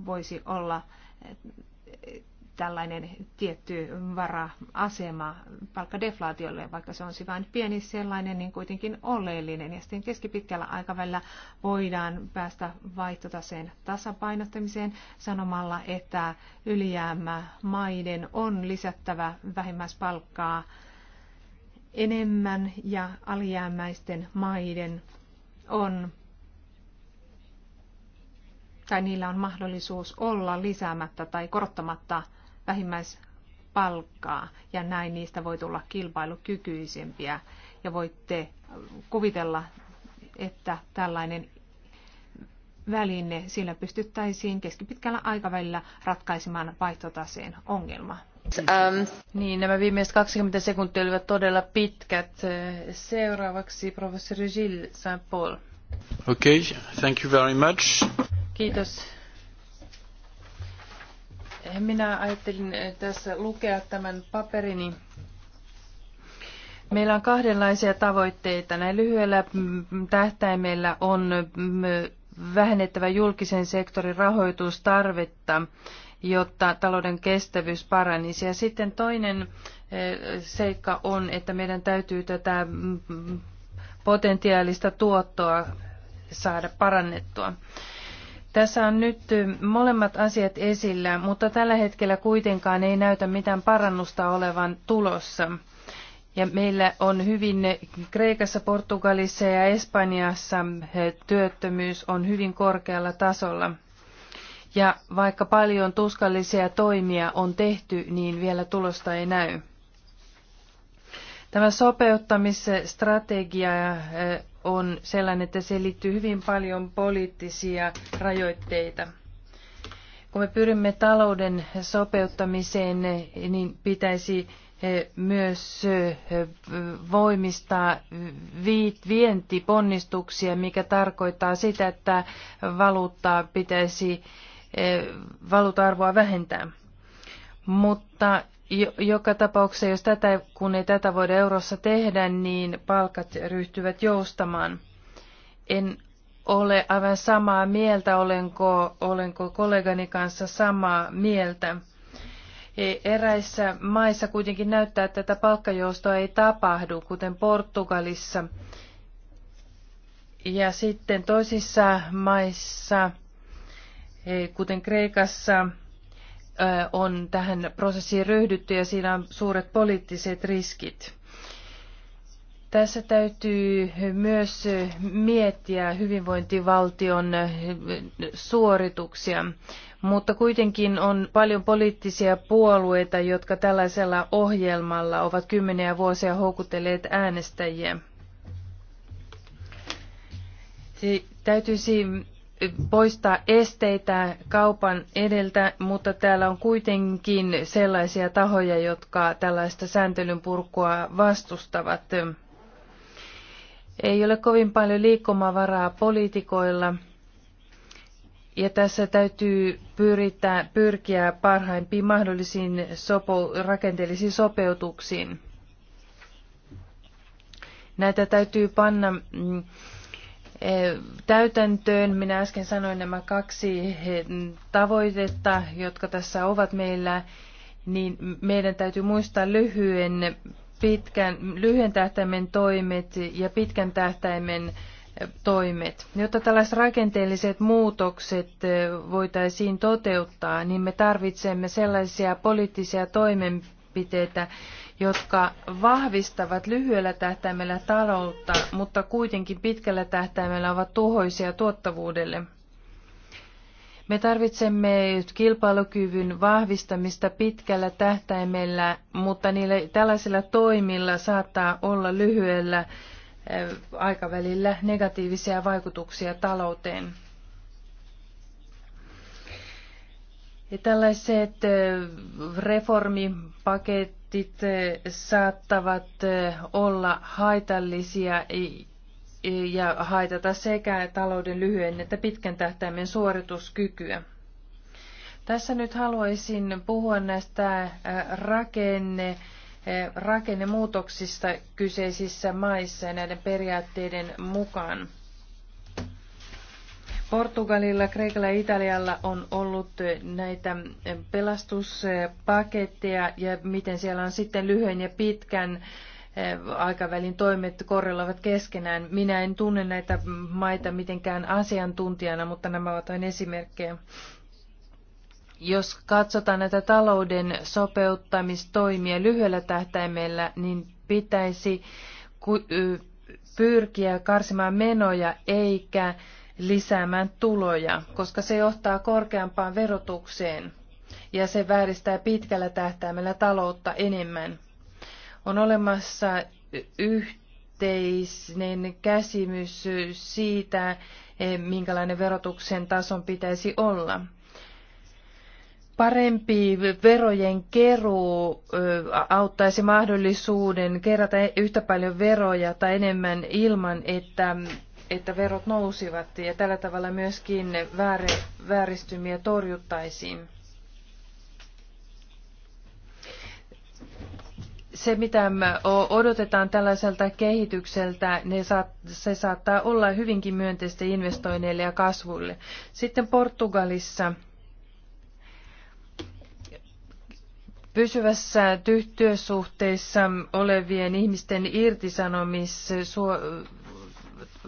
voisi olla eh, tällainen tietty vara-asema palkkadeflaatiolle, vaikka se on vain pieni sellainen, niin kuitenkin oleellinen. Ja sitten keskipitkällä aikavälillä voidaan päästä vaihtotaseen tasapainottamiseen sanomalla, että ylijäämä maiden on lisättävä vähimmäispalkkaa enemmän ja alijäämäisten maiden on tai niillä on mahdollisuus olla lisäämättä tai korottamatta vähimmäispalkkaa ja näin niistä voi tulla kilpailukykyisempiä. Ja voitte kuvitella, että tällainen väline, sillä pystyttäisiin keskipitkällä aikavälillä ratkaisemaan vaihtotaseen ongelma. Um. Niin, nämä viimeiset 20 sekuntia olivat todella pitkät. Seuraavaksi professori Gilles Saint-Paul. Okay, thank you very much. Kiitos minä ajattelin eh, tässä lukea tämän paperini. Meillä on kahdenlaisia tavoitteita. Näin lyhyellä mm, tähtäimellä on mm, vähennettävä julkisen sektorin rahoitustarvetta, jotta talouden kestävyys paranisi. Ja sitten toinen eh, seikka on, että meidän täytyy tätä mm, potentiaalista tuottoa saada parannettua. Tässä on nyt molemmat asiat esillä, mutta tällä hetkellä kuitenkaan ei näytä mitään parannusta olevan tulossa. Ja meillä on hyvin Kreikassa, Portugalissa ja Espanjassa työttömyys on hyvin korkealla tasolla. Ja vaikka paljon tuskallisia toimia on tehty, niin vielä tulosta ei näy. Tämä sopeuttamisstrategia on sellainen, että se liittyy hyvin paljon poliittisia rajoitteita. Kun me pyrimme talouden sopeuttamiseen, niin pitäisi eh, myös eh, voimistaa vientiponnistuksia, mikä tarkoittaa sitä, että valuuttaa pitäisi eh, valuutarvoa vähentää. Mutta joka tapauksessa, jos tätä, kun ei tätä voida eurossa tehdä, niin palkat ryhtyvät joustamaan. En ole aivan samaa mieltä, olenko, olenko kollegani kanssa samaa mieltä. Eräissä maissa kuitenkin näyttää, että tätä palkkajoustoa ei tapahdu, kuten Portugalissa. Ja sitten toisissa maissa, kuten Kreikassa, on tähän prosessiin ryhdytty ja siinä on suuret poliittiset riskit. Tässä täytyy myös miettiä hyvinvointivaltion suorituksia, mutta kuitenkin on paljon poliittisia puolueita, jotka tällaisella ohjelmalla ovat kymmeniä vuosia houkutelleet äänestäjiä. Täytyisi poistaa esteitä kaupan edeltä, mutta täällä on kuitenkin sellaisia tahoja, jotka tällaista sääntelyn purkua vastustavat. Ei ole kovin paljon liikkumavaraa poliitikoilla. Ja tässä täytyy pyritä, pyrkiä parhaimpiin mahdollisiin sopo, rakenteellisiin sopeutuksiin. Näitä täytyy panna mm, Eh, täytäntöön. Minä äsken sanoin nämä kaksi eh, tavoitetta, jotka tässä ovat meillä, niin meidän täytyy muistaa lyhyen, pitkän, lyhyen tähtäimen toimet ja pitkän tähtäimen eh, toimet. Jotta tällaiset rakenteelliset muutokset voitaisiin toteuttaa, niin me tarvitsemme sellaisia poliittisia toimenpiteitä, jotka vahvistavat lyhyellä tähtäimellä taloutta, mutta kuitenkin pitkällä tähtäimellä ovat tuhoisia tuottavuudelle. Me tarvitsemme kilpailukyvyn vahvistamista pitkällä tähtäimellä, mutta niillä tällaisilla toimilla saattaa olla lyhyellä eh, aikavälillä negatiivisia vaikutuksia talouteen. Ja tällaiset eh, reformipaketit testit eh, saattavat eh, olla haitallisia ja haitata sekä talouden lyhyen että pitkän tähtäimen suorituskykyä. Tässä nyt haluaisin puhua näistä eh, rakenne, rakennemuutoksista kyseisissä maissa ja näiden periaatteiden mukaan. Portugalilla, Kreikalla ja Italialla on ollut näitä pelastuspaketteja ja miten siellä on sitten lyhyen ja pitkän eh, aikavälin toimet korreloivat keskenään. Minä en tunne näitä maita mitenkään asiantuntijana, mutta nämä ovat vain esimerkkejä. Jos katsotaan näitä talouden sopeuttamistoimia lyhyellä tähtäimellä, niin pitäisi pyrkiä karsimaan menoja eikä lisäämään tuloja, koska se johtaa korkeampaan verotukseen ja se vääristää pitkällä tähtäimellä taloutta enemmän. On olemassa yhteinen käsimys siitä, eh, minkälainen verotuksen tason pitäisi olla parempi verojen keruu eh, auttaisi mahdollisuuden kerätä yhtä paljon veroja tai enemmän ilman, että että verot nousivat ja tällä tavalla myöskin vääristymiä torjuttaisiin. se, mitä odotetaan tällaiselta kehitykseltä, ne saat, se saattaa olla hyvinkin myönteistä investoinneille ja kasvulle. Sitten Portugalissa pysyvässä työsuhteissa olevien ihmisten irtisanomis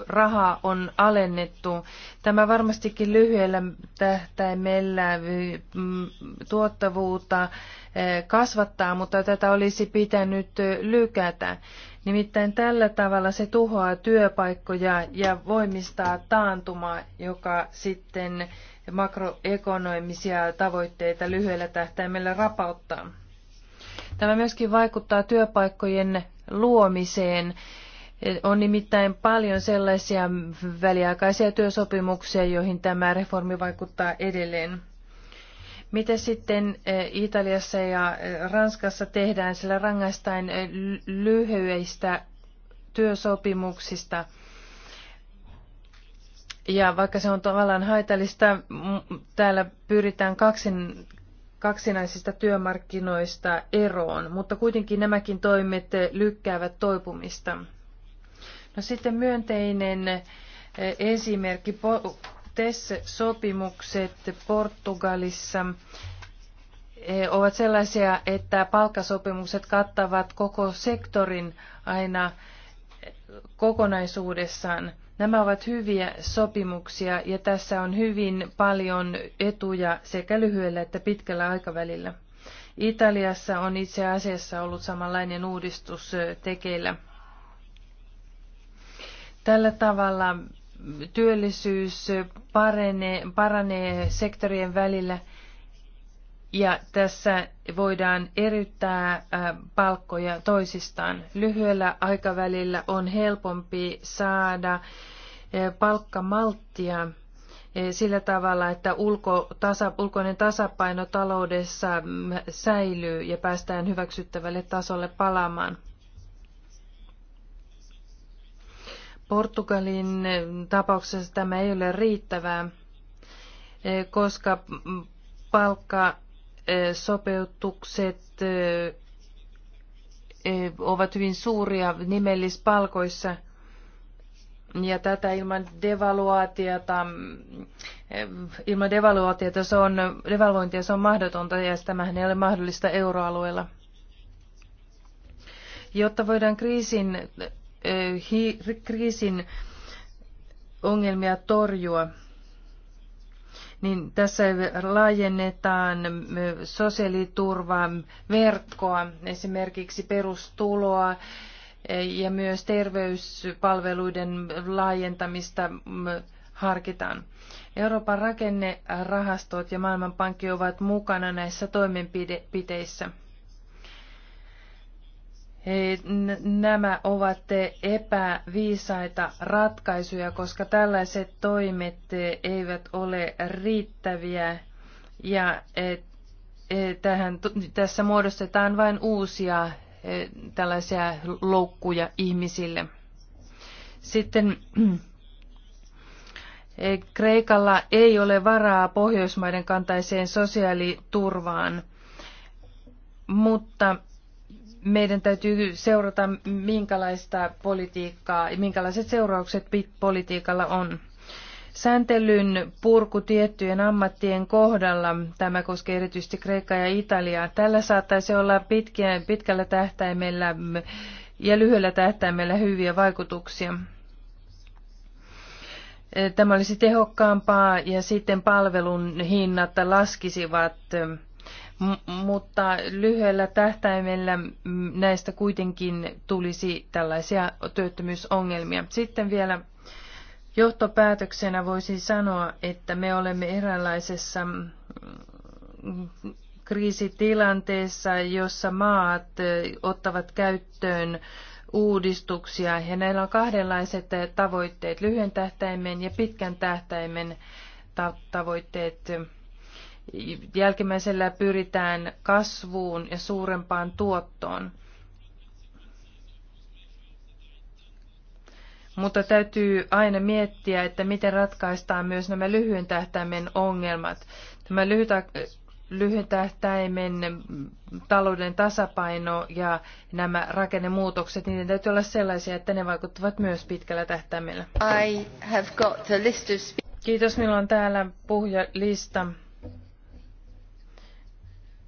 Raha on alennettu. Tämä varmastikin lyhyellä tähtäimellä mm, tuottavuutta eh, kasvattaa, mutta tätä olisi pitänyt eh, lykätä. Nimittäin tällä tavalla se tuhoaa työpaikkoja ja voimistaa taantuma, joka sitten makroekonomisia tavoitteita lyhyellä tähtäimellä rapauttaa. Tämä myöskin vaikuttaa työpaikkojen luomiseen on nimittäin paljon sellaisia väliaikaisia työsopimuksia, joihin tämä reformi vaikuttaa edelleen. Mitä sitten eh, Italiassa ja eh, Ranskassa tehdään, sillä rangaistaan eh, lyhyistä työsopimuksista. Ja vaikka se on tavallaan haitallista, mm, täällä pyritään kaksin, kaksinaisista työmarkkinoista eroon, mutta kuitenkin nämäkin toimet lykkäävät toipumista. No sitten myönteinen eh, esimerkki, TES-sopimukset Portugalissa eh, ovat sellaisia, että palkkasopimukset kattavat koko sektorin aina eh, kokonaisuudessaan. Nämä ovat hyviä sopimuksia ja tässä on hyvin paljon etuja sekä lyhyellä että pitkällä aikavälillä. Italiassa on itse asiassa ollut samanlainen uudistus tekeillä. Tällä tavalla työllisyys paranee, paranee sektorien välillä ja tässä voidaan eryttää äh, palkkoja toisistaan. Lyhyellä aikavälillä on helpompi saada äh, palkkamalttia äh, sillä tavalla, että ulko, tasa, ulkoinen tasapaino taloudessa mm, säilyy ja päästään hyväksyttävälle tasolle palaamaan. Portugalin tapauksessa tämä ei ole riittävää, eh, koska palkkasopeutukset eh, eh, ovat hyvin suuria nimellispalkoissa – ja tätä ilman devaluaatiota, ilman devaluaatiota se on, devaluointia se on mahdotonta ja tämähän ei ole mahdollista euroalueella. Jotta voidaan kriisin kriisin ongelmia torjua, niin tässä laajennetaan sosiaaliturvan verkkoa, esimerkiksi perustuloa ja myös terveyspalveluiden laajentamista harkitaan. Euroopan rakennerahastot ja Maailmanpankki ovat mukana näissä toimenpiteissä. Nämä ovat epäviisaita ratkaisuja, koska tällaiset toimet eivät ole riittäviä ja e, tähän, tässä muodostetaan vain uusia e, tällaisia loukkuja ihmisille. Sitten (clears throat) e, Kreikalla ei ole varaa Pohjoismaiden kantaiseen sosiaaliturvaan, mutta meidän täytyy seurata, minkälaista politiikkaa ja minkälaiset seuraukset politiikalla on. Sääntelyn purku tiettyjen ammattien kohdalla, tämä koskee erityisesti Kreikkaa ja Italiaa, tällä saattaisi olla pitkiä, pitkällä tähtäimellä ja lyhyellä tähtäimellä hyviä vaikutuksia. Tämä olisi tehokkaampaa ja sitten palvelun hinnat laskisivat mutta lyhyellä tähtäimellä näistä kuitenkin tulisi tällaisia työttömyysongelmia. Sitten vielä johtopäätöksenä voisin sanoa, että me olemme eräänlaisessa kriisitilanteessa, jossa maat ottavat käyttöön uudistuksia ja näillä on kahdenlaiset tavoitteet, lyhyen tähtäimen ja pitkän tähtäimen tavoitteet. Jälkimmäisellä pyritään kasvuun ja suurempaan tuottoon. Mutta täytyy aina miettiä, että miten ratkaistaan myös nämä lyhyen tähtäimen ongelmat. Tämä lyhytä, lyhyen tähtäimen talouden tasapaino ja nämä rakennemuutokset, niiden täytyy olla sellaisia, että ne vaikuttavat myös pitkällä tähtäimellä. I have got a list of Kiitos, minulla on täällä puhujalista. lista.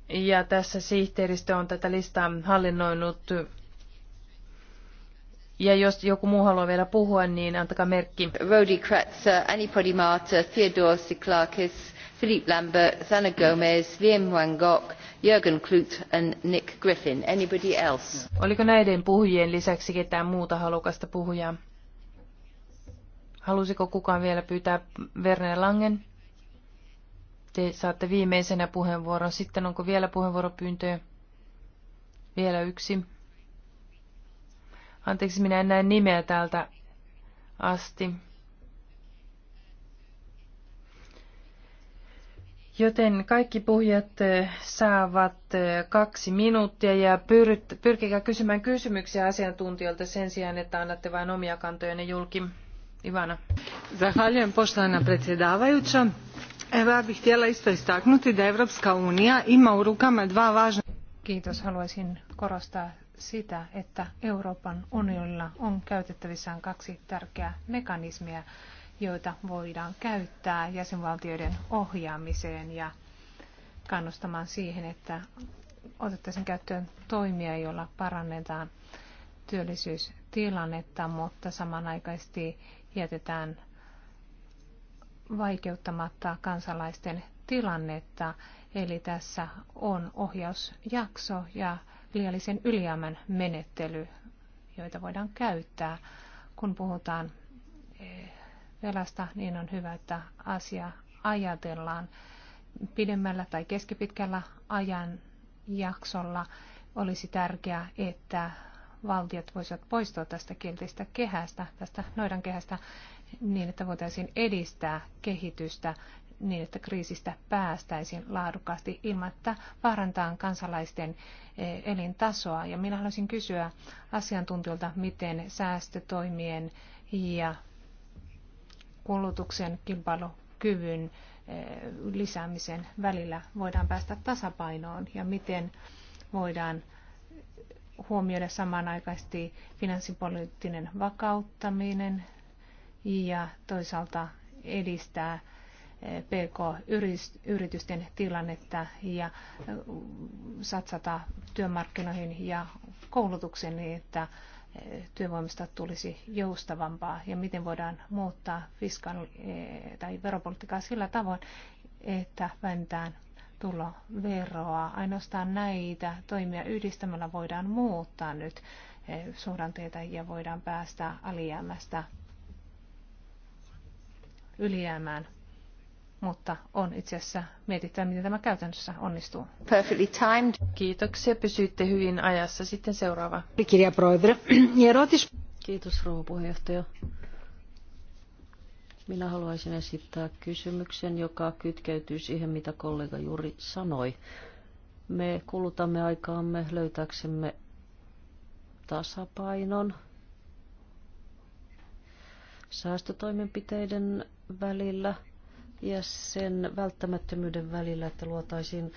Ja tässä sihteeristö on tätä listaa hallinnoinut. Ja jos joku muu haluaa vielä puhua, niin antakaa merkki. Rodi Kratzer, uh, Annie Podimata, Theodore Siklakis, Philippe Lambert, Zana Gomez, Liam Wangok, Jürgen Klut and Nick Griffin. Anybody else? Oliko näiden puhujien lisäksi ketään muuta halukasta puhujaa? Halusiko kukaan vielä pyytää Verne Langen? te saatte viimeisenä puheenvuoron. Sitten onko vielä puheenvuoropyyntöjä? Vielä yksi. Anteeksi, minä en näe nimeä täältä asti. Joten kaikki puhujat eh, saavat eh, kaksi minuuttia ja pyrkikää kysymään kysymyksiä asiantuntijoilta sen sijaan, että annatte vain omia kantojanne julki. Ivana. Zahvaljujem poštovana predsjedavajuća. Evo, ja bih htjela isto istaknuti da Evropska unija ima u rukama dva važna... Kiitos. Haluaisin korostaa sitä, että Euroopan unionilla on käytettävissään kaksi tärkeää mekanismia, joita voidaan käyttää jäsenvaltioiden ohjaamiseen ja kannustamaan siihen, että otettaisiin käyttöön toimia, joilla parannetaan työllisyystilannetta, mutta samanaikaisesti jätetään vaikeuttamatta kansalaisten tilannetta. Eli tässä on ohjausjakso ja liiallisen ylijäämän menettely, joita voidaan käyttää. Kun puhutaan eh, velasta, niin on hyvä, että asia ajatellaan pidemmällä tai keskipitkällä ajan jaksolla. Olisi tärkeää, että valtiot voisivat poistua tästä kiltistä kehästä, tästä noidan kehästä, niin, että voitaisiin edistää kehitystä niin, että kriisistä päästäisiin laadukkaasti ilman, että vaarantaa kansalaisten e, elintasoa. Ja minä haluaisin kysyä asiantuntijoilta, miten säästötoimien ja kulutuksen kilpailukyvyn e, lisäämisen välillä voidaan päästä tasapainoon ja miten voidaan huomioida samanaikaisesti finanssipoliittinen vakauttaminen, ja toisaalta edistää eh, PK-yritysten tilannetta ja eh, satsata työmarkkinoihin ja koulutukseen niin, että eh, työvoimasta tulisi joustavampaa ja miten voidaan muuttaa fiskaali- tai veropolitiikkaa sillä tavoin, että vähentään tuloveroa. Ainoastaan näitä toimia yhdistämällä voidaan muuttaa nyt suhdanteita ja voidaan päästä alijäämästä ylijäämään, mutta on itse asiassa mietittävä, miten tämä käytännössä onnistuu. Perfectly timed. Kiitoksia, pysyitte hyvin ajassa. Sitten seuraava. Kirja Kiitos, rouva puheenjohtaja. Minä haluaisin esittää kysymyksen, joka kytkeytyy siihen, mitä kollega juuri sanoi. Me kulutamme aikaamme löytääksemme tasapainon säästötoimenpiteiden välillä ja sen välttämättömyyden välillä, että luotaisiin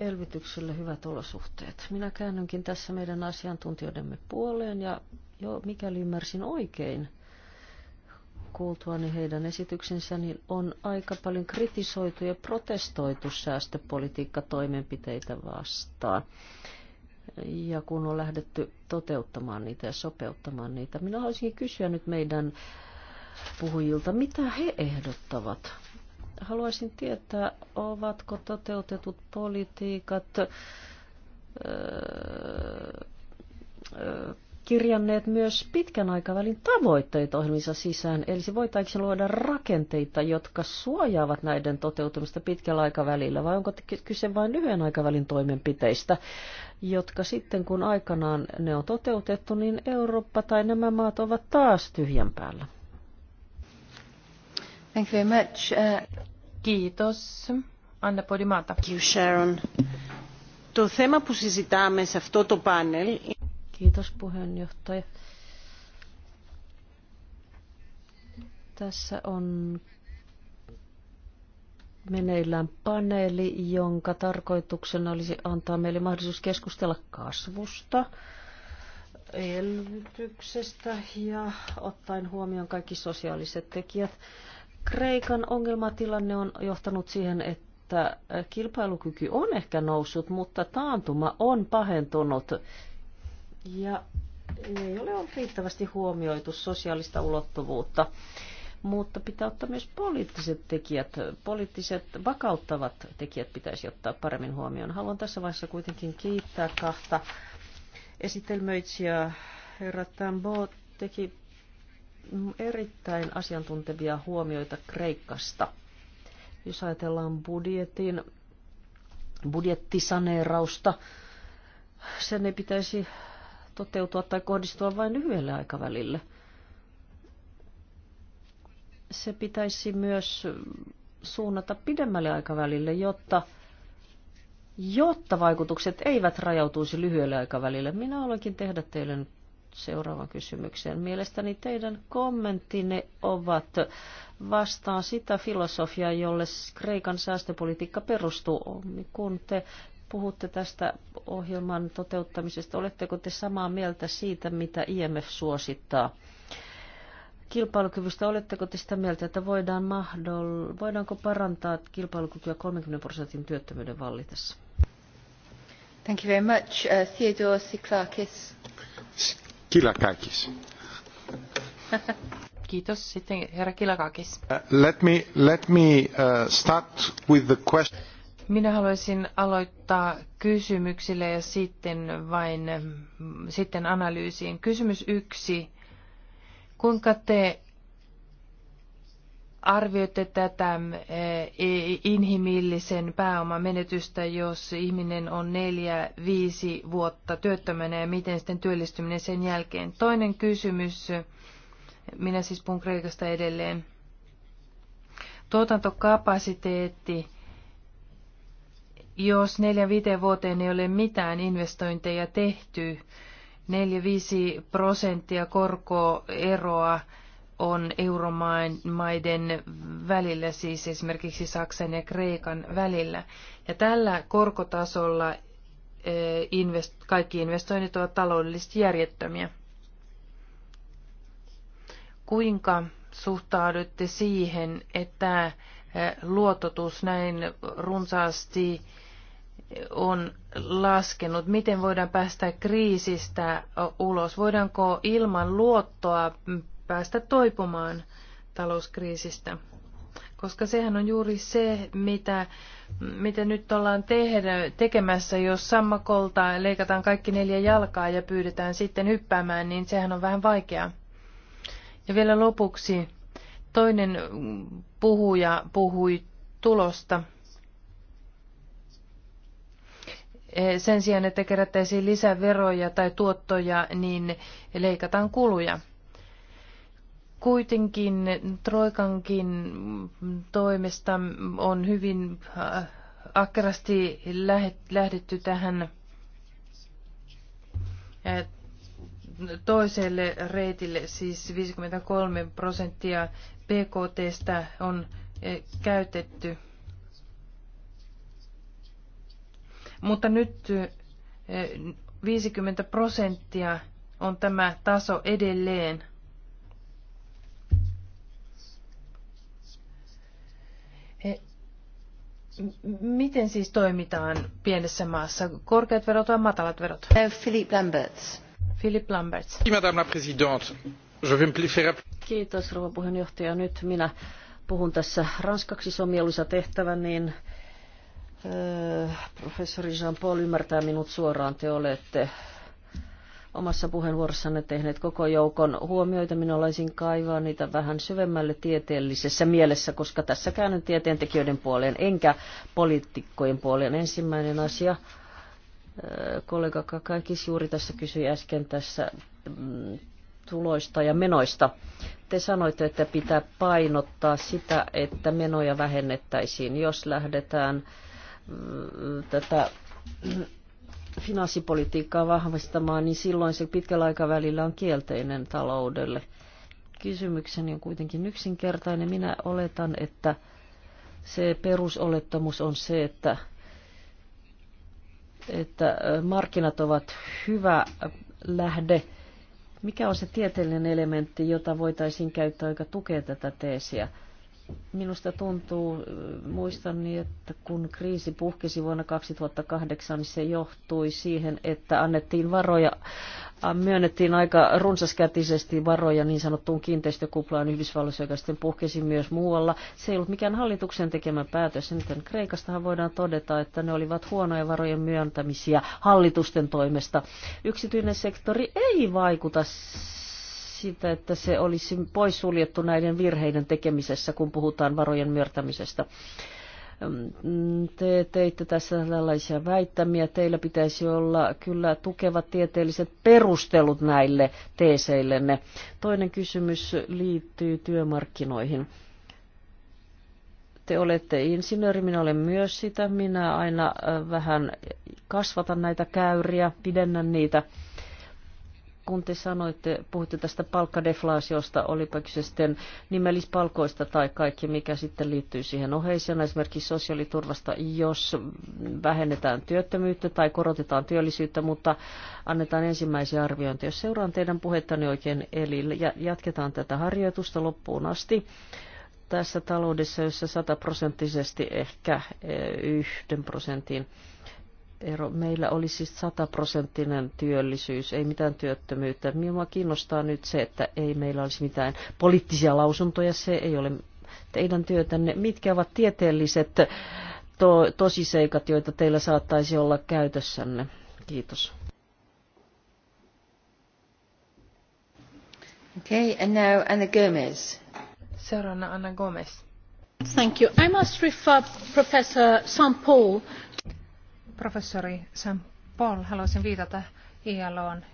elvytykselle hyvät olosuhteet. Minä käännynkin tässä meidän asiantuntijoidemme puoleen ja jo, mikäli ymmärsin oikein kuultuani heidän esityksensä, niin on aika paljon kritisoitu ja protestoitu säästöpolitiikkatoimenpiteitä vastaan. Ja kun on lähdetty toteuttamaan niitä ja sopeuttamaan niitä. Minä haluaisinkin kysyä nyt meidän äh, puhujilta, mitä he ehdottavat. Haluaisin tietää, ovatko toteutetut politiikat kirjanneet myös pitkän aikavälin tavoitteita ohjelmissa sisään, eli voitaisiin luoda rakenteita, jotka suojaavat näiden toteutumista pitkällä aikavälillä, vai onko kyse vain lyhyen aikavälin toimenpiteistä, jotka sitten kun aikanaan ne on toteutettu, niin Eurooppa tai nämä maat ovat taas tyhjän päällä? Thank you very much. Uh... Kiitos. Anna Podimata. Thank you, Sharon. Το θέμα που συζητάμε σε αυτό το πάνελ... Kiitos puheenjohtaja. Tässä on meneillään paneeli, jonka tarkoituksena olisi antaa meille mahdollisuus keskustella kasvusta, elvytyksestä ja ottaen huomioon kaikki sosiaaliset tekijät. Kreikan ongelmatilanne on johtanut siihen, että kilpailukyky on ehkä noussut, mutta taantuma on pahentunut. Ja ei ole ollut riittävästi huomioitu sosiaalista ulottuvuutta. Mutta pitää ottaa myös poliittiset tekijät, poliittiset vakauttavat tekijät pitäisi ottaa paremmin huomioon. Haluan tässä vaiheessa kuitenkin kiittää kahta esitelmöitsijää. Herra Tambo teki erittäin asiantuntevia huomioita Kreikasta. Jos ajatellaan budjetin, budjettisaneerausta, sen ei pitäisi toteutua tai kohdistua vain lyhyelle aikavälille. Se pitäisi myös suunnata pidemmälle aikavälille, jotta, jotta vaikutukset eivät rajautuisi lyhyelle aikavälille. Minä olenkin tehdä teille nyt seuraavan kysymykseen. Mielestäni teidän kommenttinne ovat vastaan sitä filosofiaa, jolle Kreikan säästöpolitiikka perustuu. Kun te puhutte tästä ohjelman toteuttamisesta, oletteko te samaa mieltä siitä, mitä IMF suosittaa? Kilpailukyvystä, oletteko te sitä mieltä, että voidaan mahdoll- voidaanko parantaa kilpailukykyä 30 prosentin työttömyyden vallitessa? Thank you very much. Uh, Theodore Siklakis. Kilakakis. (laughs) Kiitos. Sitten herra Kilakakis. Uh, let me, let me uh, start with the question. Minä haluaisin aloittaa kysymyksillä ja sitten vain mm, sitten analyysiin. Kysymys yksi. Kuinka te arvioitte tätä e, inhimillisen pääoman menetystä, jos ihminen on neljä, viisi vuotta työttömänä ja miten sitten työllistyminen sen jälkeen? Toinen kysymys, minä siis puhun Kreikasta edelleen. Tuotantokapasiteetti, jos neljän viiteen vuoteen ei ole mitään investointeja tehty, 4-5 prosenttia korkoeroa, eroa on euromaiden välillä, siis esimerkiksi Saksan ja Kreikan välillä. Ja tällä korkotasolla eh, invest- kaikki investoinnit ovat taloudellisesti järjettömiä. Kuinka suhtaudutte siihen, että eh, luototus näin runsaasti eh, on laskenut? Miten voidaan päästä kriisistä ulos? Voidaanko ilman luottoa päästä toipumaan talouskriisistä. Koska sehän on juuri se, mitä, mitä nyt ollaan tehdä, tekemässä, jos sammakolta leikataan kaikki neljä jalkaa ja pyydetään sitten hyppäämään, niin sehän on vähän vaikeaa. Ja vielä lopuksi toinen puhuja puhui tulosta. E, sen sijaan, että kerättäisiin lisää veroja tai tuottoja, niin leikataan kuluja. Kuitenkin Troikankin toimesta on hyvin äh, akkerasti lähdetty tähän äh, toiselle reitille, siis 53 prosenttia PKTstä on äh, käytetty. Mutta nyt 50 prosenttia on tämä taso edelleen. Miten siis toimitaan pienessä maassa? Korkeat verot vai matalat verot? No, Philip Lamberts. Philip Lamberts. Madame Kiitos rouva puheenjohtaja. Nyt minä puhun tässä ranskaksi, se on mieluisa tehtävä, niin öö, professori Jean-Paul ymmärtää minut suoraan. Te olette omassa puheenvuorossanne tehneet koko joukon huomioita. Minä olisin kaivaa niitä vähän syvemmälle tieteellisessä mielessä, koska tässä käännyn tieteentekijöiden puoleen enkä poliitikkojen puoleen. Ensimmäinen asia, äh, kollega Kakakis juuri tässä kysyi äsken tässä mm, tuloista ja menoista. Te sanoitte, että pitää painottaa sitä, että menoja vähennettäisiin, jos lähdetään mm, tätä finanssipolitiikkaa vahvistamaan, niin silloin se pitkällä aikavälillä on kielteinen taloudelle. Kysymykseni on kuitenkin yksinkertainen. Minä oletan, että se perusolettamus on se, että, että markkinat ovat hyvä lähde. Mikä on se tieteellinen elementti, jota voitaisiin käyttää, joka tukee tätä teesiä? Minusta tuntuu, äh, muistan niin, että kun kriisi puhkesi vuonna 2008, niin se johtui siihen, että annettiin varoja, äh, myönnettiin aika runsaskätisesti varoja niin sanottuun kiinteistökuplaan Yhdysvalloissa, joka sitten puhkesi myös muualla. Se ei ollut mikään hallituksen tekemä päätös. Nyt Kreikastahan voidaan todeta, että ne olivat huonoja varojen myöntämisiä hallitusten toimesta. Yksityinen sektori ei vaikuta siitä, että se olisi poissuljettu näiden virheiden tekemisessä, kun puhutaan varojen myörtämisestä. Mm, te teitte tässä tällaisia väittämiä. Teillä pitäisi olla kyllä tukevat tieteelliset perustelut näille teeseillenne. Toinen kysymys liittyy työmarkkinoihin te olette insinööri, minä olen myös sitä. Minä aina äh, vähän kasvatan näitä käyriä, pidennän niitä kun te sanoitte, puhutte tästä palkkadeflaatiosta, olipa kyse sitten nimellispalkoista tai kaikki, mikä sitten liittyy siihen oheisena, esimerkiksi sosiaaliturvasta, jos vähennetään työttömyyttä tai korotetaan työllisyyttä, mutta annetaan ensimmäisiä arviointeja. Jos seuraan teidän puhettani oikein, eli jatketaan tätä harjoitusta loppuun asti tässä taloudessa, jossa sataprosenttisesti ehkä eh, yhden prosentin ero. Meillä oli siis sataprosenttinen työllisyys, ei mitään työttömyyttä. Minua kiinnostaa nyt se, että ei meillä olisi mitään poliittisia lausuntoja, se ei ole teidän työtänne. Mitkä ovat tieteelliset to- tosiseikat, joita teillä saattaisi olla käytössänne? Kiitos. Okay, and now Anna Gomez. Seuraavana Anna Gomez. Thank you. I must refer Professor Sampol Professori Sam Paul, haluaisin viitata ILOn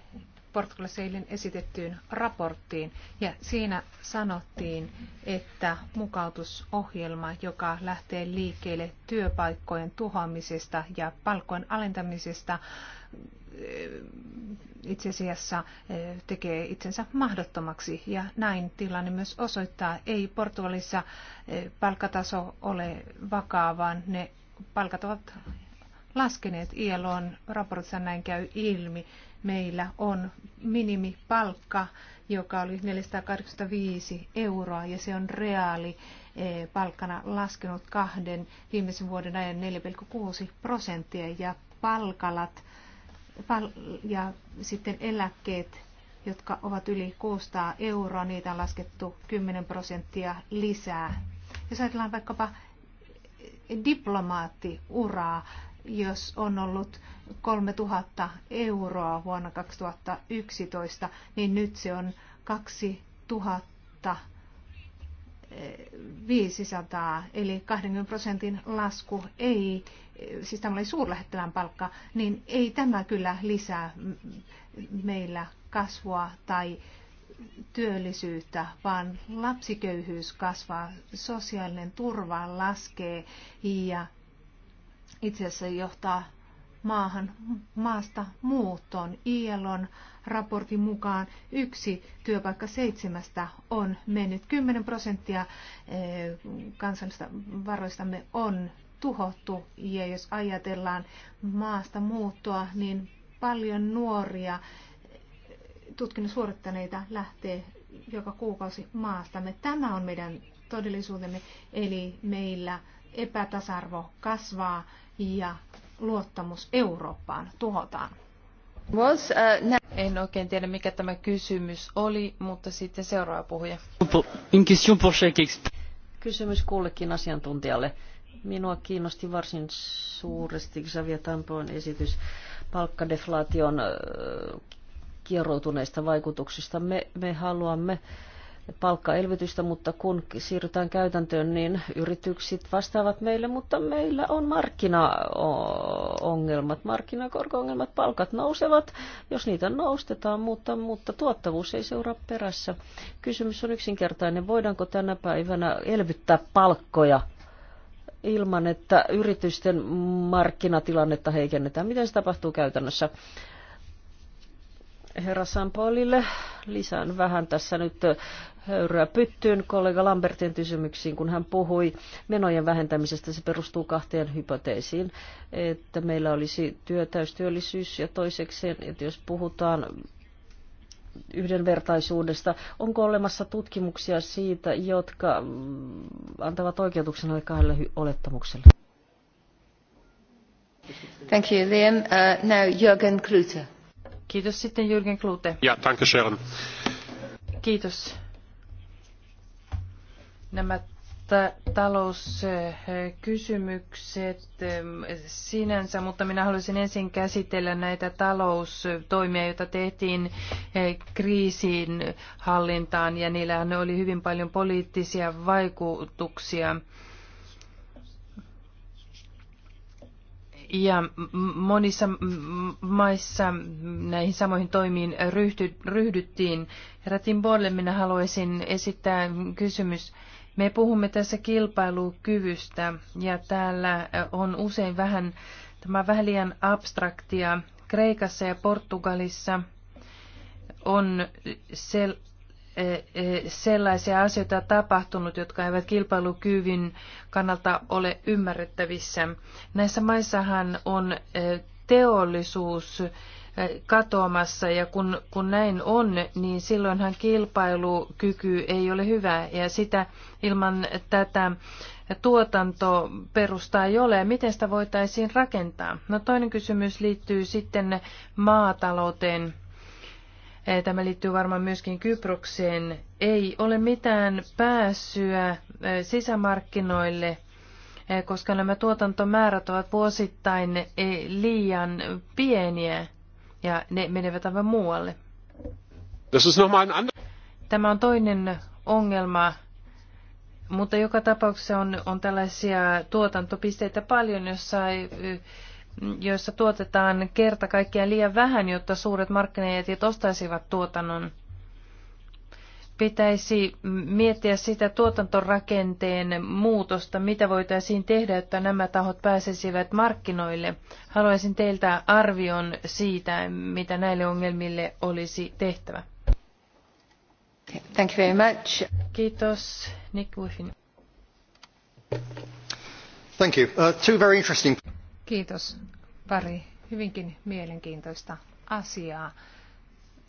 Portugalissa eilen esitettyyn raporttiin ja siinä sanottiin, että mukautusohjelma, joka lähtee liikkeelle työpaikkojen tuhoamisesta ja palkkojen alentamisesta, eh, itse asiassa eh, tekee itsensä mahdottomaksi. Ja näin tilanne myös osoittaa, ei Portugalissa eh, palkkataso ole vakaa, vaan ne palkat ovat laskeneet. ILOn raportissa näin käy ilmi. Meillä on minimipalkka, joka oli 485 euroa ja se on reaali eh, palkkana laskenut kahden viimeisen vuoden ajan 4,6 prosenttia ja palkalat pal- ja sitten eläkkeet, jotka ovat yli 600 euroa, niitä on laskettu 10 prosenttia lisää. Jos ajatellaan vaikkapa eh, diplomaattiuraa, jos on ollut 3000 euroa vuonna 2011, niin nyt se on 2500, eh, eli 20 prosentin lasku ei, eh, siis tämä oli suurlähettilän palkka, niin ei tämä kyllä lisää meillä kasvua tai työllisyyttä, vaan lapsiköyhyys kasvaa, sosiaalinen turva laskee ja itse asiassa johtaa maahan, maasta muuttoon. ILon raportin mukaan yksi työpaikka seitsemästä on mennyt. 10 prosenttia eh, kansallista varoistamme on tuhottu. Ja jos ajatellaan maasta muuttoa, niin paljon nuoria eh, tutkinnon suorittaneita lähtee joka kuukausi maastamme. Tämä on meidän todellisuutemme, eli meillä epätasarvo kasvaa ja luottamus Eurooppaan tuhotaan. Was, uh, en oikein tiedä, mikä tämä kysymys oli, mutta sitten seuraava puhuja. Kysymys kullekin asiantuntijalle. Minua kiinnosti varsin suuresti Xavier Tampoon esitys palkkadeflaation äh, kieroutuneista vaikutuksista. Me, me haluamme äh, palkkaelvytystä, mutta kun siirrytään käytäntöön, niin yritykset vastaavat meille, mutta meillä on markkinaongelmat, markkinakorko-ongelmat, palkat nousevat, jos niitä noustetaan, mutta, mutta tuottavuus ei seuraa perässä. Kysymys on yksinkertainen, voidaanko tänä päivänä elvyttää palkkoja ilman, että yritysten markkinatilannetta heikennetään? Miten se tapahtuu käytännössä? herra Sampolille. Lisään vähän tässä nyt höyryä pyttyyn kollega Lambertin kysymyksiin, kun hän puhui menojen vähentämisestä. Se perustuu kahteen hypoteesiin, että meillä olisi työtäystyöllisyys ja toisekseen, että jos puhutaan yhdenvertaisuudesta. Onko olemassa tutkimuksia siitä, jotka antavat oikeutuksen alle kahdelle olettamukselle? Thank you, Liam. Uh, now Jürgen Kiitos sitten Jürgen Klute. Ja, danke schön. Kiitos. Nämä talouskysymykset eh, sinänsä, mutta minä haluaisin ensin käsitellä näitä taloustoimia, joita tehtiin eh, kriisin hallintaan ja niillähän oli hyvin paljon poliittisia vaikutuksia. Ja monissa maissa näihin samoihin toimiin ryhty, ryhdyttiin. Herra Timbolle minä haluaisin esittää kysymys. Me puhumme tässä kilpailukyvystä ja täällä on usein vähän, tämä vähän liian abstraktia. Kreikassa ja Portugalissa on sel- E, e, sellaisia asioita tapahtunut, jotka eivät kilpailukyvyn kannalta ole ymmärrettävissä. Näissä maissahan on e, teollisuus katoamassa ja kun, kun näin on, niin silloinhan kilpailukyky ei ole hyvä ja sitä ilman tätä tuotantoperustaa ei ole. Miten sitä voitaisiin rakentaa? No toinen kysymys liittyy sitten maatalouteen Eh, tämä liittyy varmaan myöskin Kyprokseen. Ei ole mitään pääsyä eh, sisämarkkinoille, eh, koska nämä tuotantomäärät ovat vuosittain liian pieniä ja ne menevät aivan muualle. Tämä on toinen ongelma, mutta joka tapauksessa on, on tällaisia tuotantopisteitä paljon, jossa joissa tuotetaan kerta kaikkiaan liian vähän, jotta suuret markkinajätit ostaisivat tuotannon. Pitäisi miettiä sitä tuotantorakenteen muutosta, mitä voitaisiin tehdä, jotta nämä tahot pääsisivät markkinoille. Haluaisin teiltä arvion siitä, mitä näille ongelmille olisi tehtävä. Thank you very much. Kiitos. Nick Wiffin. Thank you. Uh, two very interesting... Kiitos. Pari hyvinkin mielenkiintoista asiaa,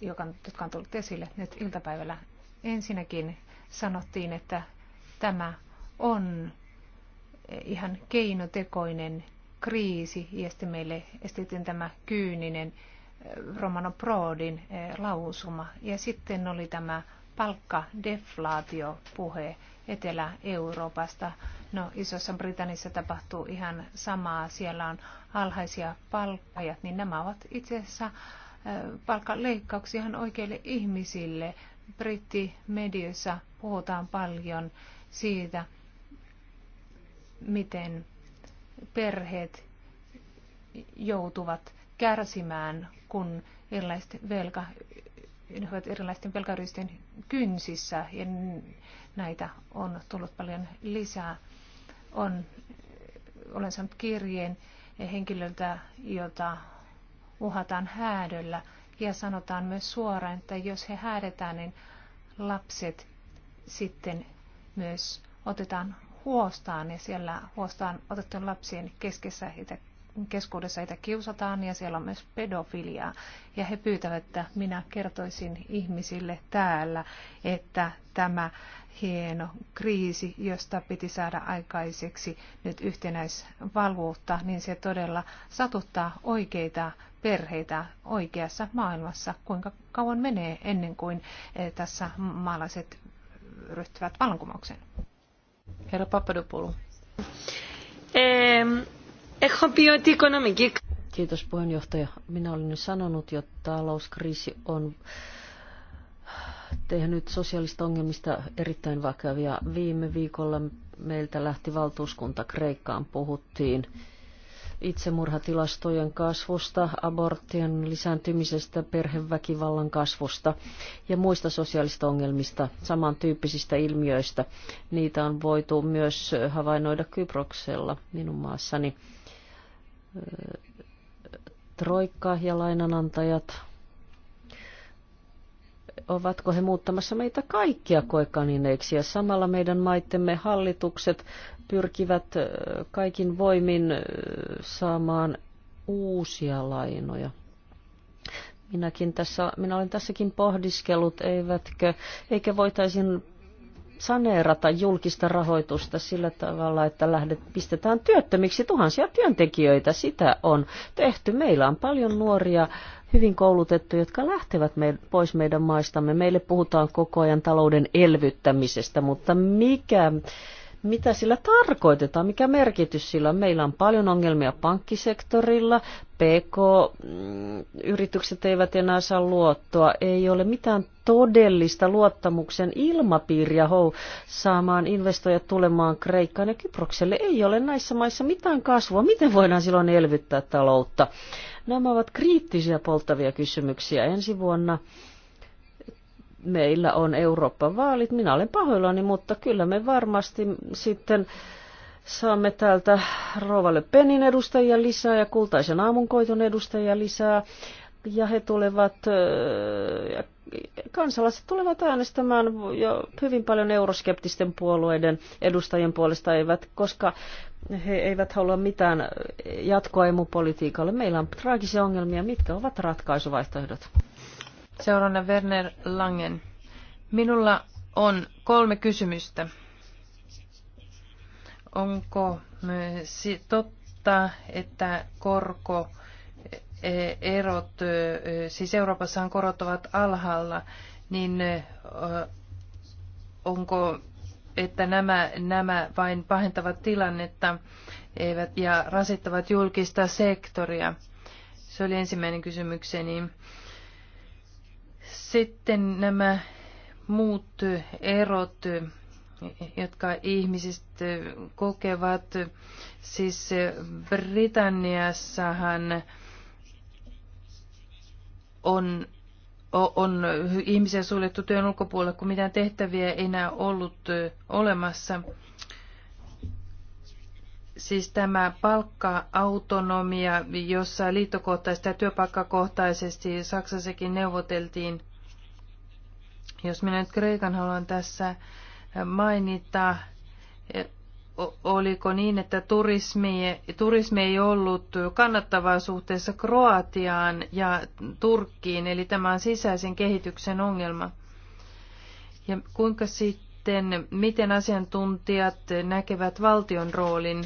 joka, jotka on tullut esille nyt iltapäivällä. Ensinnäkin sanottiin, että tämä on ihan keinotekoinen kriisi, ja sitten meille estettiin tämä kyyninen eh, Romano Prodin eh, lausuma. Ja sitten oli tämä palkkadeflaatiopuhe, Etelä-Euroopasta. No, Isossa Britannissa tapahtuu ihan samaa. Siellä on alhaisia palkkoja, niin nämä ovat itse asiassa palkkaleikkauksia ihan oikeille ihmisille. Brittimedioissa puhutaan paljon siitä, miten perheet joutuvat kärsimään, kun erilaiset velka, erilaisten velkayritysten kynsissä ja näitä on tullut paljon lisää. On, olen saanut kirjeen henkilöltä, jota uhataan häädöllä ja sanotaan myös suoraan, että jos he häädetään, niin lapset sitten myös otetaan huostaan ja siellä huostaan otettujen lapsien keskessä heitä keskuudessa heitä kiusataan ja siellä on myös pedofiliaa. Ja he pyytävät, että minä kertoisin ihmisille täällä, että tämä hieno kriisi, josta piti saada aikaiseksi nyt yhtenäisvaluutta, niin se todella satuttaa oikeita perheitä oikeassa maailmassa. Kuinka kauan menee ennen kuin eh, tässä maalaiset ryhtyvät vallankumoukseen? Herra Papadopoulou. Ähm. Kiitos puheenjohtaja. Minä olin nyt sanonut, että talouskriisi on tehnyt sosiaalista ongelmista erittäin vakavia. Viime viikolla meiltä lähti valtuuskunta Kreikkaan. Puhuttiin itsemurhatilastojen kasvusta, aborttien lisääntymisestä, perheväkivallan kasvusta ja muista sosiaalista ongelmista, samantyyppisistä ilmiöistä. Niitä on voitu myös havainnoida Kyproksella minun maassani Troikka ja lainanantajat, ovatko he muuttamassa meitä kaikkia koekanineiksi ja samalla meidän maittemme hallitukset pyrkivät kaikin voimin saamaan uusia lainoja. Minäkin tässä, minä olen tässäkin pohdiskellut, eivätkö, eikä voitaisiin saneerata julkista rahoitusta sillä tavalla, että lähdet, pistetään työttömiksi tuhansia työntekijöitä. Sitä on tehty. Meillä on paljon nuoria, hyvin koulutettuja, jotka lähtevät me, pois meidän maistamme. Meille puhutaan koko ajan talouden elvyttämisestä, mutta mikä mitä sillä tarkoitetaan, mikä merkitys sillä on. Meillä on paljon ongelmia pankkisektorilla, PK-yritykset eivät enää saa luottoa, ei ole mitään todellista luottamuksen ilmapiiriä hou saamaan investoijat tulemaan Kreikkaan ja Kyprokselle. Ei ole näissä maissa mitään kasvua. Miten voidaan silloin elvyttää taloutta? Nämä ovat kriittisiä polttavia kysymyksiä ensi vuonna meillä on Euroopan vaalit. Minä olen pahoillani, mutta kyllä me varmasti sitten Saamme täältä Rovalle Penin edustajia lisää ja Kultaisen aamunkoiton edustajia lisää. Ja he tulevat, ja kansalaiset tulevat äänestämään jo hyvin paljon euroskeptisten puolueiden edustajien puolesta, eivät, koska he eivät halua mitään jatkoa emupolitiikalle. Meillä on traagisia ongelmia. Mitkä ovat ratkaisuvaihtoehdot? Seuraavana Werner Langen. Minulla on kolme kysymystä. Onko totta, että korko e, erot, e, siis Euroopassahan korot ovat alhaalla, niin e, onko, että nämä, nämä vain pahentavat tilannetta eivät, ja rasittavat julkista sektoria? Se oli ensimmäinen kysymykseni. Sitten nämä muut erot jotka ihmiset kokevat. Siis Britanniassahan on, on ihmisiä suljettu työn ulkopuolelle, kun mitään tehtäviä ei enää ollut olemassa. Siis tämä palkka-autonomia, jossa liittokohtaisesti ja työpaikkakohtaisesti Saksassakin neuvoteltiin. Jos minä nyt Kreikan haluan tässä mainita, e, oliko niin, että turismi, turismi ei ollut kannattavaa suhteessa Kroatiaan ja Turkkiin, eli tämä on sisäisen kehityksen ongelma. Ja kuinka sitten, miten asiantuntijat näkevät valtion roolin?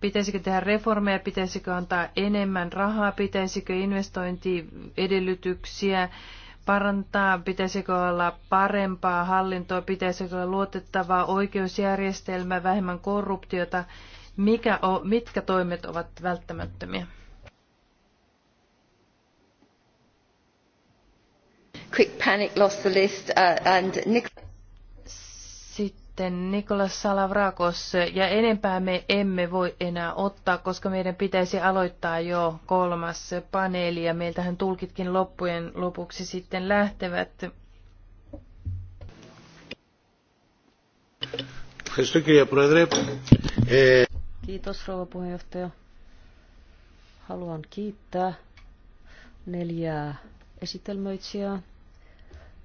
Pitäisikö tehdä reformeja, pitäisikö antaa enemmän rahaa, pitäisikö investointiedellytyksiä parantaa, pitäisikö olla parempaa hallintoa, pitäisikö olla luotettavaa oikeusjärjestelmää, vähemmän korruptiota, mikä on, mitkä toimet ovat välttämättömiä? Quick panic lost the list uh, and Nick sitten Nikolas Salavrakos, ja enempää me emme voi enää ottaa, koska meidän pitäisi aloittaa jo kolmas paneeli, ja meiltähän tulkitkin loppujen lopuksi sitten lähtevät. Kiitos rouva puheenjohtaja. Haluan kiittää neljää esitelmöitsijää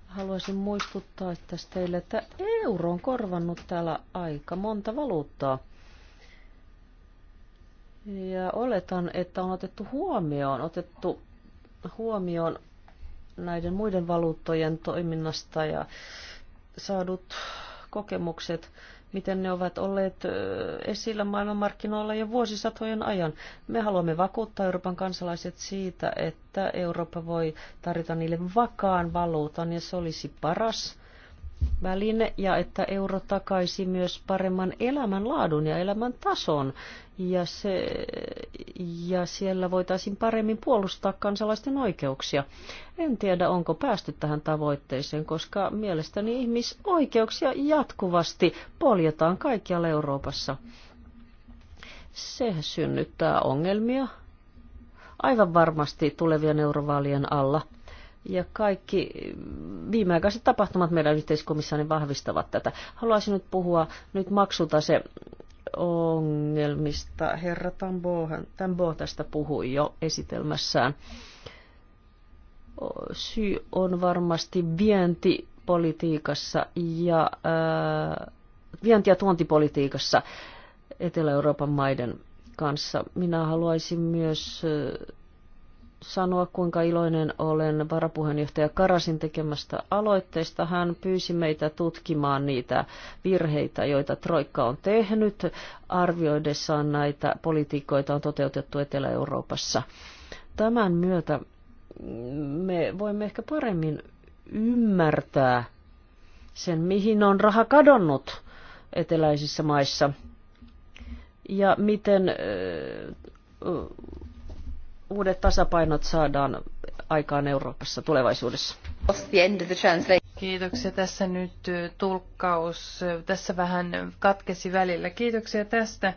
haluaisin muistuttaa tässä teille, että euro on korvannut täällä aika monta valuuttaa. Ja oletan, että on otettu huomioon, otettu huomioon näiden muiden valuuttojen toiminnasta ja saadut kokemukset miten ne ovat olleet esillä maailmanmarkkinoilla jo vuosisatojen ajan. Me haluamme vakuuttaa Euroopan kansalaiset siitä, että Eurooppa voi tarjota niille vakaan valuutan ja se olisi paras väline ja että euro takaisi myös paremman elämänlaadun ja elämän tason. Ja, se, ja siellä voitaisiin paremmin puolustaa kansalaisten oikeuksia. En tiedä, onko päästy tähän tavoitteeseen, koska mielestäni ihmisoikeuksia jatkuvasti poljetaan kaikkialla Euroopassa. Se synnyttää ongelmia aivan varmasti tulevien eurovaalien alla – ja kaikki viimeaikaiset tapahtumat meidän yhteiskunnassa niin vahvistavat tätä. Haluaisin nyt puhua nyt maksutase ongelmista. Herra Tambo, Tambo tästä puhui jo esitelmässään. Syy on varmasti vientipolitiikassa ja ää, äh, vienti- ja tuontipolitiikassa Etelä-Euroopan maiden kanssa. Minä haluaisin myös ää, äh, sanoa, kuinka iloinen olen varapuheenjohtaja Karasin tekemästä aloitteesta. Hän pyysi meitä tutkimaan niitä virheitä, joita Troikka on tehnyt arvioidessaan näitä politiikoita on toteutettu Etelä-Euroopassa. Tämän myötä me voimme ehkä paremmin ymmärtää sen, mihin on raha kadonnut eteläisissä maissa ja miten uudet tasapainot saadaan aikaan Euroopassa tulevaisuudessa. Kiitoksia tässä nyt tulkkaus. Tässä vähän katkesi välillä. Kiitoksia tästä.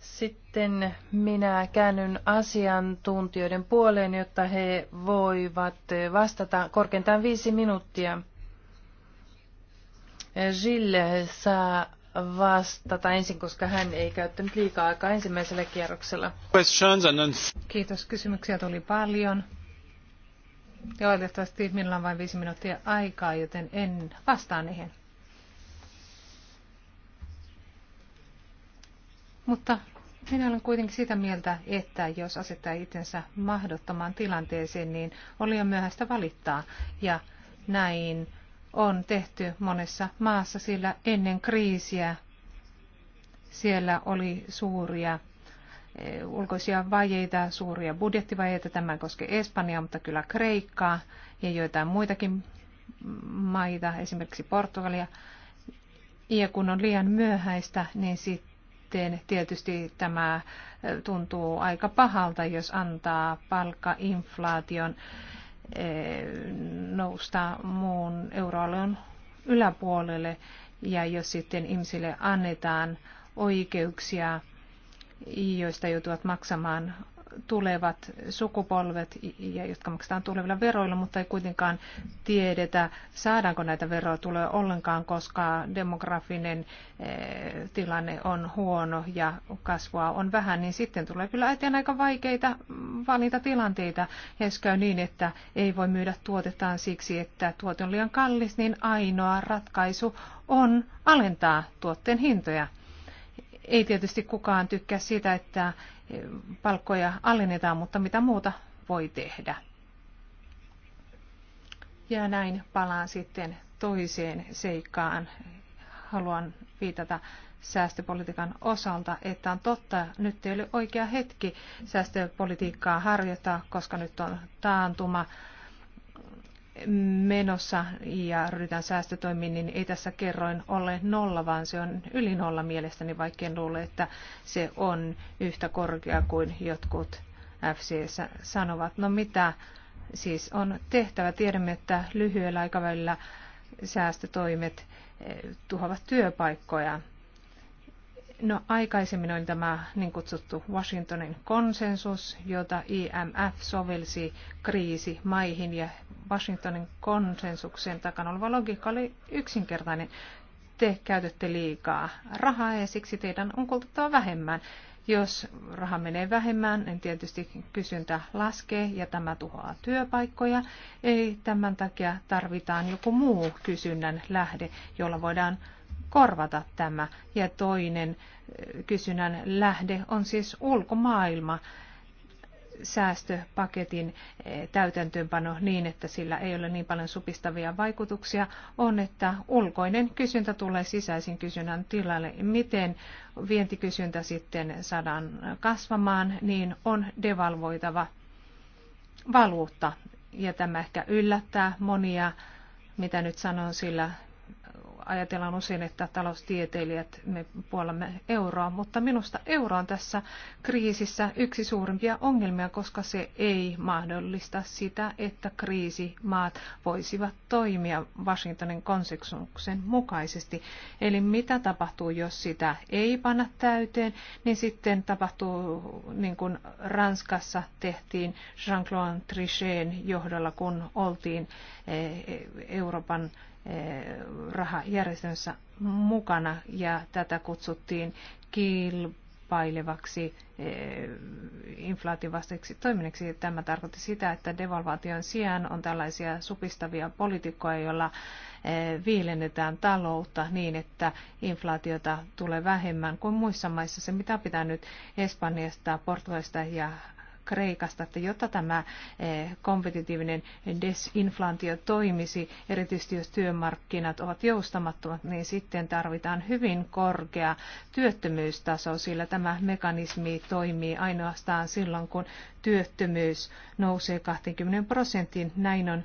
Sitten minä käännyn asiantuntijoiden puoleen, jotta he voivat vastata korkeintaan viisi minuuttia. Gilles saa vastata ensin, koska hän ei käyttänyt liikaa aikaa ensimmäisellä kierroksella. Kiitos, kysymyksiä tuli paljon. Ja valitettavasti minulla on vain viisi minuuttia aikaa, joten en vastaa niihin. Mutta minä olen kuitenkin sitä mieltä, että jos asettaa itsensä mahdottomaan tilanteeseen, niin oli jo myöhäistä valittaa. Ja näin on tehty monessa maassa, sillä ennen kriisiä siellä oli suuria eh, ulkoisia vajeita, suuria budjettivajeita. Tämä koskee Espanjaa, mutta kyllä Kreikkaa ja joitain muitakin maita, esimerkiksi Portugalia. Ja kun on liian myöhäistä, niin sitten tietysti tämä eh, tuntuu aika pahalta, jos antaa palkkainflaation inflaation Eh, nousta muun euroalueen yläpuolelle ja jos sitten ihmisille annetaan oikeuksia, joista joutuvat maksamaan tulevat sukupolvet, ja jotka maksetaan tulevilla veroilla, mutta ei kuitenkaan tiedetä, saadaanko näitä tulee ollenkaan, koska demografinen eh, tilanne on huono ja kasvua on vähän, niin sitten tulee kyllä eteen aika vaikeita mm, valintatilanteita. Ja jos käy niin, että ei voi myydä tuotetaan siksi, että tuote on liian kallis, niin ainoa ratkaisu on alentaa tuotteen hintoja. Ei tietysti kukaan tykkää siitä, että palkkoja alennetaan, mutta mitä muuta voi tehdä. Ja näin palaan sitten toiseen seikkaan. Haluan viitata säästöpolitiikan osalta, että on totta, nyt ei ole oikea hetki säästöpolitiikkaa harjoittaa, koska nyt on taantuma menossa ja ryhdytään säästötoimiin, niin ei tässä kerroin ole nolla, vaan se on yli nolla mielestäni, vaikka en luule, että se on yhtä korkea kuin jotkut FCS sanovat. No mitä siis on tehtävä? Tiedämme, että lyhyellä aikavälillä säästötoimet eh, tuhoavat työpaikkoja No aikaisemmin oli tämä niin kutsuttu Washingtonin konsensus, jota IMF sovelsi kriisimaihin ja Washingtonin konsensuksen takana oleva logiikka oli yksinkertainen. Te käytätte liikaa rahaa ja siksi teidän on kulutettava vähemmän. Jos raha menee vähemmän, niin tietysti kysyntä laskee ja tämä tuhoaa työpaikkoja. Ei tämän takia tarvitaan joku muu kysynnän lähde, jolla voidaan korvata tämä. Ja toinen äh, kysynnän lähde on siis ulkomaailma säästöpaketin äh, täytäntöönpano niin, että sillä ei ole niin paljon supistavia vaikutuksia, on, että ulkoinen kysyntä tulee sisäisen kysynnän tilalle. Miten vientikysyntä sitten saadaan kasvamaan, niin on devalvoitava valuutta. Ja tämä ehkä yllättää monia, mitä nyt sanon, sillä ajatellaan usein, että taloustieteilijät me puolemme euroa, mutta minusta euro on tässä kriisissä yksi suurimpia ongelmia, koska se ei mahdollista sitä, että kriisimaat voisivat toimia Washingtonin konsensuksen mukaisesti. Eli mitä tapahtuu, jos sitä ei panna täyteen, niin sitten tapahtuu niin kuin Ranskassa tehtiin Jean-Claude Trichetin johdolla, kun oltiin eh, Euroopan rahajärjestönsä mukana ja tätä kutsuttiin kilpailevaksi eh, inflaativasteeksi toiminnaksi. Tämä tarkoitti sitä, että devalvaation sijaan on tällaisia supistavia politiikkoja, joilla eh, viilennetään taloutta niin, että inflaatiota tulee vähemmän kuin muissa maissa. Se mitä pitää nyt Espanjasta, Portugalista ja Kreikasta, että jotta tämä eh, kompetitiivinen desinflaatio toimisi, erityisesti jos työmarkkinat ovat joustamattomat, niin sitten tarvitaan hyvin korkea työttömyystaso, sillä tämä mekanismi toimii ainoastaan silloin, kun työttömyys nousee 20 prosenttiin. Näin on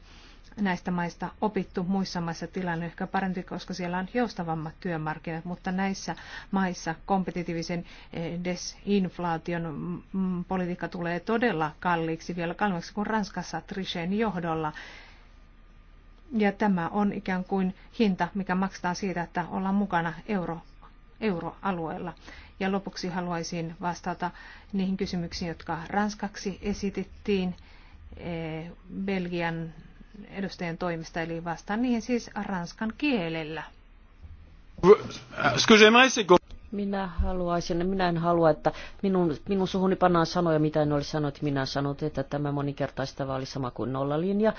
näistä maista opittu. Muissa maissa tilanne on ehkä parempi, koska siellä on joustavammat työmarkkinat, mutta näissä maissa kompetitiivisen eh, desinflaation mm, mm, politiikka tulee todella kalliiksi, vielä kalliiksi kuin Ranskassa Trichen johdolla. Ja tämä on ikään kuin hinta, mikä maksetaan siitä, että ollaan mukana euro, euroalueella. Ja lopuksi haluaisin vastata niihin kysymyksiin, jotka ranskaksi esitettiin. Eh, Belgian edustajien toimista, eli vastaan niihin siis ranskan kielellä. Minä haluaisin, minä en halua, että minun, minun suhuni pannaan sanoja, mitä en ole sanonut. Minä sanon, että tämä moninkertaistava oli sama kuin nollalinja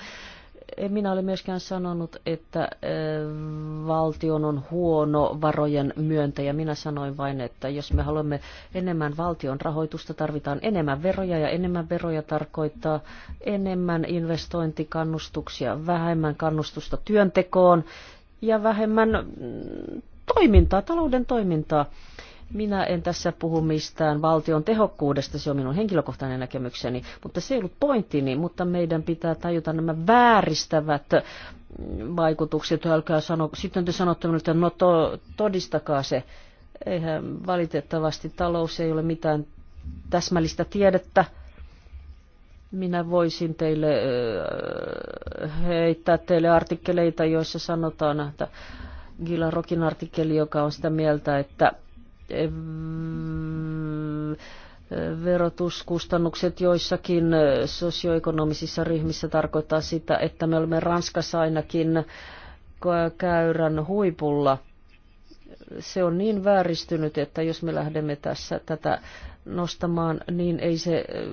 en minä ole myöskään sanonut, että valtion on huono varojen myöntäjä. Minä sanoin vain, että jos me haluamme enemmän valtion rahoitusta, tarvitaan enemmän veroja ja enemmän veroja tarkoittaa enemmän investointikannustuksia, vähemmän kannustusta työntekoon ja vähemmän mm, toimintaa, talouden toimintaa. Minä en tässä puhu mistään valtion tehokkuudesta, se on minun henkilökohtainen näkemykseni, mutta se ei ollut pointtini, mutta meidän pitää tajuta nämä vääristävät vaikutukset. Älkää sano, sitten te sanotte minulle, että no to, todistakaa se. Eihän valitettavasti talous ei ole mitään täsmällistä tiedettä. Minä voisin teille äh, heittää teille artikkeleita, joissa sanotaan, että Gila Rokin artikkeli, joka on sitä mieltä, että verotuskustannukset joissakin sosioekonomisissa ryhmissä tarkoittaa sitä, että me olemme Ranskassa ainakin käyrän huipulla. Se on niin vääristynyt, että jos me lähdemme tässä tätä nostamaan, niin ei se äh,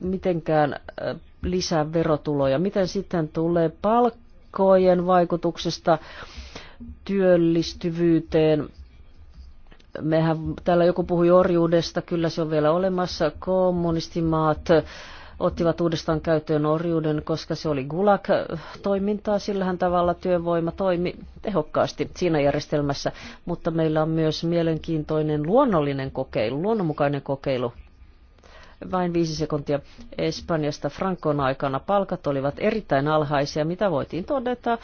mitenkään äh, lisää verotuloja. Miten sitten tulee palkkojen vaikutuksesta työllistyvyyteen? mehän täällä joku puhui orjuudesta, kyllä se on vielä olemassa. Kommunistimaat ottivat uudestaan käyttöön orjuuden, koska se oli gulag-toimintaa. Sillähän tavalla työvoima toimi tehokkaasti siinä järjestelmässä, mutta meillä on myös mielenkiintoinen luonnollinen kokeilu, luonnonmukainen kokeilu. Vain viisi sekuntia Espanjasta Frankon aikana palkat olivat erittäin alhaisia, mitä voitiin todeta,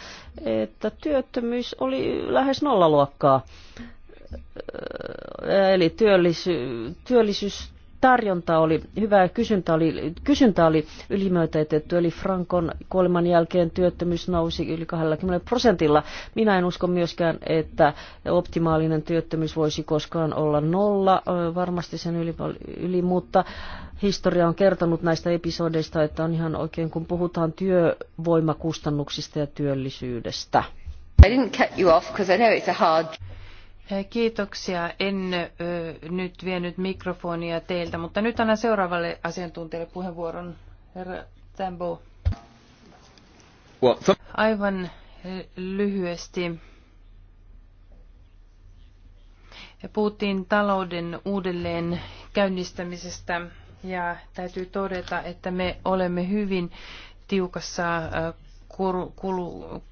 että työttömyys oli lähes nollaluokkaa eli työllisy, työllisyys, tarjonta oli hyvä kysyntä oli, kysyntä oli ylimyötäytetty, eli Frankon kuoleman jälkeen työttömyys nousi yli 20 prosentilla. Minä en usko myöskään, että optimaalinen työttömyys voisi koskaan olla nolla, varmasti sen yli, yli mutta historia on kertonut näistä episodeista, että on ihan oikein, kun puhutaan työvoimakustannuksista ja työllisyydestä. I didn't cut you off because I know it's a hard... Kiitoksia. En ö, nyt vienyt mikrofonia teiltä, mutta nyt annan seuraavalle asiantuntijalle puheenvuoron. Herra Tambo. Aivan lyhyesti. Puhuttiin talouden uudelleen käynnistämisestä ja täytyy todeta, että me olemme hyvin tiukassa kur, kur,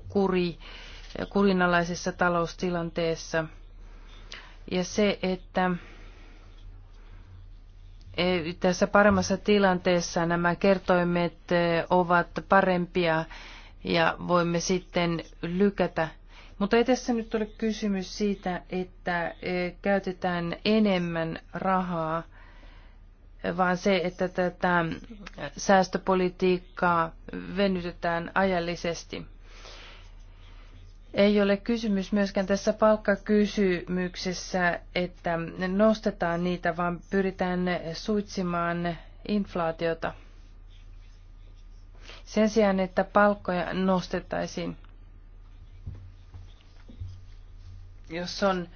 kuri, kurinalaisessa taloustilanteessa – ja se, että e, tässä paremmassa tilanteessa nämä kertoimet e, ovat parempia ja voimme sitten lykätä. Mutta ei tässä nyt ole kysymys siitä, että e, käytetään enemmän rahaa, vaan se, että tätä säästöpolitiikkaa venytetään ajallisesti. Ei ole kysymys myöskään tässä palkkakysymyksessä, että nostetaan niitä, vaan pyritään suitsimaan inflaatiota. Sen sijaan, että palkkoja nostettaisiin, jos on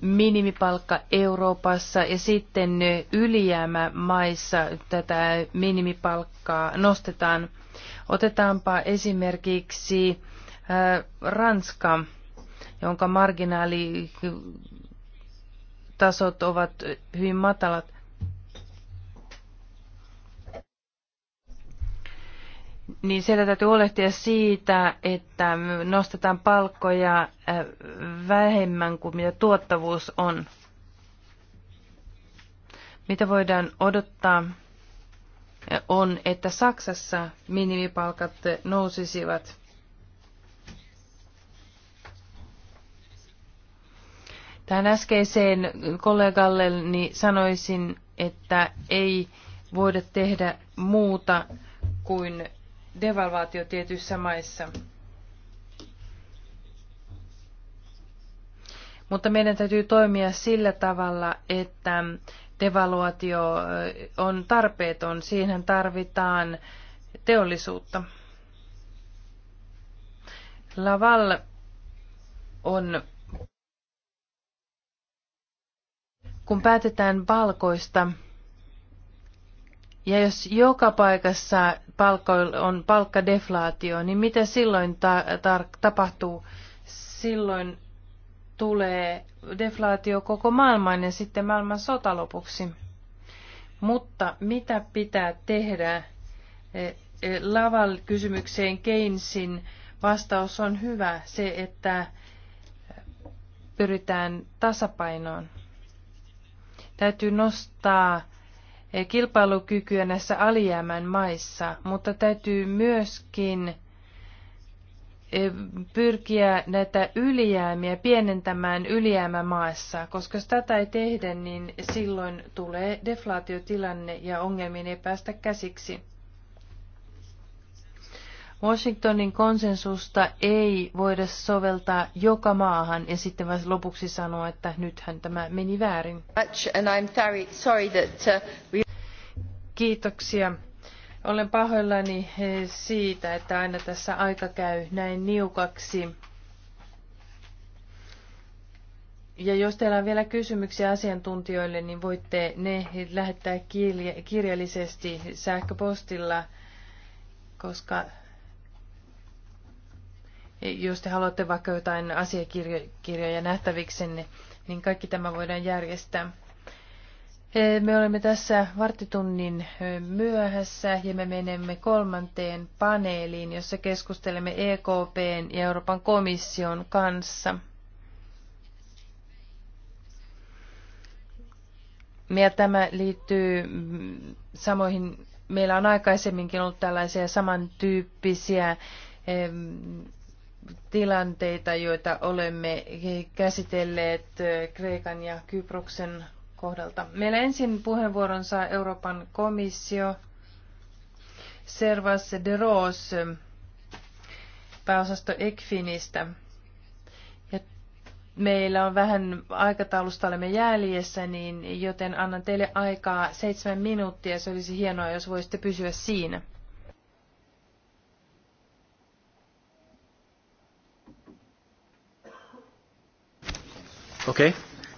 minimipalkka Euroopassa ja sitten ylijäämä maissa tätä minimipalkkaa nostetaan. Otetaanpa esimerkiksi Ranska, jonka marginaalitasot ovat hyvin matalat. Niin siellä täytyy huolehtia siitä, että nostetaan palkkoja vähemmän kuin mitä tuottavuus on. Mitä voidaan odottaa? on, että Saksassa minimipalkat nousisivat. Tähän äskeiseen kollegalleni sanoisin, että ei voida tehdä muuta kuin devalvaatio tietyissä maissa. Mutta meidän täytyy toimia sillä tavalla, että devaluaatio on tarpeeton. Siihen tarvitaan teollisuutta. Laval on kun päätetään palkoista, ja jos joka paikassa palkka on palkkadeflaatio, niin mitä silloin ta- tar- tapahtuu? Silloin tulee deflaatio koko maailmaan ja sitten maailman sota lopuksi. Mutta mitä pitää tehdä? E, e, Laval kysymykseen Keynesin vastaus on hyvä, se että pyritään tasapainoon. Täytyy nostaa eh, kilpailukykyä näissä alijäämän maissa, mutta täytyy myöskin eh, pyrkiä näitä ylijäämiä pienentämään ylijäämämaassa, koska jos tätä ei tehdä, niin silloin tulee deflaatiotilanne ja ongelmiin ei päästä käsiksi. Washingtonin konsensusta ei voida soveltaa joka maahan ja sitten vasta lopuksi sanoa, että nythän tämä meni väärin. Uh, Kiitoksia. Olen pahoillani siitä, että aina tässä aika käy näin niukaksi. Ja jos teillä on vielä kysymyksiä asiantuntijoille, niin voitte ne lähettää kirjallisesti sähköpostilla, koska jos te haluatte vaikka jotain asiakirjoja nähtäviksenne, niin, niin kaikki tämä voidaan järjestää. E, me olemme tässä varttitunnin e, myöhässä ja me menemme kolmanteen paneeliin, jossa keskustelemme EKPn ja Euroopan komission kanssa. Ja tämä liittyy mm, samoihin, meillä on aikaisemminkin ollut tällaisia samantyyppisiä tilanteita, joita olemme käsitelleet Kreikan ja Kyproksen kohdalta. Meillä ensin puheenvuoron saa Euroopan komissio Servas de Roos pääosasto ECFINistä. meillä on vähän aikataulusta olemme jäljessä, niin joten annan teille aikaa seitsemän minuuttia. Se olisi hienoa, jos voisitte pysyä siinä. Okay.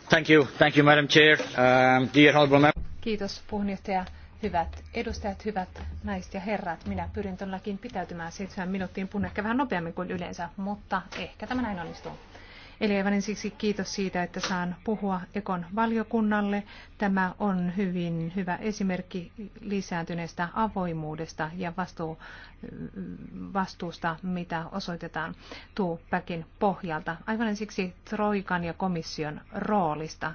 Thank you. Thank you, Madam Chair. Um, dear honorable Kiitos puheenjohtaja. Hyvät edustajat, hyvät naiset ja herrat, minä pyrin todellakin pitäytymään seitsemän minuuttiin, puhun ehkä vähän nopeammin kuin yleensä, mutta ehkä tämä näin onnistuu. Eli aivan ensiksi kiitos siitä, että saan puhua Ekon valiokunnalle. Tämä on hyvin hyvä esimerkki lisääntyneestä avoimuudesta ja vastuu, vastuusta, mitä osoitetaan tuupäkin pohjalta. Aivan ensiksi Troikan ja komission roolista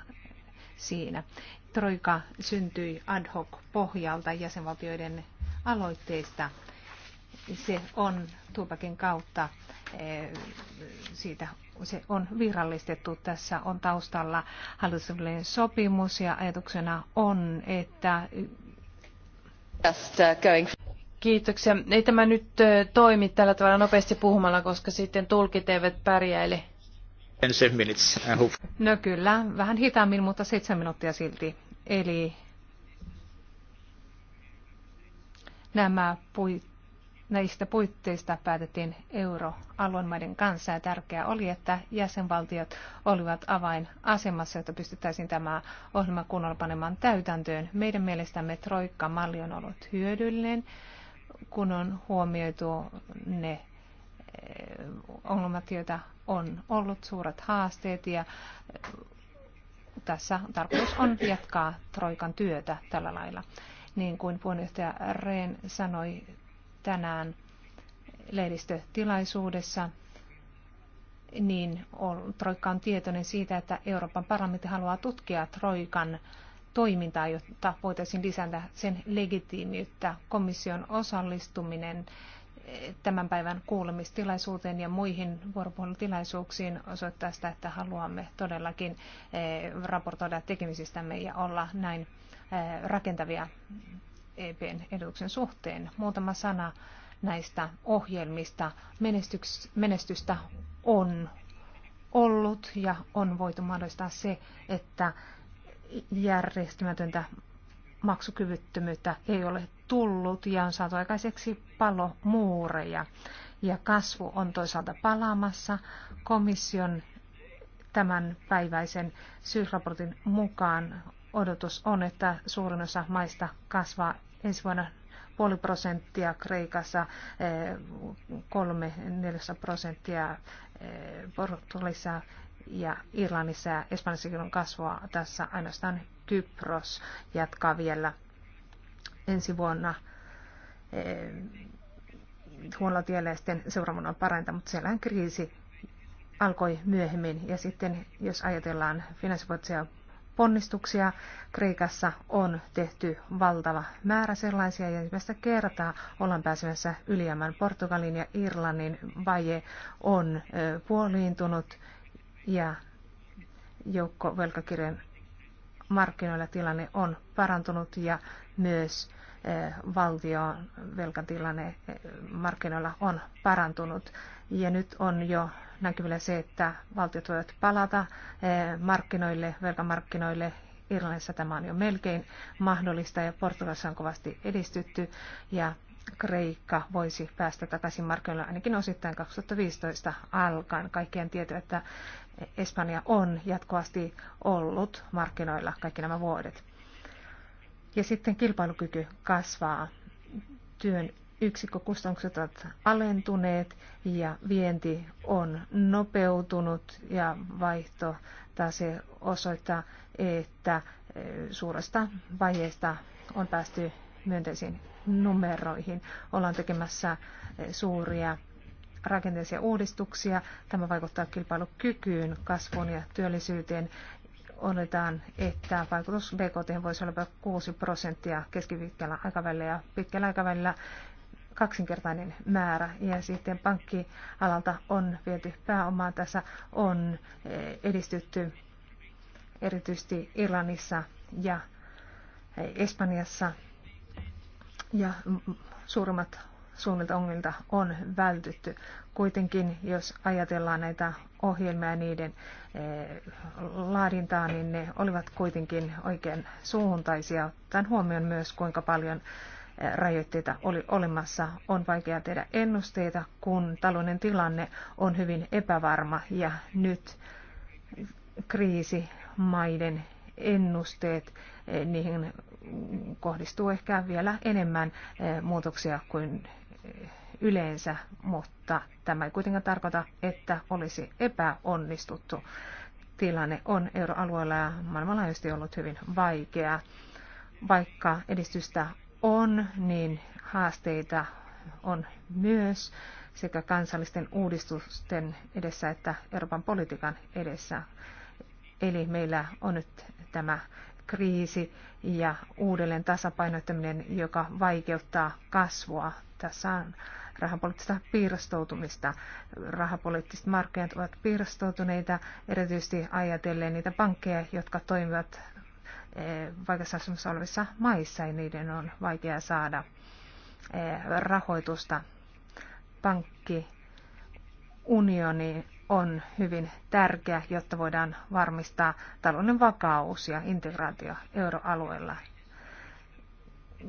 siinä. Troika syntyi ad hoc pohjalta jäsenvaltioiden aloitteista. Se on Tuupakin kautta Eh, siitä se on virallistettu. Tässä on taustalla hallitusvälinen sopimus ja ajatuksena on, että... Uh, Kiitoksia. Ei tämä nyt toimi tällä tavalla nopeasti puhumalla, koska sitten tulkit eivät pärjäile. No kyllä, vähän hitaammin, mutta seitsemän minuuttia silti. Eli nämä puit näistä puitteista päätettiin euroalueen maiden kanssa ja tärkeää oli, että jäsenvaltiot olivat avainasemassa, jotta pystyttäisiin tämä ohjelma kunnolla panemaan täytäntöön. Meidän mielestämme Troikka-malli on ollut hyödyllinen, kun on huomioitu ne eh, ongelmat, joita on ollut, suuret haasteet ja eh, tässä tarkoitus on jatkaa Troikan työtä tällä lailla. Niin kuin puheenjohtaja Rehn sanoi, tänään lehdistötilaisuudessa, niin Troikka on tietoinen siitä, että Euroopan parlamentti haluaa tutkia Troikan toimintaa, jotta voitaisiin lisätä sen legitiimiyttä. Komission osallistuminen eh, tämän päivän kuulemistilaisuuteen ja muihin vuoropuhelutilaisuuksiin osoittaa sitä, että haluamme todellakin eh, raportoida tekemisistämme ja olla näin eh, rakentavia EPn ehdotuksen suhteen. Muutama sana näistä ohjelmista. menestystä on ollut ja on voitu mahdollistaa se, että järjestämätöntä maksukyvyttömyyttä ei ole tullut ja on saatu aikaiseksi palomuureja. Ja kasvu on toisaalta palaamassa. Komission tämän päiväisen syysraportin mukaan odotus on, että suurin osa maista kasvaa ensi vuonna puoli prosenttia Kreikassa, eh, kolme neljäsosa prosenttia eh, Portugalissa ja Irlannissa ja Espanjassakin on kasvua tässä ainoastaan Kypros jatkaa vielä ensi vuonna eh, huonolla tiellä ja sitten seuraavana on parantaa, mutta siellä kriisi alkoi myöhemmin. Ja sitten jos ajatellaan finanssivuotisia ponnistuksia. Kreikassa on tehty valtava määrä sellaisia ja ensimmäistä kertaa ollaan pääsemässä ylijäämään. Portugalin ja Irlannin vaje on puoliintunut ja joukko velkakirjan markkinoilla tilanne on parantunut ja myös valtion velkatilanne markkinoilla on parantunut. Ja nyt on jo näkyvillä se, että valtiot voivat palata eh, markkinoille, velkamarkkinoille. Irlannissa tämä on jo melkein mahdollista ja Portugalissa on kovasti edistytty ja Kreikka voisi päästä takaisin markkinoille ainakin osittain 2015 alkaen. Kaikkien tietää, että Espanja on jatkuvasti ollut markkinoilla kaikki nämä vuodet. Ja sitten kilpailukyky kasvaa työn yksikkökustannukset ovat alentuneet ja vienti on nopeutunut ja vaihto se osoittaa, että eh, suuresta vaiheesta on päästy myönteisiin numeroihin. Ollaan tekemässä eh, suuria rakenteellisia uudistuksia. Tämä vaikuttaa kilpailukykyyn, kasvuun ja työllisyyteen. Oletaan, että vaikutus BKT voisi olla 6 prosenttia keskipitkällä aikavälillä ja pitkällä aikavälillä kaksinkertainen määrä. Ja sitten pankkialalta on viety pääomaa. Tässä on eh, edistytty erityisesti Irlannissa ja eh, Espanjassa. Ja suurimmat suunnilta ongelmilta on vältytty. Kuitenkin, jos ajatellaan näitä ohjelmia ja niiden eh, laadintaa, niin ne olivat kuitenkin oikein suuntaisia, Tämän huomioon myös, kuinka paljon rajoitteita oli olemassa. On vaikea tehdä ennusteita, kun talouden tilanne on hyvin epävarma ja nyt kriisimaiden ennusteet, eh, niihin kohdistuu ehkä vielä enemmän eh, muutoksia kuin eh, yleensä, mutta tämä ei kuitenkaan tarkoita, että olisi epäonnistuttu. Tilanne on euroalueella ja maailmanlaajuisesti ollut hyvin vaikea. Vaikka edistystä on, niin haasteita on myös sekä kansallisten uudistusten edessä että Euroopan politiikan edessä. Eli meillä on nyt tämä kriisi ja uudelleen tasapainottaminen, joka vaikeuttaa kasvua. Tässä on rahapoliittista piirstoutumista. Rahapoliittiset markkinat ovat piirstoutuneita, erityisesti ajatellen niitä pankkeja, jotka toimivat Eh, vaikeassa asemassa olevissa maissa ja niin niiden on vaikea saada eh, rahoitusta. Pankkiunioni on hyvin tärkeä, jotta voidaan varmistaa talouden vakaus ja integraatio euroalueella.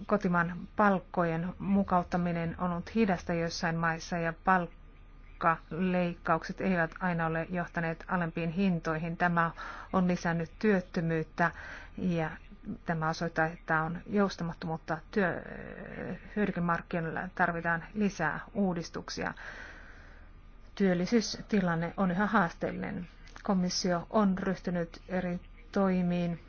Kotimaan palkkojen mukauttaminen on ollut hidasta joissain maissa ja palkkaleikkaukset eivät aina ole johtaneet alempiin hintoihin. Tämä on lisännyt työttömyyttä ja tämä osoittaa, että on joustamattomuutta mutta hyödykemarkkinoilla, tarvitaan lisää uudistuksia. Työllisyystilanne on yhä haasteellinen. Komissio on ryhtynyt eri toimiin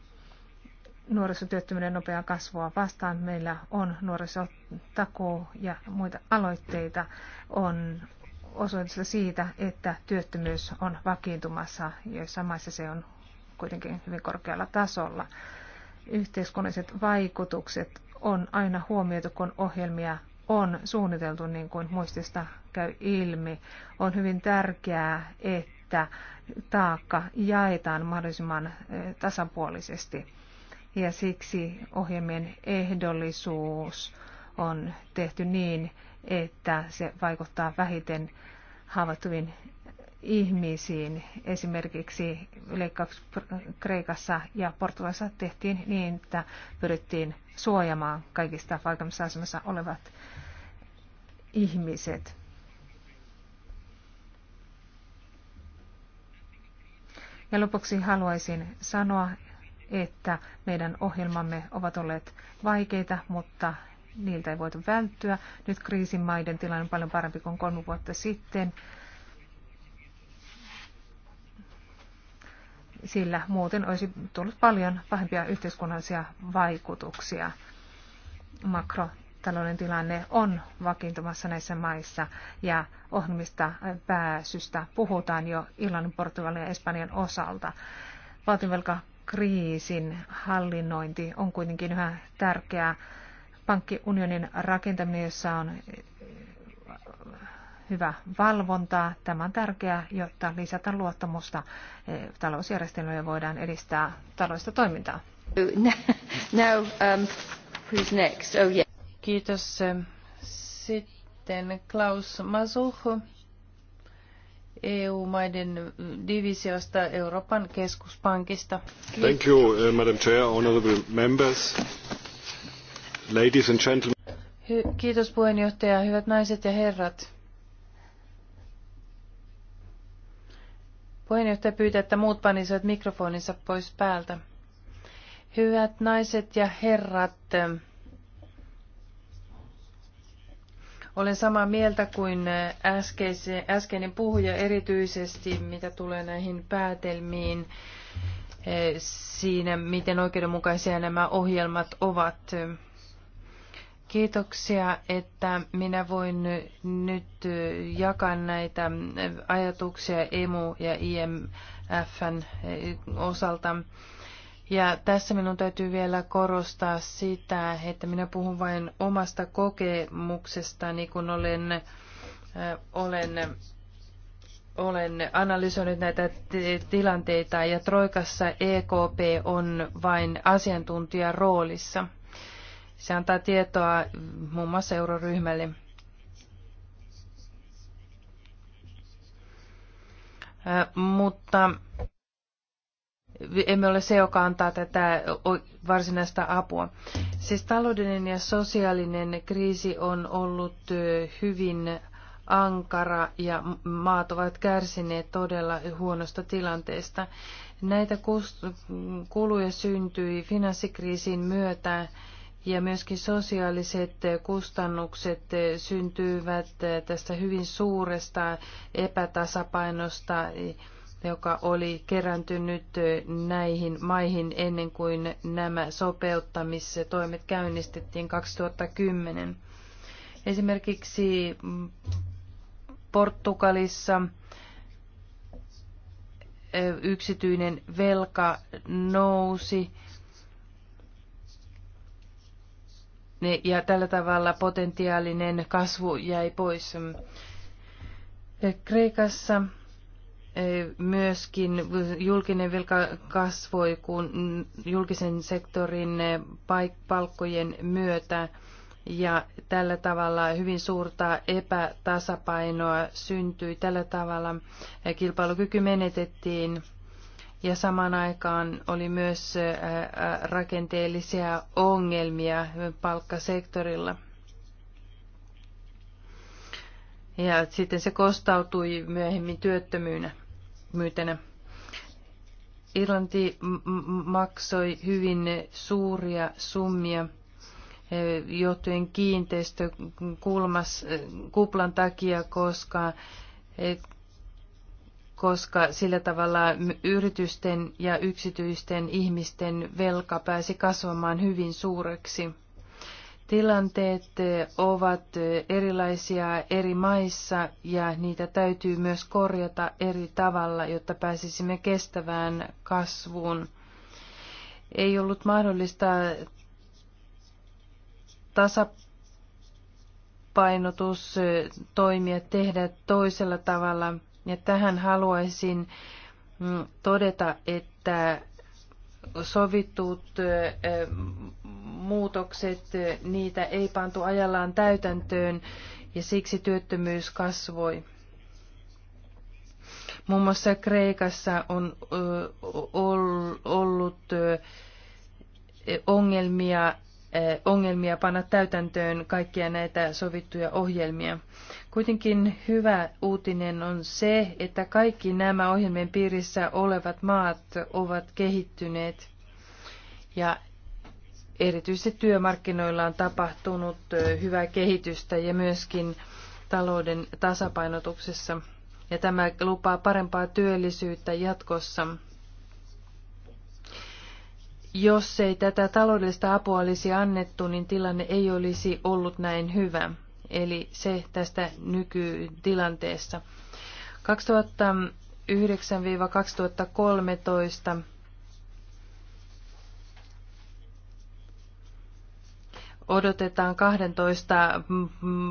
nuorisotyöttömyyden nopeaa kasvua vastaan. Meillä on nuorisotakuu ja muita aloitteita. On osoitus siitä, että työttömyys on vakiintumassa, joissa maissa se on kuitenkin hyvin korkealla tasolla. Yhteiskunnalliset vaikutukset on aina huomioitu, kun ohjelmia on suunniteltu, niin kuin muistista käy ilmi. On hyvin tärkeää, että taakka jaetaan mahdollisimman eh, tasapuolisesti. Ja siksi ohjelmien ehdollisuus on tehty niin, että se vaikuttaa vähiten haavoittuviin ihmisiin. Esimerkiksi leikkaus Kreikassa ja Portugalissa tehtiin niin, että pyrittiin suojamaan kaikista vaikeimmassa asemassa olevat ihmiset. Ja lopuksi haluaisin sanoa, että meidän ohjelmamme ovat olleet vaikeita, mutta niiltä ei voitu välttyä. Nyt kriisimaiden tilanne on paljon parempi kuin kolme vuotta sitten. sillä muuten olisi tullut paljon pahempia yhteiskunnallisia vaikutuksia. Makrotalouden tilanne on vakiintumassa näissä maissa ja ohjelmista pääsystä puhutaan jo Irlannin, Portugalin ja Espanjan osalta. kriisin hallinnointi on kuitenkin yhä tärkeää. Pankkiunionin rakentaminen, jossa on hyvä valvonta. Tämä on tärkeää, jotta lisätä luottamusta eh, talousjärjestelmään voidaan edistää taloudellista toimintaa. (laughs) Now, um, who's next? Oh, yeah. Kiitos. Sitten Klaus Masuhu EU-maiden divisiosta Euroopan keskuspankista. Thank you, uh, Madam Chair, honorable members, ladies and gentlemen. Kiitos puheenjohtaja, hyvät naiset ja herrat. Puheenjohtaja pyytää, että muut panisivat mikrofoninsa pois päältä. Hyvät naiset ja herrat, olen samaa mieltä kuin äskeinen puhuja erityisesti, mitä tulee näihin päätelmiin eh, siinä, miten oikeudenmukaisia nämä ohjelmat ovat. Kiitoksia, että minä voin nyt jakaa näitä ajatuksia EMU ja IMFn osalta. Ja tässä minun täytyy vielä korostaa sitä, että minä puhun vain omasta kokemuksestani, kun olen, olen, olen analysoinut näitä tilanteita ja Troikassa EKP on vain asiantuntijaroolissa. roolissa. Se antaa tietoa muun muassa euroryhmälle. Mutta emme ole se, joka antaa tätä varsinaista apua. Siis taloudellinen ja sosiaalinen kriisi on ollut hyvin ankara ja maat ovat kärsineet todella huonosta tilanteesta. Näitä kuluja syntyi finanssikriisin myötä ja myöskin sosiaaliset kustannukset syntyvät tästä hyvin suuresta epätasapainosta, joka oli kerääntynyt näihin maihin ennen kuin nämä sopeuttamistoimet käynnistettiin 2010. Esimerkiksi Portugalissa yksityinen velka nousi ja tällä tavalla potentiaalinen kasvu jäi pois. Kreikassa e, myöskin julkinen velka kasvoi, kun julkisen sektorin e, palkkojen myötä ja tällä tavalla hyvin suurta epätasapainoa syntyi. Tällä tavalla e, kilpailukyky menetettiin ja samaan aikaan oli myös rakenteellisia ongelmia palkkasektorilla. Ja sitten se kostautui myöhemmin työttömyytenä. Irlanti maksoi hyvin suuria summia johtuen kiinteistökulmas kuplan takia, koska koska sillä tavalla yritysten ja yksityisten ihmisten velka pääsi kasvamaan hyvin suureksi. Tilanteet eh, ovat eh, erilaisia eri maissa ja niitä täytyy myös korjata eri tavalla, jotta pääsisimme kestävään kasvuun. Ei ollut mahdollista tasapainotustoimia tehdä toisella tavalla – ja tähän haluaisin mm, todeta, että sovittut muutokset, niitä ei pantu ajallaan täytäntöön ja siksi työttömyys kasvoi. Muun muassa Kreikassa on ollut ongelmia, ongelmia panna täytäntöön kaikkia näitä sovittuja ohjelmia. Kuitenkin hyvä uutinen on se, että kaikki nämä ohjelmien piirissä olevat maat ovat kehittyneet ja erityisesti työmarkkinoilla on tapahtunut hyvää kehitystä ja myöskin talouden tasapainotuksessa. Ja tämä lupaa parempaa työllisyyttä jatkossa. Jos ei tätä taloudellista apua olisi annettu, niin tilanne ei olisi ollut näin hyvä eli se tästä nykytilanteessa. 2009-2013 odotetaan 12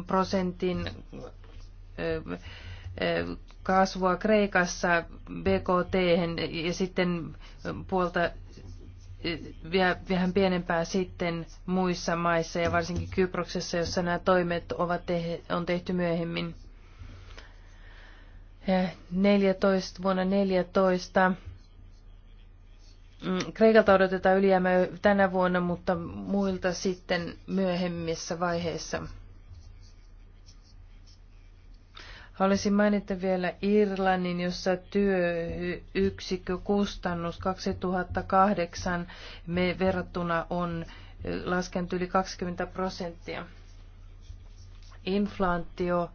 prosentin kasvua Kreikassa BKT ja sitten puolta vähän pienempää sitten muissa maissa ja varsinkin Kyproksessa, jossa nämä toimet ovat te- on tehty myöhemmin. 14, vuonna 14 mm, Kreikalta odotetaan ylijäämää tänä vuonna, mutta muilta sitten myöhemmissä vaiheissa. Haluaisin mainita vielä Irlannin, jossa työyksikkökustannus 2008 me verrattuna on eh, laskenut yli 20 prosenttia. Inflaatio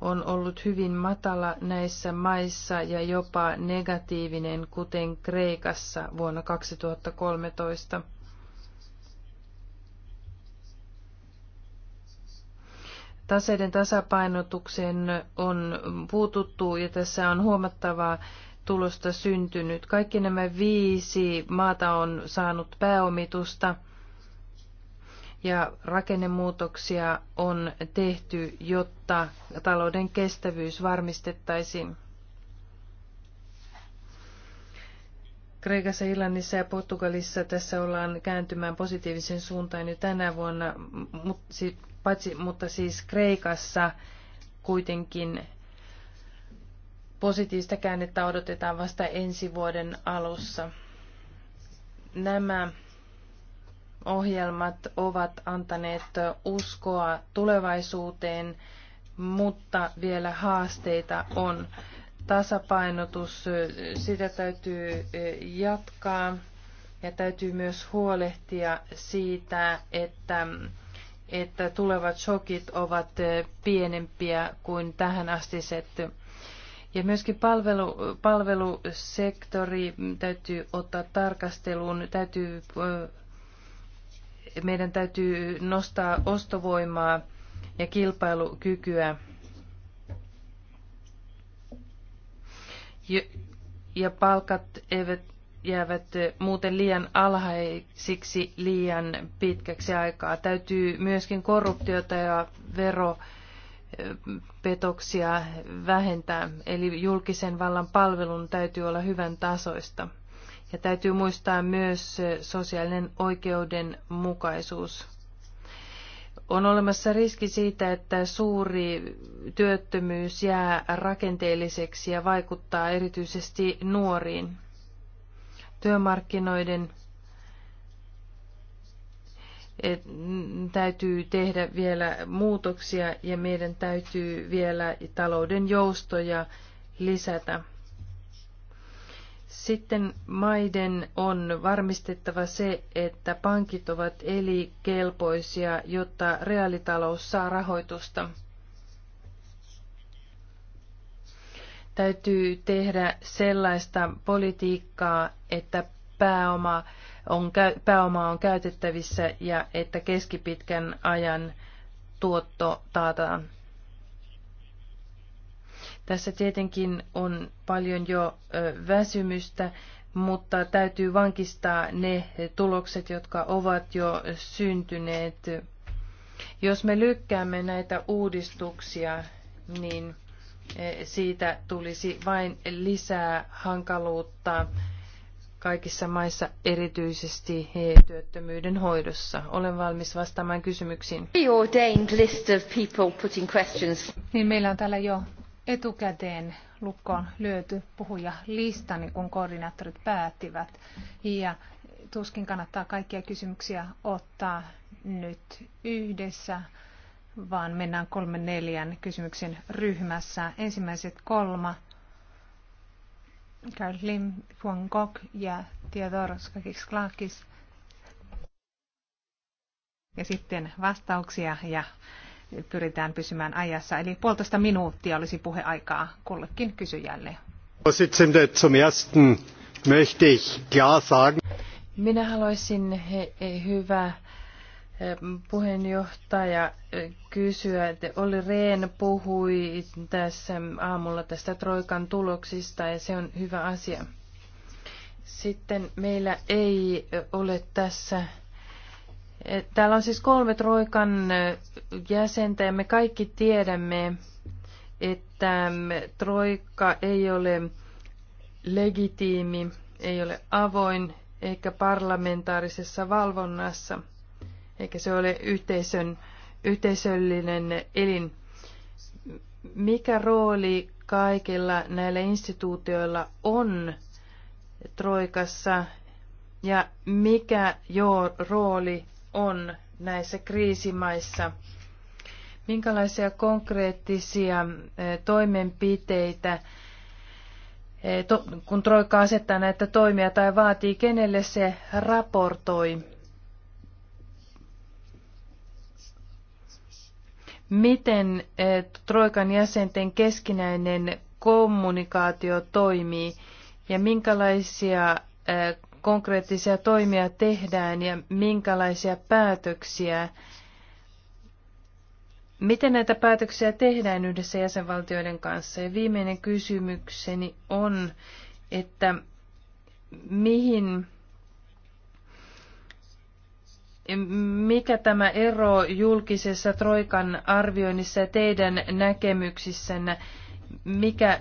on ollut hyvin matala näissä maissa ja jopa negatiivinen, kuten Kreikassa vuonna 2013. Taseiden tasapainotukseen on puututtu ja tässä on huomattavaa tulosta syntynyt. Kaikki nämä viisi maata on saanut pääomitusta ja rakennemuutoksia on tehty, jotta talouden kestävyys varmistettaisiin. Kreikassa, Irlannissa ja Portugalissa tässä ollaan kääntymään positiivisen suuntaan jo tänä vuonna, mutta siis, paitsi, mutta siis Kreikassa kuitenkin positiivista käännettä odotetaan vasta ensi vuoden alussa. Nämä ohjelmat ovat antaneet uskoa tulevaisuuteen, mutta vielä haasteita on tasapainotus, sitä täytyy e, jatkaa ja täytyy myös huolehtia siitä, että, että tulevat shokit ovat e, pienempiä kuin tähän astiset. Ja myöskin palvelu, palvelusektori täytyy ottaa tarkasteluun, täytyy, e, meidän täytyy nostaa ostovoimaa ja kilpailukykyä ja palkat eivät jäävät muuten liian alhaisiksi liian pitkäksi aikaa. Täytyy myöskin korruptiota ja veropetoksia vähentää, eli julkisen vallan palvelun täytyy olla hyvän tasoista. Ja täytyy muistaa myös sosiaalinen oikeudenmukaisuus on olemassa riski siitä, että suuri työttömyys jää rakenteelliseksi ja vaikuttaa erityisesti nuoriin. Työmarkkinoiden et, täytyy tehdä vielä muutoksia ja meidän täytyy vielä talouden joustoja lisätä. Sitten maiden on varmistettava se, että pankit ovat elikelpoisia, jotta reaalitalous saa rahoitusta. Täytyy tehdä sellaista politiikkaa, että pääoma on, pääoma on käytettävissä ja että keskipitkän ajan tuotto taataan. Tässä tietenkin on paljon jo väsymystä, mutta täytyy vankistaa ne tulokset, jotka ovat jo syntyneet. Jos me lykkäämme näitä uudistuksia, niin e, siitä tulisi vain lisää hankaluutta kaikissa maissa, erityisesti e, työttömyyden hoidossa. Olen valmis vastaamaan kysymyksiin. Niin, meillä on täällä jo etukäteen lukkoon lyöty puhujalista, niin kun koordinaattorit päättivät. Ja tuskin kannattaa kaikkia kysymyksiä ottaa nyt yhdessä, vaan mennään kolme neljän kysymyksen ryhmässä. Ensimmäiset kolma, Carl Lim, Huang Gok ja Theodor Skakis-Klakis. Ja sitten vastauksia ja pyritään pysymään ajassa. Eli puolitoista minuuttia olisi puheaikaa kullekin kysyjälle. Minä haluaisin, hyvä eh, puheenjohtaja eh, kysyä, että Olli Rehn puhui tässä aamulla tästä Troikan tuloksista ja se on hyvä asia. Sitten meillä ei eh, ole tässä Eh, täällä on siis kolme Troikan eh, jäsentä ja me kaikki tiedämme, että mm, Troikka ei ole legitiimi, ei ole avoin eikä parlamentaarisessa valvonnassa, eikä se ole yhteisön, yhteisöllinen elin. Mikä rooli kaikilla näillä instituutioilla on Troikassa ja mikä jo rooli on näissä kriisimaissa. Minkälaisia konkreettisia toimenpiteitä, kun Troika asettaa näitä toimia tai vaatii, kenelle se raportoi? Miten Troikan jäsenten keskinäinen kommunikaatio toimii ja minkälaisia konkreettisia toimia tehdään ja minkälaisia päätöksiä Miten näitä päätöksiä tehdään yhdessä jäsenvaltioiden kanssa? Ja viimeinen kysymykseni on, että mihin, mikä tämä ero julkisessa Troikan arvioinnissa ja teidän näkemyksissänne, mikä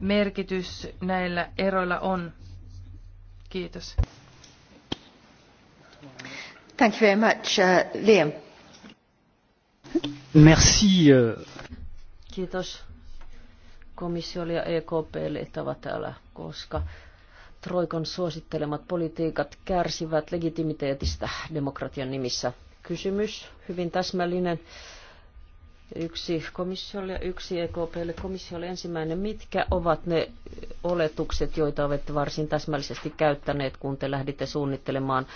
merkitys näillä eroilla on? Kiitos. Thank you very much, uh, Liam. Merci. Uh, Kiitos komissiolle ja EKPlle, että ovat täällä, koska troikan suosittelemat politiikat kärsivät legitimiteetistä demokratian nimissä. Kysymys, hyvin täsmällinen. Yksi komissiolle ja yksi EKPlle. Komissiolle ensimmäinen, mitkä ovat ne oletukset, joita olette varsin täsmällisesti käyttäneet, kun te lähditte suunnittelemaan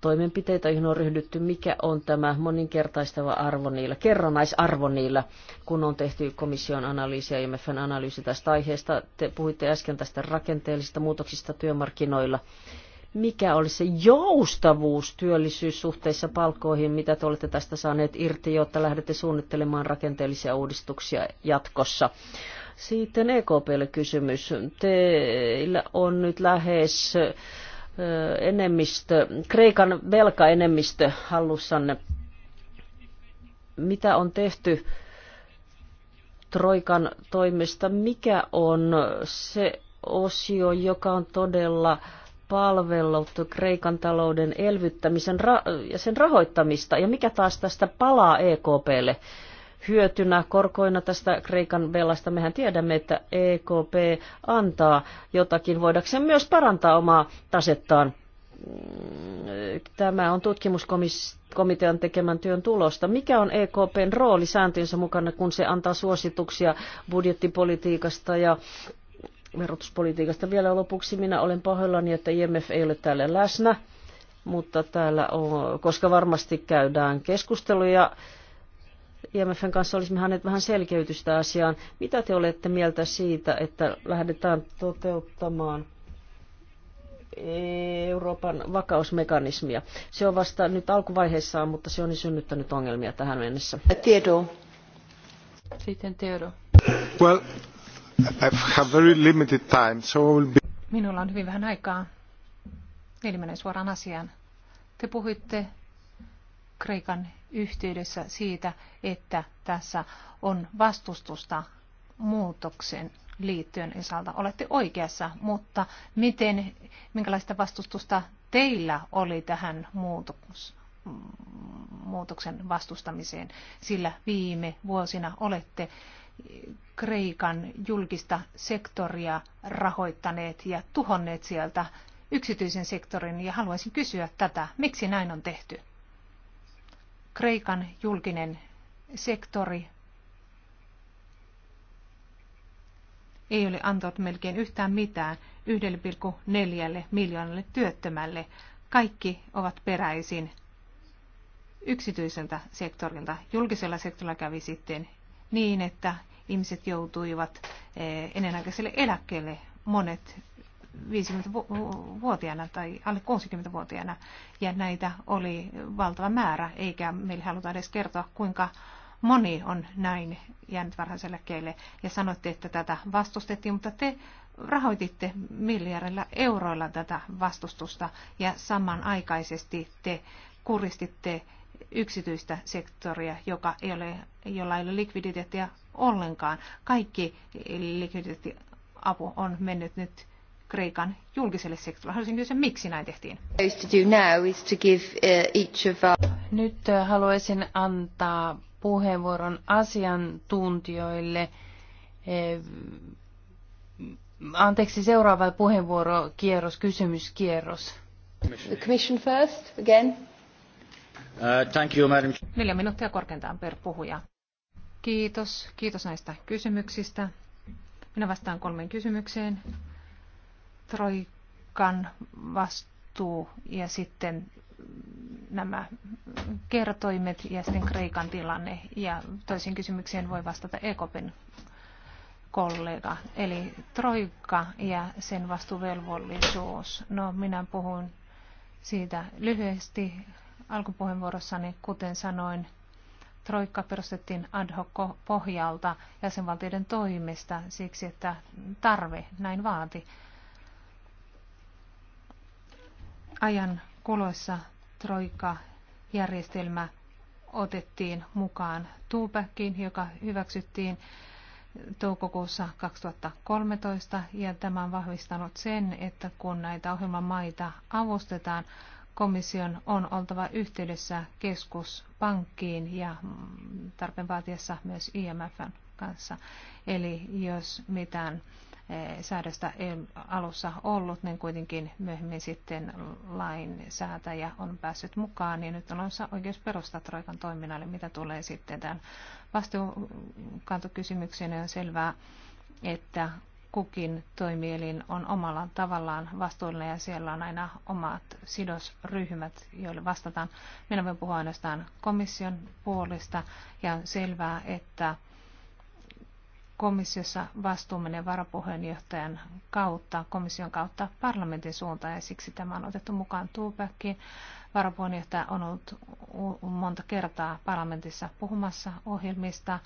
toimenpiteitä, joihin on ryhdytty, mikä on tämä moninkertaistava arvo niillä, kerrannaisarvo niillä, kun on tehty komission analyysi ja IMFn analyysi tästä aiheesta. Te puhuitte äsken tästä rakenteellisista muutoksista työmarkkinoilla mikä olisi se joustavuus työllisyyssuhteissa palkkoihin, mitä te olette tästä saaneet irti, jotta lähdette suunnittelemaan rakenteellisia uudistuksia jatkossa. Sitten EKPlle kysymys. Teillä on nyt lähes enemmistö, Kreikan velkaenemmistö hallussanne. Mitä on tehty Troikan toimesta? Mikä on se osio, joka on todella palvellut Kreikan talouden elvyttämisen ja sen rahoittamista, ja mikä taas tästä palaa EKPlle? hyötynä korkoina tästä Kreikan velasta. Mehän tiedämme, että EKP antaa jotakin voidakseen myös parantaa omaa tasettaan. Mm, tämä on tutkimuskomitean tekemän työn tulosta. Mikä on EKPn rooli sääntöjensä mukana, kun se antaa suosituksia budjettipolitiikasta ja verotuspolitiikasta. Vielä lopuksi minä olen pahoillani, että IMF ei ole täällä läsnä, mutta täällä on, koska varmasti käydään keskusteluja IMFn kanssa olisimme hänet vähän selkeytystä asiaan. Mitä te olette mieltä siitä, että lähdetään toteuttamaan Euroopan vakausmekanismia? Se on vasta nyt alkuvaiheessaan, mutta se on synnyttänyt ongelmia tähän mennessä. Tiedo. Sitten Tiedo. Well, Minulla on hyvin vähän aikaa. Eli menen suoraan asiaan. Te puhuitte Kreikan yhteydessä siitä, että tässä on vastustusta muutoksen liittyen Esalta. Olette oikeassa, mutta miten, minkälaista vastustusta teillä oli tähän muutos, muutoksen vastustamiseen, sillä viime vuosina olette Kreikan julkista sektoria rahoittaneet ja tuhonneet sieltä yksityisen sektorin ja haluaisin kysyä tätä, miksi näin on tehty? Kreikan julkinen sektori ei ole antanut melkein yhtään mitään 1,4 miljoonalle työttömälle. Kaikki ovat peräisin yksityiseltä sektorilta. Julkisella sektorilla kävi sitten niin, että ihmiset joutuivat eh, ennenaikaiselle eläkkeelle, monet 50-vuotiaana tai alle 60-vuotiaana, ja näitä oli valtava määrä, eikä meillä haluta edes kertoa, kuinka moni on näin jäänyt varhaiseläkkeelle. Ja sanoitte, että tätä vastustettiin, mutta te rahoititte miljardilla euroilla tätä vastustusta, ja samanaikaisesti te kuristitte yksityistä sektoria, joka ei ole, jolla ei ole likviditeettiä ollenkaan. Kaikki likviditeettiapu on mennyt nyt Kreikan julkiselle sektorille. Haluaisin kysyä, miksi näin tehtiin? Uh, nyt uh, haluaisin antaa puheenvuoron asiantuntijoille. Uh, anteeksi, seuraava kierros, kysymyskierros. The commission first, again. Uh, thank you, madam. Neljä minuuttia korkeintaan per puhuja. Kiitos. Kiitos näistä kysymyksistä. Minä vastaan kolmeen kysymykseen. Troikan vastuu ja sitten nämä kertoimet ja sitten Kreikan tilanne. Ja toisiin kysymykseen voi vastata ekopin kollega. Eli Troikka ja sen vastuvelvollisuus. No, minä puhun siitä lyhyesti alkupuheenvuorossani, kuten sanoin, Troikka perustettiin ad hoc pohjalta jäsenvaltioiden toimesta siksi, että tarve näin vaati. Ajan kuluessa Troikka-järjestelmä otettiin mukaan Tuupäkkiin, joka hyväksyttiin toukokuussa 2013, ja tämä on vahvistanut sen, että kun näitä ohjelmamaita avustetaan, komission on oltava yhteydessä keskuspankkiin ja tarpeen vaatiessa myös IMFn kanssa. Eli jos mitään eh, säädöstä ei alussa ollut, niin kuitenkin myöhemmin sitten lainsäätäjä on päässyt mukaan, niin nyt on osa oikeus perustaa Troikan toiminnalle, mitä tulee sitten tämän vastuukantokysymykseen, on selvää, että kukin toimielin on omalla tavallaan vastuullinen ja siellä on aina omat sidosryhmät, joille vastataan. Minä voin puhua ainoastaan komission puolesta ja on selvää, että komissiossa vastuu menee varapuheenjohtajan kautta, komission kautta parlamentin suuntaan ja siksi tämä on otettu mukaan tuupäkkiin. Varapuheenjohtaja on ollut monta kertaa parlamentissa puhumassa ohjelmista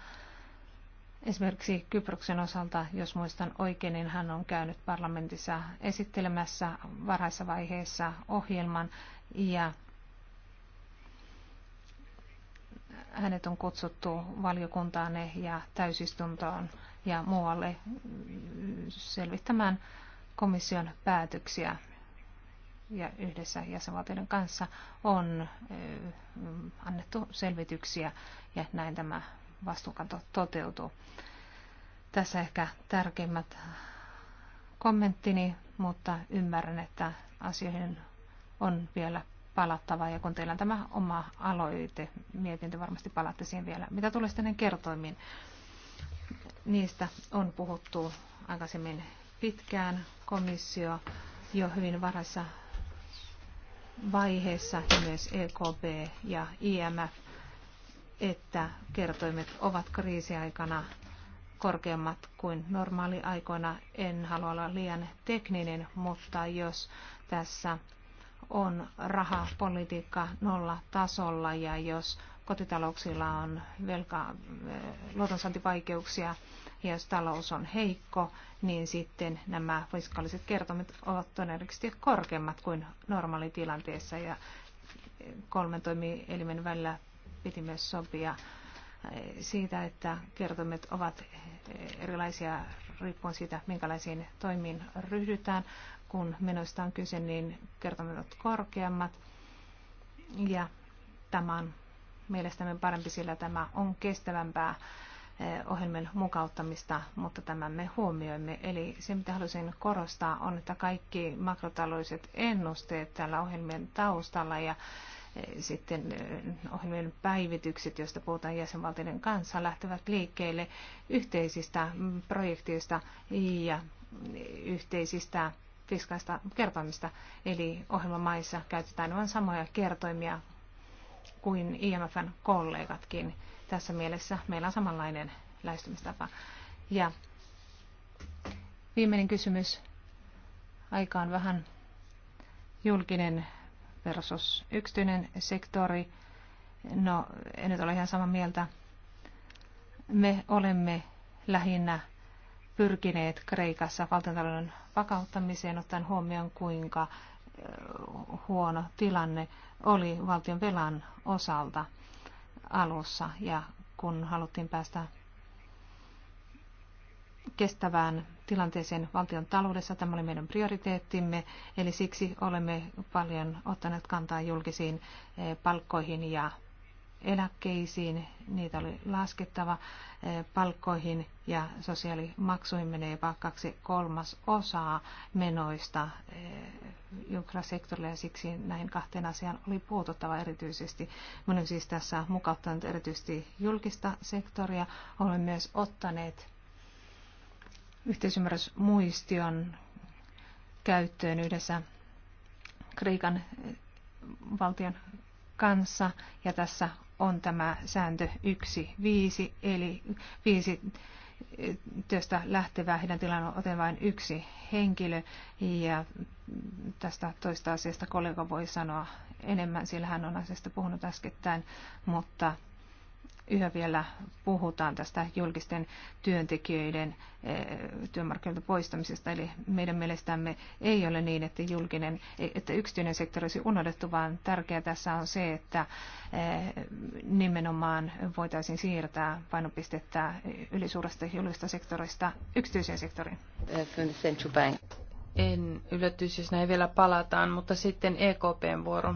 Esimerkiksi Kyproksen osalta, jos muistan oikein, niin hän on käynyt parlamentissa esittelemässä varhaisessa vaiheessa ohjelman ja hänet on kutsuttu valiokuntaan ja täysistuntoon ja muualle selvittämään komission päätöksiä ja yhdessä jäsenvaltioiden kanssa on annettu selvityksiä ja näin tämä vastuunkanto toteutuu. Tässä ehkä tärkeimmät kommenttini, mutta ymmärrän, että asioihin on vielä palattava. Ja kun teillä on tämä oma aloite, mietintö, varmasti palaatte siihen vielä. Mitä tulee sitten kertoimiin? Niistä on puhuttu aikaisemmin pitkään. Komissio jo hyvin varhaisessa vaiheessa e ja myös EKP ja IMF että kertoimet ovat kriisiaikana korkeammat kuin normaaliaikoina. En halua olla liian tekninen, mutta jos tässä on rahapolitiikka nolla tasolla ja jos kotitalouksilla on velka, äh, luotonsaantivaikeuksia ja jos talous on heikko, niin sitten nämä fiskaaliset kertomat ovat todennäköisesti korkeammat kuin normaalitilanteessa ja kolmen toimielimen välillä piti myös sopia eh, siitä, että kertomet ovat eh, erilaisia riippuen siitä, minkälaisiin toimiin ryhdytään. Kun menoista on kyse, niin kertomet ovat korkeammat. Ja tämä on mielestämme parempi, sillä tämä on kestävämpää eh, ohjelmien mukauttamista, mutta tämän me huomioimme. Eli se, mitä haluaisin korostaa, on, että kaikki makrotaloudelliset ennusteet täällä ohjelmien taustalla ja sitten ohjelmien päivitykset, joista puhutaan jäsenvaltioiden kanssa, lähtevät liikkeelle yhteisistä projekteista ja yhteisistä fiskaista kertoimista. Eli ohjelmamaissa käytetään vain samoja kertoimia kuin IMFn kollegatkin. Tässä mielessä meillä on samanlainen lähestymistapa. Ja viimeinen kysymys. Aika on vähän julkinen versus yksityinen sektori. No, en nyt ole ihan samaa mieltä. Me olemme lähinnä pyrkineet Kreikassa valtiontalouden vakauttamiseen ottaen huomioon, kuinka huono tilanne oli valtion velan osalta alussa ja kun haluttiin päästä kestävään tilanteeseen valtion taloudessa. Tämä oli meidän prioriteettimme, eli siksi olemme paljon ottaneet kantaa julkisiin eh, palkkoihin ja eläkkeisiin, niitä oli laskettava eh, palkkoihin ja sosiaalimaksuihin menee jopa kaksi kolmas osaa menoista julkisektorilla eh, ja siksi näihin kahteen asiaan oli puututtava erityisesti. olen siis tässä mukauttanut erityisesti julkista sektoria. Olemme myös ottaneet yhteisymmärrysmuistion käyttöön yhdessä Kreikan eh, valtion kanssa. Ja tässä on tämä sääntö 1.5, eli viisi eh, työstä lähtevää, heidän tilanne otetaan vain yksi henkilö. Ja tästä toista asiasta kollega voi sanoa enemmän, sillä hän on asiasta puhunut äskettäin, mutta yhä vielä puhutaan tästä julkisten työntekijöiden eh, työmarkkinoilta poistamisesta. Eli meidän mielestämme ei ole niin, että, julkinen, että yksityinen sektori olisi unohdettu, vaan tärkeää tässä on se, että eh, nimenomaan voitaisiin siirtää painopistettä ylisuuresta julkista sektorista yksityiseen sektoriin. En yllättyisi, jos näin vielä palataan, mutta sitten EKPn vuoro.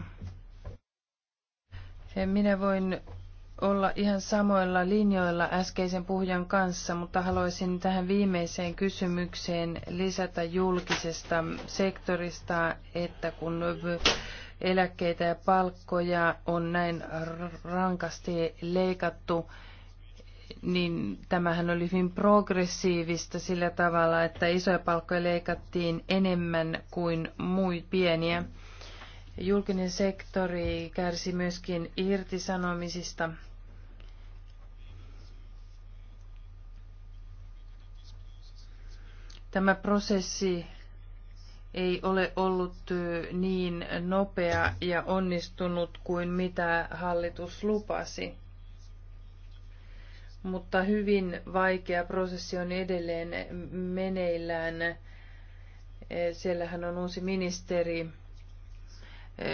Minä voin olla ihan samoilla linjoilla äskeisen puhujan kanssa, mutta haluaisin tähän viimeiseen kysymykseen lisätä julkisesta sektorista, että kun eläkkeitä ja palkkoja on näin rankasti leikattu, niin tämähän oli hyvin progressiivista sillä tavalla, että isoja palkkoja leikattiin enemmän kuin muita pieniä. Julkinen sektori kärsi myöskin irtisanomisista Tämä prosessi ei ole ollut niin nopea ja onnistunut kuin mitä hallitus lupasi. Mutta hyvin vaikea prosessi on edelleen meneillään. Siellähän on uusi ministeri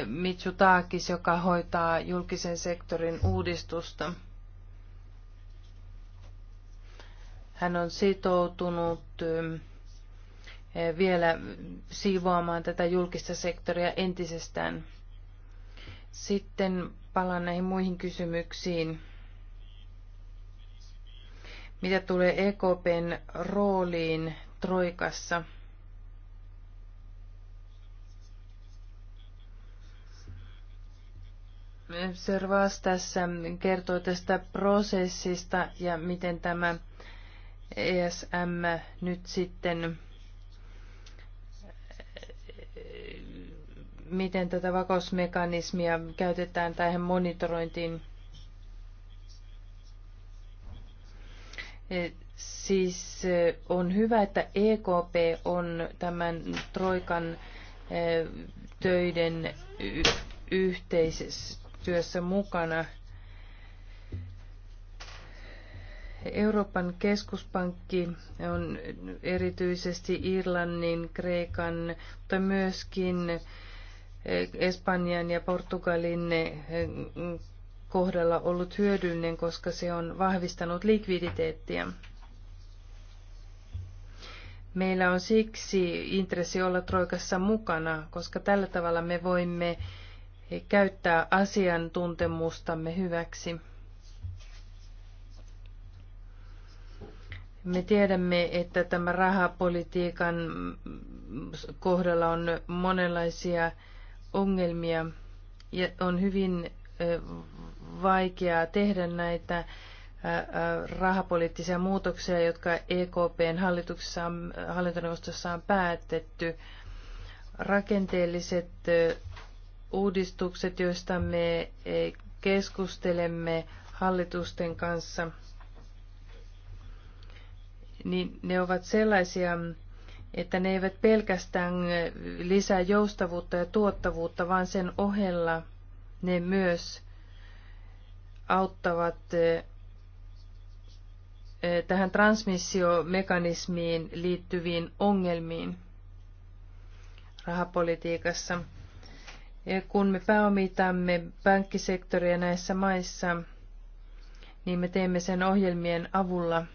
Mitsutakis, joka hoitaa julkisen sektorin uudistusta. Hän on sitoutunut Eh, vielä siivoamaan tätä julkista sektoria entisestään. Sitten palaan näihin muihin kysymyksiin. Mitä tulee EKPn rooliin Troikassa? Servas tässä kertoo tästä prosessista ja miten tämä ESM nyt sitten miten tätä vakausmekanismia käytetään tähän monitorointiin. Eh, siis eh, on hyvä, että EKP on tämän Troikan eh, töiden yhteistyössä mukana. Euroopan keskuspankki on erityisesti Irlannin, Kreikan, mutta myöskin Espanjan ja Portugalin mm, kohdalla ollut hyödyllinen, koska se on vahvistanut likviditeettiä. Meillä on siksi intressi olla Troikassa mukana, koska tällä tavalla me voimme käyttää asiantuntemustamme hyväksi. Me tiedämme, että tämä rahapolitiikan kohdalla on monenlaisia ongelmia ja on hyvin vaikeaa tehdä näitä rahapoliittisia muutoksia, jotka EKPn hallituksessa, hallintoneuvostossa on päätetty. Rakenteelliset uudistukset, joista me keskustelemme hallitusten kanssa, niin ne ovat sellaisia että ne eivät pelkästään lisää joustavuutta ja tuottavuutta, vaan sen ohella ne myös auttavat eh, eh, tähän transmissiomekanismiin liittyviin ongelmiin rahapolitiikassa. Ja kun me pääomitamme pankkisektoria näissä maissa, niin me teemme sen ohjelmien avulla –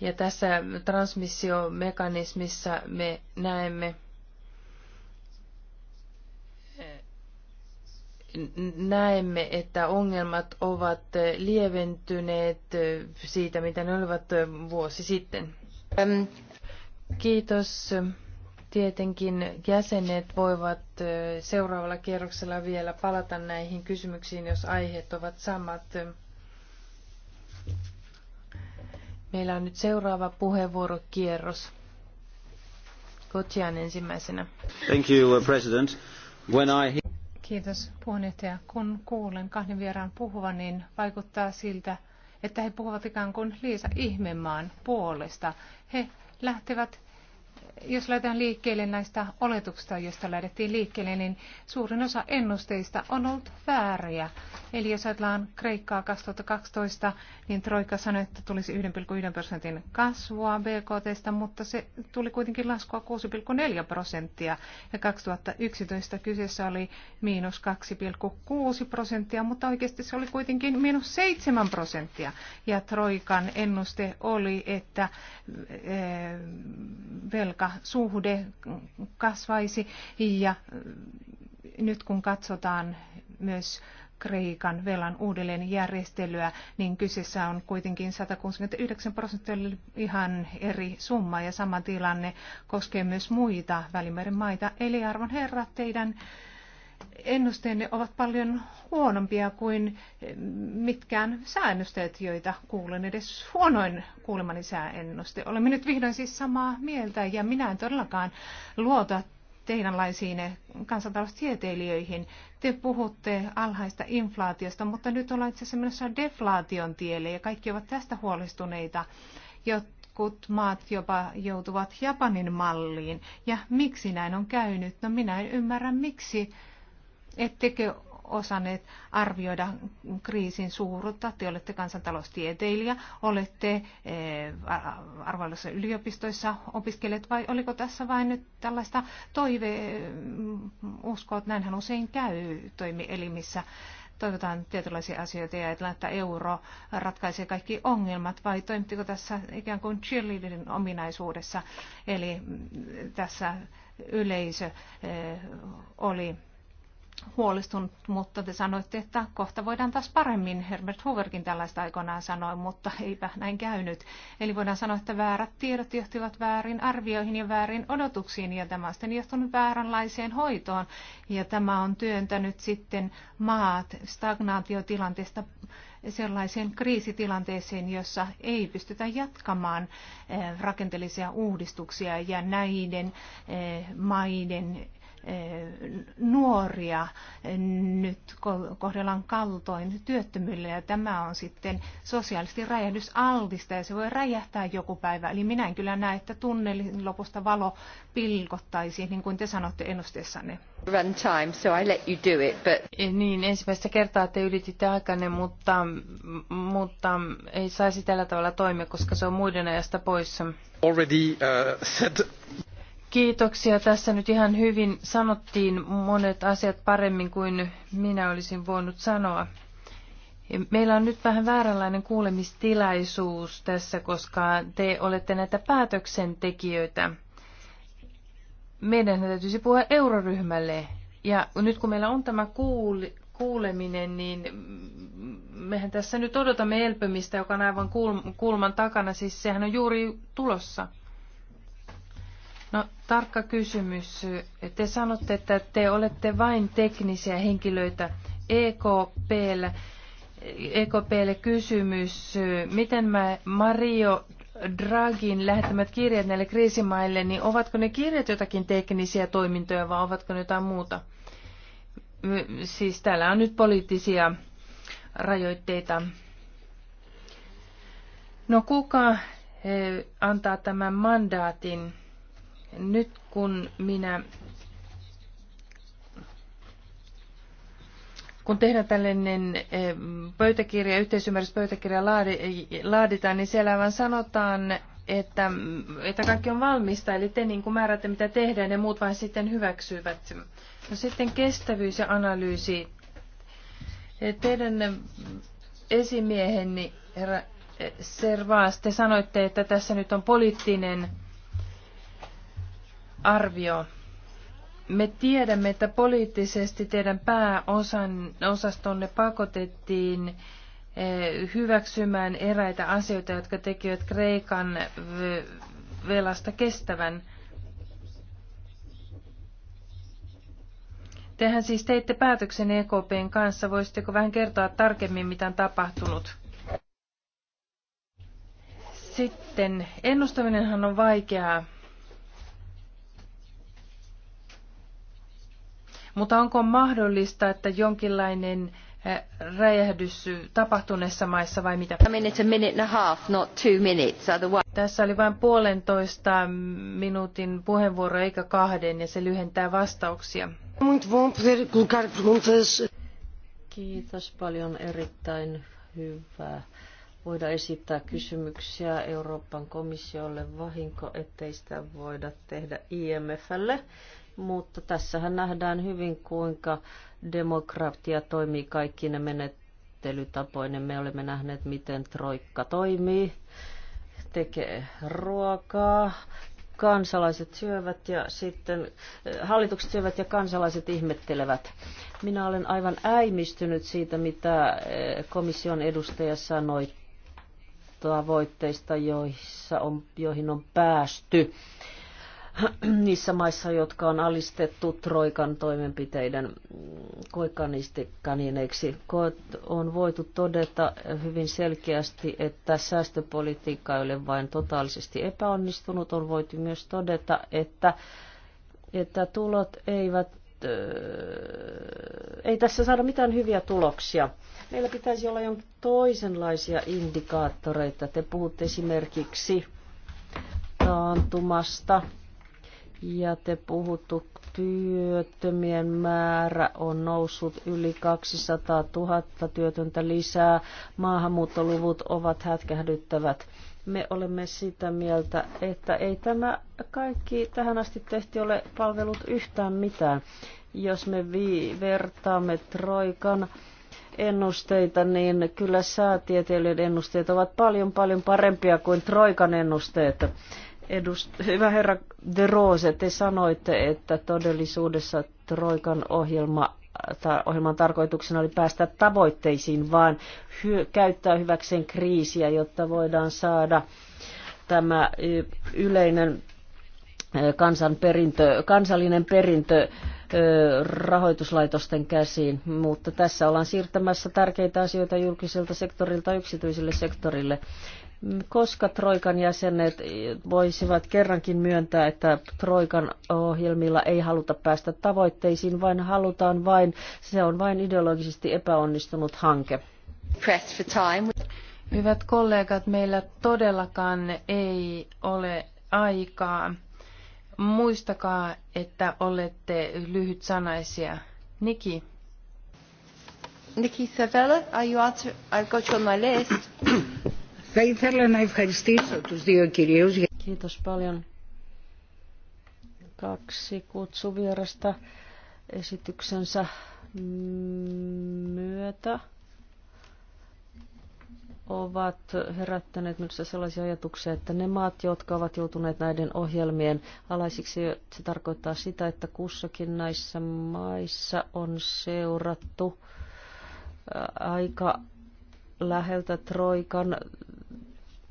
ja tässä transmissiomekanismissa me näemme näemme, että ongelmat ovat lieventyneet siitä, mitä ne olivat vuosi sitten. Kiitos. Tietenkin jäsenet voivat seuraavalla kierroksella vielä palata näihin kysymyksiin, jos aiheet ovat samat. Meillä on nyt seuraava puheenvuorokierros. Kotian ensimmäisenä. Thank you, uh, President. When I... Kiitos puheenjohtaja. Kun kuulen kahden vieraan puhuvan, niin vaikuttaa siltä, että he puhuvat ikään kuin Liisa Ihmemaan puolesta. He lähtevät jos lähdetään liikkeelle näistä oletuksista, joista lähdettiin liikkeelle, niin suurin osa ennusteista on ollut vääriä. Eli jos ajatellaan Kreikkaa 2012, niin Troika sanoi, että tulisi 1,1 prosentin kasvua BKT, mutta se tuli kuitenkin laskua 6,4 prosenttia. Ja 2011 kyseessä oli miinus 2,6 prosenttia, mutta oikeasti se oli kuitenkin miinus 7 prosenttia. Ja Troikan ennuste oli, että eh, velka suhde kasvaisi ja mm, nyt kun katsotaan myös Kreikan velan uudelleenjärjestelyä, niin kyseessä on kuitenkin 169 prosenttia ihan eri summa ja sama tilanne koskee myös muita Välimeren maita. Eli arvon herrat, teidän ennusteenne ovat paljon huonompia kuin mitkään säännösteet, joita kuulen edes huonoin kuulemani sääennuste. Olemme nyt vihdoin siis samaa mieltä ja minä en todellakaan luota teidänlaisiin kansantaloustieteilijöihin. Te puhutte alhaista inflaatiosta, mutta nyt ollaan itse asiassa menossa deflaation tielle ja kaikki ovat tästä huolestuneita, jotkut maat jopa joutuvat Japanin malliin. Ja miksi näin on käynyt? No minä en ymmärrä miksi Ettekö osanneet arvioida kriisin suuruutta. Te olette kansantaloustieteilijä, olette eh, arvoillisissa yliopistoissa opiskelleet vai oliko tässä vain nyt tällaista toiveuskoa, mm, että näinhän usein käy toimielimissä toivotaan tietynlaisia asioita ja ajatellaan, että euro ratkaisee kaikki ongelmat, vai toimittiko tässä ikään kuin cheerleaderin ominaisuudessa, eli mm, tässä yleisö eh, oli huolestunut, mutta te sanoitte, että kohta voidaan taas paremmin. Herbert Hooverkin tällaista aikoinaan sanoi, mutta eipä näin käynyt. Eli voidaan sanoa, että väärät tiedot johtivat väärin arvioihin ja väärin odotuksiin, ja tämä on sitten johtunut vääränlaiseen hoitoon. Ja tämä on työntänyt sitten maat stagnaatiotilanteesta sellaiseen kriisitilanteeseen, jossa ei pystytä jatkamaan eh, rakenteellisia uudistuksia ja näiden eh, maiden Eh, nuoria eh, nyt kohdellaan kaltoin työttömyydellä ja tämä on sitten sosiaalisesti räjähdysaltista ja se voi räjähtää joku päivä. Eli minä en kyllä näe, että tunnelin lopusta valo pilkottaisi, niin kuin te sanotte ennusteessanne. Run time, so I let you do it, but... E, niin, ensimmäistä kertaa te ylititte aikanne, mutta, mutta ei saisi tällä tavalla toimia, koska se on muiden ajasta pois. Already, uh, said... Kiitoksia. Tässä nyt ihan hyvin sanottiin monet asiat paremmin kuin minä olisin voinut sanoa. Meillä on nyt vähän vääränlainen kuulemistilaisuus tässä, koska te olette näitä päätöksentekijöitä. Meidän täytyisi puhua euroryhmälle. Ja nyt kun meillä on tämä kuuleminen, niin mehän tässä nyt odotamme elpymistä, joka on aivan kulman takana. Siis sehän on juuri tulossa. No, tarkka kysymys. Te sanotte, että te olette vain teknisiä henkilöitä EKPlle e kysymys. Miten mä Mario Draghin lähettämät kirjat näille kriisimaille, niin ovatko ne kirjat jotakin teknisiä toimintoja vai ovatko ne jotain muuta? Siis täällä on nyt poliittisia rajoitteita. No kuka eh, antaa tämän mandaatin? Nyt kun minä kun tehdään tällainen eh, pöytäkirja, pöytäkirja laaditaan, niin siellä vaan sanotaan, että, että kaikki on valmista, eli te niin kuin määrätte, mitä tehdään, ja muut vain sitten hyväksyvät. No sitten kestävyys ja analyysi. Eh, teidän esimieheni, herra eh, Servaas, te sanoitte, että tässä nyt on poliittinen arvio. Me tiedämme, että poliittisesti teidän pääosastonne pakotettiin eh, hyväksymään eräitä asioita, jotka tekivät Kreikan velasta kestävän. Tehän siis teitte päätöksen EKPn kanssa. Voisitteko vähän kertoa tarkemmin, mitä on tapahtunut? Sitten ennustaminenhan on vaikeaa. Mutta onko mahdollista, että jonkinlainen eh, räjähdys tapahtuneessa maissa vai mitä? I mean, half, minutes, Tässä oli vain puolentoista minuutin puheenvuoro eikä kahden ja se lyhentää vastauksia. Kiitos paljon, erittäin hyvä. Voida esittää kysymyksiä Euroopan komissiolle. Vahinko, ettei sitä voida tehdä IMFlle mutta tässähän nähdään hyvin, kuinka demokratia toimii kaikki ne menettelytapoinen. Me olemme nähneet, miten troikka toimii, tekee ruokaa, kansalaiset syövät ja sitten eh, hallitukset syövät ja kansalaiset ihmettelevät. Minä olen aivan äimistynyt siitä, mitä eh, komission edustaja sanoi tavoitteista, joissa on, joihin on päästy (clears throat) niissä maissa, jotka on alistettu Troikan toimenpiteiden koikanistikanineiksi. On voitu todeta hyvin selkeästi, että säästöpolitiikka ei ole vain totaalisesti epäonnistunut. On voitu myös todeta, että, että tulot eivät äh, ei tässä saada mitään hyviä tuloksia. Meillä pitäisi olla jonkin toisenlaisia indikaattoreita. Te puhutte esimerkiksi taantumasta, ja te puhuttu työttömien määrä on noussut yli 200 000 työtöntä lisää. Maahanmuuttoluvut ovat hätkähdyttävät. Me olemme sitä mieltä, että ei tämä kaikki tähän asti tehty ole palvelut yhtään mitään. Jos me vi- vertaamme Troikan ennusteita, niin kyllä säätieteilijöiden ennusteet ovat paljon paljon parempia kuin Troikan ennusteet. Edust- Hyvä herra De Rose, te sanoitte, että todellisuudessa Troikan ohjelma tai ohjelman tarkoituksena oli päästä tavoitteisiin, vaan hy- käyttää hyväkseen kriisiä, jotta voidaan saada tämä yleinen perintö, kansallinen perintö rahoituslaitosten käsiin, mutta tässä ollaan siirtämässä tärkeitä asioita julkiselta sektorilta yksityiselle sektorille. Koska Troikan jäsenet voisivat kerrankin myöntää, että Troikan ohjelmilla ei haluta päästä tavoitteisiin, vaan halutaan vain, se on vain ideologisesti epäonnistunut hanke. Hyvät kollegat, meillä todellakaan ei ole aikaa. Muistakaa, että olette lyhytsanaisia. Niki. Niki Savella, are you I've got you on my list. Θα ήθελα να ευχαριστήσω τους δύο κυρίους. Kaksi kutsuvierasta esityksensä myötä ovat herättäneet minusta sellaisia ajatuksia, että ne maat, jotka ovat joutuneet näiden ohjelmien alaisiksi, se tarkoittaa sitä, että kussakin näissä maissa on seurattu aika läheltä Troikan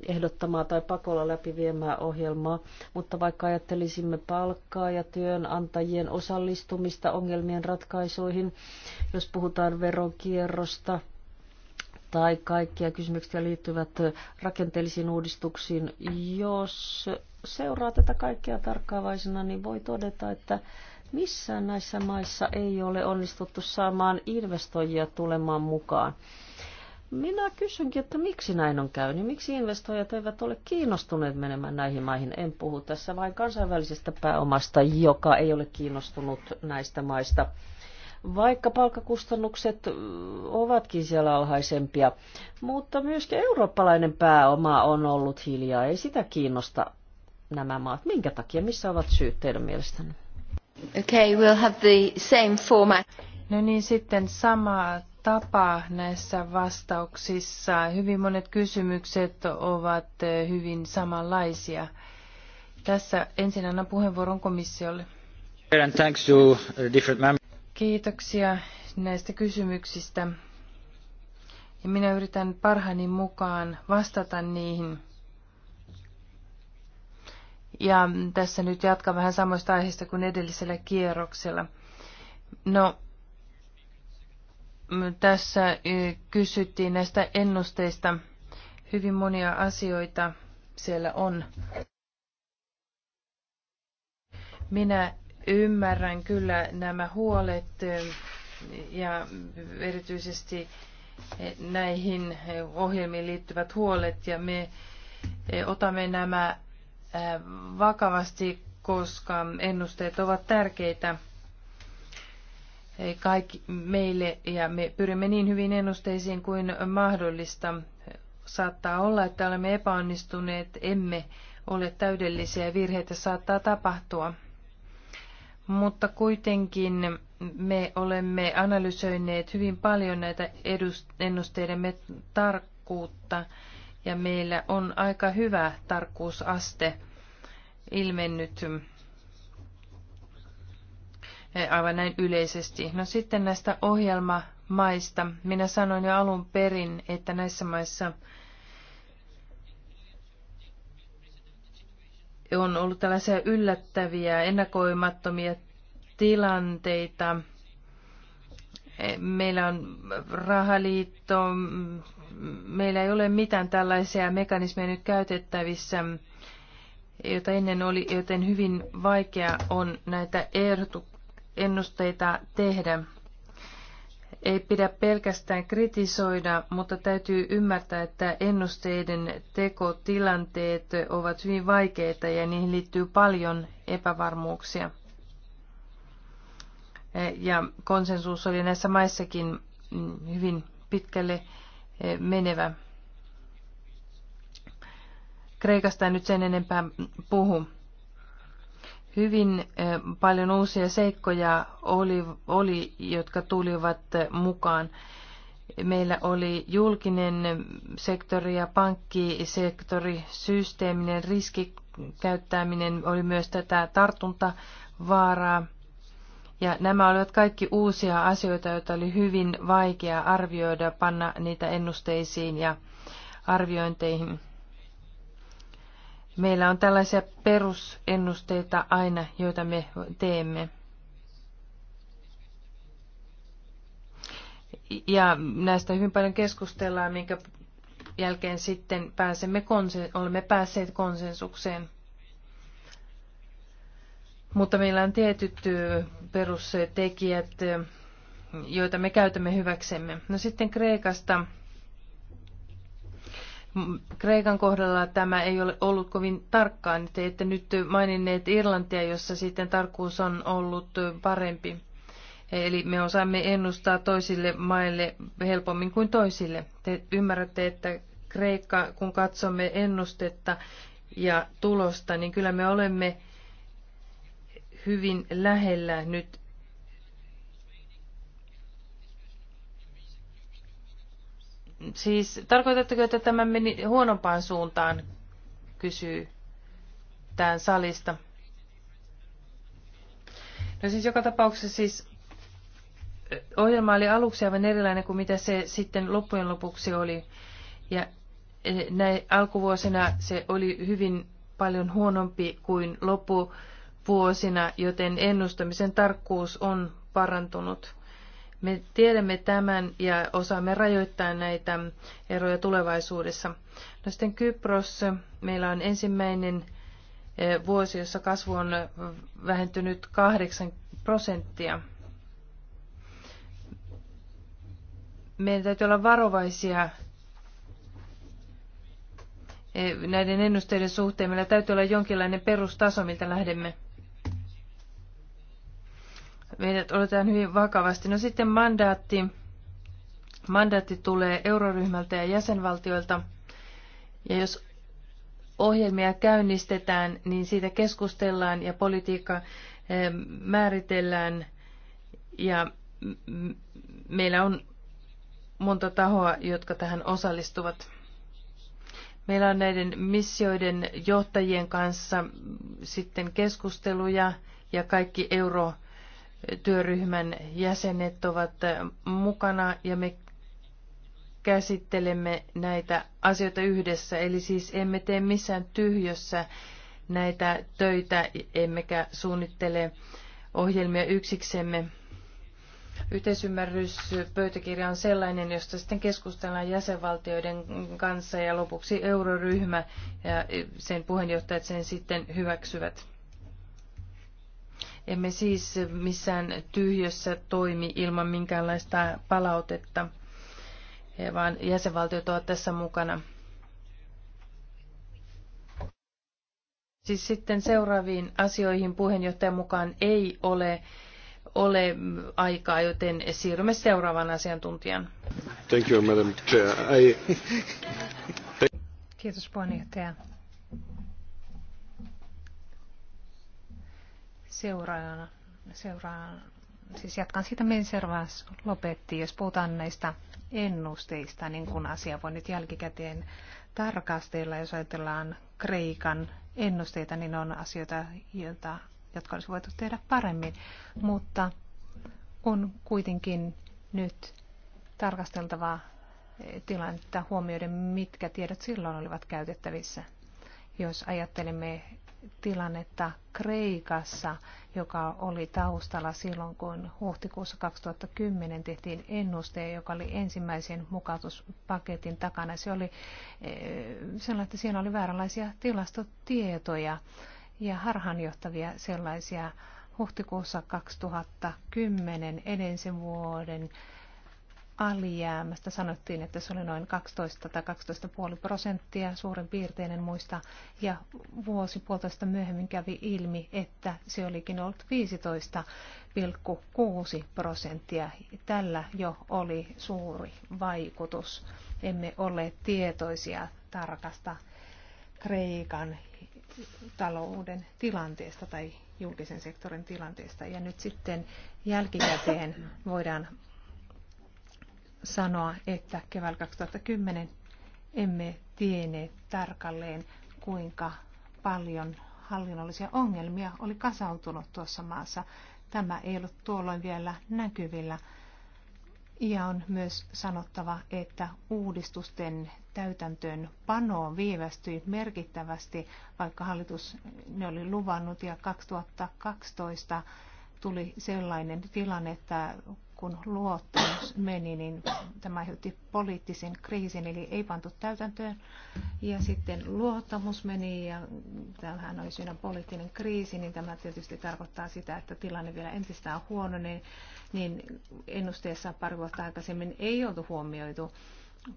ehdottamaa tai pakolla läpiviemää ohjelmaa, mutta vaikka ajattelisimme palkkaa ja työnantajien osallistumista ongelmien ratkaisuihin, jos puhutaan veronkierrosta tai kaikkia kysymyksiä liittyvät rakenteellisiin uudistuksiin, jos seuraa tätä kaikkea tarkkaavaisena, niin voi todeta, että missään näissä maissa ei ole onnistuttu saamaan investoijia tulemaan mukaan minä kysynkin, että miksi näin on käynyt, miksi investoijat eivät ole kiinnostuneet menemään näihin maihin. En puhu tässä vain kansainvälisestä pääomasta, joka ei ole kiinnostunut näistä maista. Vaikka palkkakustannukset ovatkin siellä alhaisempia, mutta myöskin eurooppalainen pääoma on ollut hiljaa. Ei sitä kiinnosta nämä maat. Minkä takia? Missä ovat syyt teidän mielestänne? Okay, we'll have the same format. No niin, sitten sama tapa näissä vastauksissa. Hyvin monet kysymykset ovat hyvin samanlaisia. Tässä ensin annan puheenvuoron komissiolle. Uh, Kiitoksia näistä kysymyksistä. Ja minä yritän parhaani mukaan vastata niihin. Ja tässä nyt jatkan vähän samoista aiheista kuin edellisellä kierroksella. No, tässä kysyttiin näistä ennusteista. Hyvin monia asioita siellä on. Minä ymmärrän kyllä nämä huolet ja erityisesti näihin ohjelmiin liittyvät huolet ja me otamme nämä vakavasti, koska ennusteet ovat tärkeitä kaikki meille ja me pyrimme niin hyvin ennusteisiin kuin mahdollista. Saattaa olla, että olemme epäonnistuneet, emme ole täydellisiä, virheitä saattaa tapahtua. Mutta kuitenkin me olemme analysoineet hyvin paljon näitä ennusteidemme tarkkuutta ja meillä on aika hyvä tarkkuusaste ilmennyt Eh, aivan näin yleisesti. No sitten näistä ohjelmamaista. Minä sanoin jo alun perin, että näissä maissa on ollut tällaisia yllättäviä, ennakoimattomia tilanteita. Eh, meillä on rahaliitto, meillä ei ole mitään tällaisia mekanismeja nyt käytettävissä, jota ennen oli, joten hyvin vaikea on näitä ehdotuksia ennusteita tehdä. Ei pidä pelkästään kritisoida, mutta täytyy ymmärtää, että ennusteiden tekotilanteet ovat hyvin vaikeita ja niihin liittyy paljon epävarmuuksia. Ja konsensus oli näissä maissakin hyvin pitkälle menevä. Kreikasta en nyt sen enempää puhu. Hyvin eh, paljon uusia seikkoja oli, oli, jotka tulivat eh, mukaan. Meillä oli julkinen sektori ja pankkisektori, systeeminen riskikäyttäminen, oli myös tätä tartuntavaaraa. Ja nämä olivat kaikki uusia asioita, joita oli hyvin vaikea arvioida, panna niitä ennusteisiin ja arviointeihin. Meillä on tällaisia perusennusteita aina, joita me teemme. Ja näistä hyvin paljon keskustellaan, minkä jälkeen sitten pääsemme konsen, olemme päässeet konsensukseen. Mutta meillä on tietyt perustekijät, joita me käytämme hyväksemme. No sitten Kreikasta Kreikan kohdalla tämä ei ole ollut kovin tarkkaan. Te ette nyt maininneet Irlantia, jossa sitten tarkkuus on ollut parempi. Eli me osaamme ennustaa toisille maille helpommin kuin toisille. Te ymmärrätte, että Kreikka, kun katsomme ennustetta ja tulosta, niin kyllä me olemme hyvin lähellä nyt Siis tarkoitatteko, että tämä meni huonompaan suuntaan, kysyy tämän salista. No siis joka tapauksessa siis ohjelma oli aluksi aivan erilainen kuin mitä se sitten loppujen lopuksi oli. Ja e, näin alkuvuosina se oli hyvin paljon huonompi kuin loppuvuosina, joten ennustamisen tarkkuus on parantunut. Me tiedämme tämän ja osaamme rajoittaa näitä eroja tulevaisuudessa. No sitten Kypros, meillä on ensimmäinen e, vuosi, jossa kasvu on vähentynyt 8 prosenttia. Meidän täytyy olla varovaisia e, näiden ennusteiden suhteen. Meillä täytyy olla jonkinlainen perustaso, miltä lähdemme meidät odotetaan hyvin vakavasti. No sitten mandaatti. Mandaatti tulee euroryhmältä ja jäsenvaltioilta. Ja jos ohjelmia käynnistetään, niin siitä keskustellaan ja politiikka eh, määritellään. Ja meillä on monta tahoa, jotka tähän osallistuvat. Meillä on näiden missioiden johtajien kanssa sitten keskusteluja ja kaikki euro työryhmän jäsenet ovat mukana ja me käsittelemme näitä asioita yhdessä. Eli siis emme tee missään tyhjössä näitä töitä, emmekä suunnittele ohjelmia yksiksemme. Yhteisymmärryspöytäkirja on sellainen, josta sitten keskustellaan jäsenvaltioiden kanssa ja lopuksi euroryhmä ja sen puheenjohtajat sen sitten hyväksyvät. Emme siis missään tyhjössä toimi ilman minkäänlaista palautetta, vaan jäsenvaltiot ovat tässä mukana. Siis sitten seuraaviin asioihin puheenjohtajan mukaan ei ole, ole aikaa, joten siirrymme seuraavan asiantuntijan. Thank you, Madam Chair. I... Kiitos puheenjohtaja. seuraajana, seuraajana siis jatkan siitä, mihin seuraavaksi lopettiin. Jos puhutaan näistä ennusteista, niin kun asia voi nyt jälkikäteen tarkastella, jos ajatellaan Kreikan ennusteita, niin on asioita, joita, jotka olisi voitu tehdä paremmin. Mutta on kuitenkin nyt tarkasteltava tilannetta huomioiden, mitkä tiedot silloin olivat käytettävissä. Jos ajattelemme tilannetta Kreikassa, joka oli taustalla silloin, kun huhtikuussa 2010 tehtiin ennuste, joka oli ensimmäisen mukautuspaketin takana. Se oli eh, sellainen, että siinä oli vääränlaisia tilastotietoja ja harhanjohtavia sellaisia huhtikuussa 2010 edellisen vuoden alijäämästä sanottiin, että se oli noin 12 tai 12,5 prosenttia suurin piirtein en muista. Ja vuosi puolitoista myöhemmin kävi ilmi, että se olikin ollut 15,6 prosenttia. Tällä jo oli suuri vaikutus. Emme ole tietoisia tarkasta Kreikan talouden tilanteesta tai julkisen sektorin tilanteesta. Ja nyt sitten jälkikäteen voidaan sanoa, että keväällä 2010 emme tienneet tarkalleen, kuinka paljon hallinnollisia ongelmia oli kasautunut tuossa maassa. Tämä ei ollut tuolloin vielä näkyvillä. Ja on myös sanottava, että uudistusten täytäntöön pano viivästyi merkittävästi, vaikka hallitus ne oli luvannut ja 2012 tuli sellainen tilanne, että kun luottamus meni, niin tämä aiheutti poliittisen kriisin, eli ei pantu täytäntöön. Ja sitten luottamus meni ja tämähän oli siinä poliittinen kriisi, niin tämä tietysti tarkoittaa sitä, että tilanne vielä entisestään huono, niin, niin ennusteessa pari vuotta aikaisemmin ei oltu huomioitu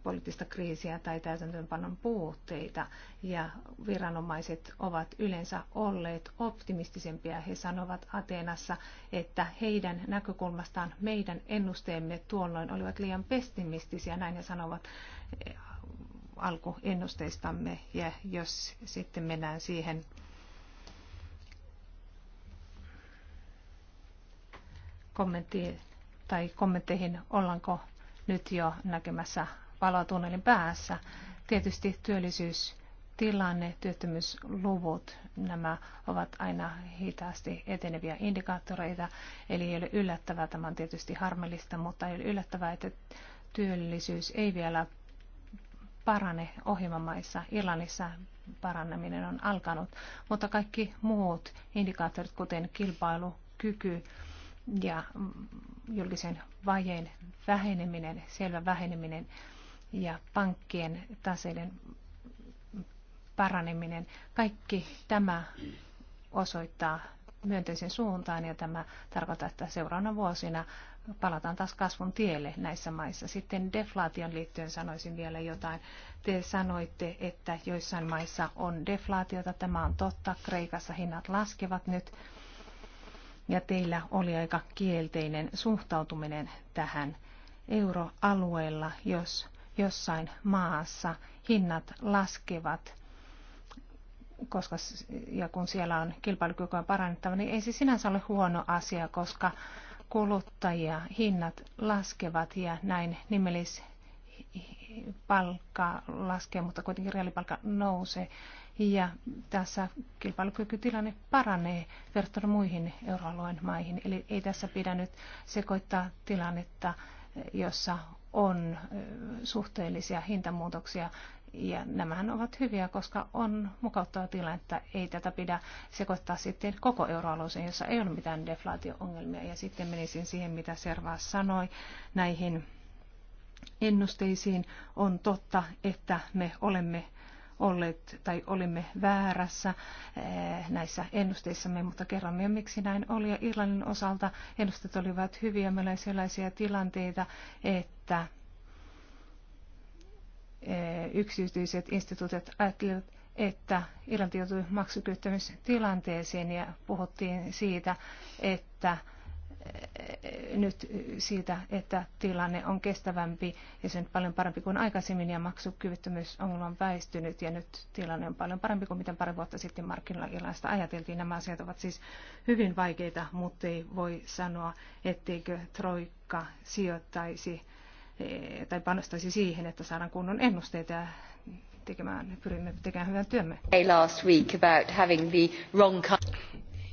poliittista kriisiä tai täytäntöönpanon puutteita. Ja viranomaiset ovat yleensä olleet optimistisempia. He sanovat Ateenassa, että heidän näkökulmastaan meidän ennusteemme tuolloin olivat liian pessimistisiä. Näin he sanovat eh, alkuennusteistamme. Ja jos sitten mennään siihen kommentti tai kommentteihin, ollaanko nyt jo näkemässä valoa tunnelin päässä. Tietysti työllisyystilanne, työttömyysluvut, nämä ovat aina hitaasti eteneviä indikaattoreita, eli ei ole yllättävää, tämä on tietysti harmillista, mutta ei ole yllättävää, että työllisyys ei vielä parane ohjelmamaissa. Irlannissa paranneminen on alkanut, mutta kaikki muut indikaattorit, kuten kilpailukyky ja julkisen vajeen väheneminen, selvä väheneminen, ja pankkien taseiden paraneminen. Kaikki tämä osoittaa myönteisen suuntaan ja tämä tarkoittaa, että seuraavana vuosina palataan taas kasvun tielle näissä maissa. Sitten deflaation liittyen sanoisin vielä jotain. Te sanoitte, että joissain maissa on deflaatiota. Tämä on totta. Kreikassa hinnat laskevat nyt. Ja teillä oli aika kielteinen suhtautuminen tähän euroalueella, jos jossain maassa hinnat laskevat, koska, ja kun siellä on kilpailukykyä parannettava, niin ei se sinänsä ole huono asia, koska kuluttajia hinnat laskevat ja näin nimellis palkka laskee, mutta kuitenkin reaalipalkka nousee. Ja tässä kilpailukykytilanne paranee verrattuna muihin euroalueen maihin. Eli ei tässä pidä nyt sekoittaa tilannetta, jossa on suhteellisia hintamuutoksia ja nämähän ovat hyviä, koska on mukauttava että ei tätä pidä sekoittaa sitten koko euroalueeseen, jossa ei ole mitään deflaatio-ongelmia. Ja sitten menisin siihen, mitä Serva sanoi näihin ennusteisiin. On totta, että me olemme olleet tai olimme väärässä eh, näissä ennusteissamme, mutta kerromme miksi näin oli. Ja Irlannin osalta ennusteet olivat hyviä. Meillä oli sellaisia tilanteita, että eh, yksityiset instituutit ajattelivat, että Irlanti joutui maksukyyttämistilanteeseen ja puhuttiin siitä, että nyt siitä, että tilanne on kestävämpi ja se on paljon parempi kuin aikaisemmin ja maksukyvyttömyysongelma on väistynyt ja nyt tilanne on paljon parempi kuin miten pari vuotta sitten markkinoilla ajateltiin. Nämä asiat ovat siis hyvin vaikeita, mutta ei voi sanoa, etteikö Troikka sijoittaisi eh, tai panostaisi siihen, että saadaan kunnon ennusteita ja tekemään, pyrimme tekemään hyvän työmme. Last week about having the wrong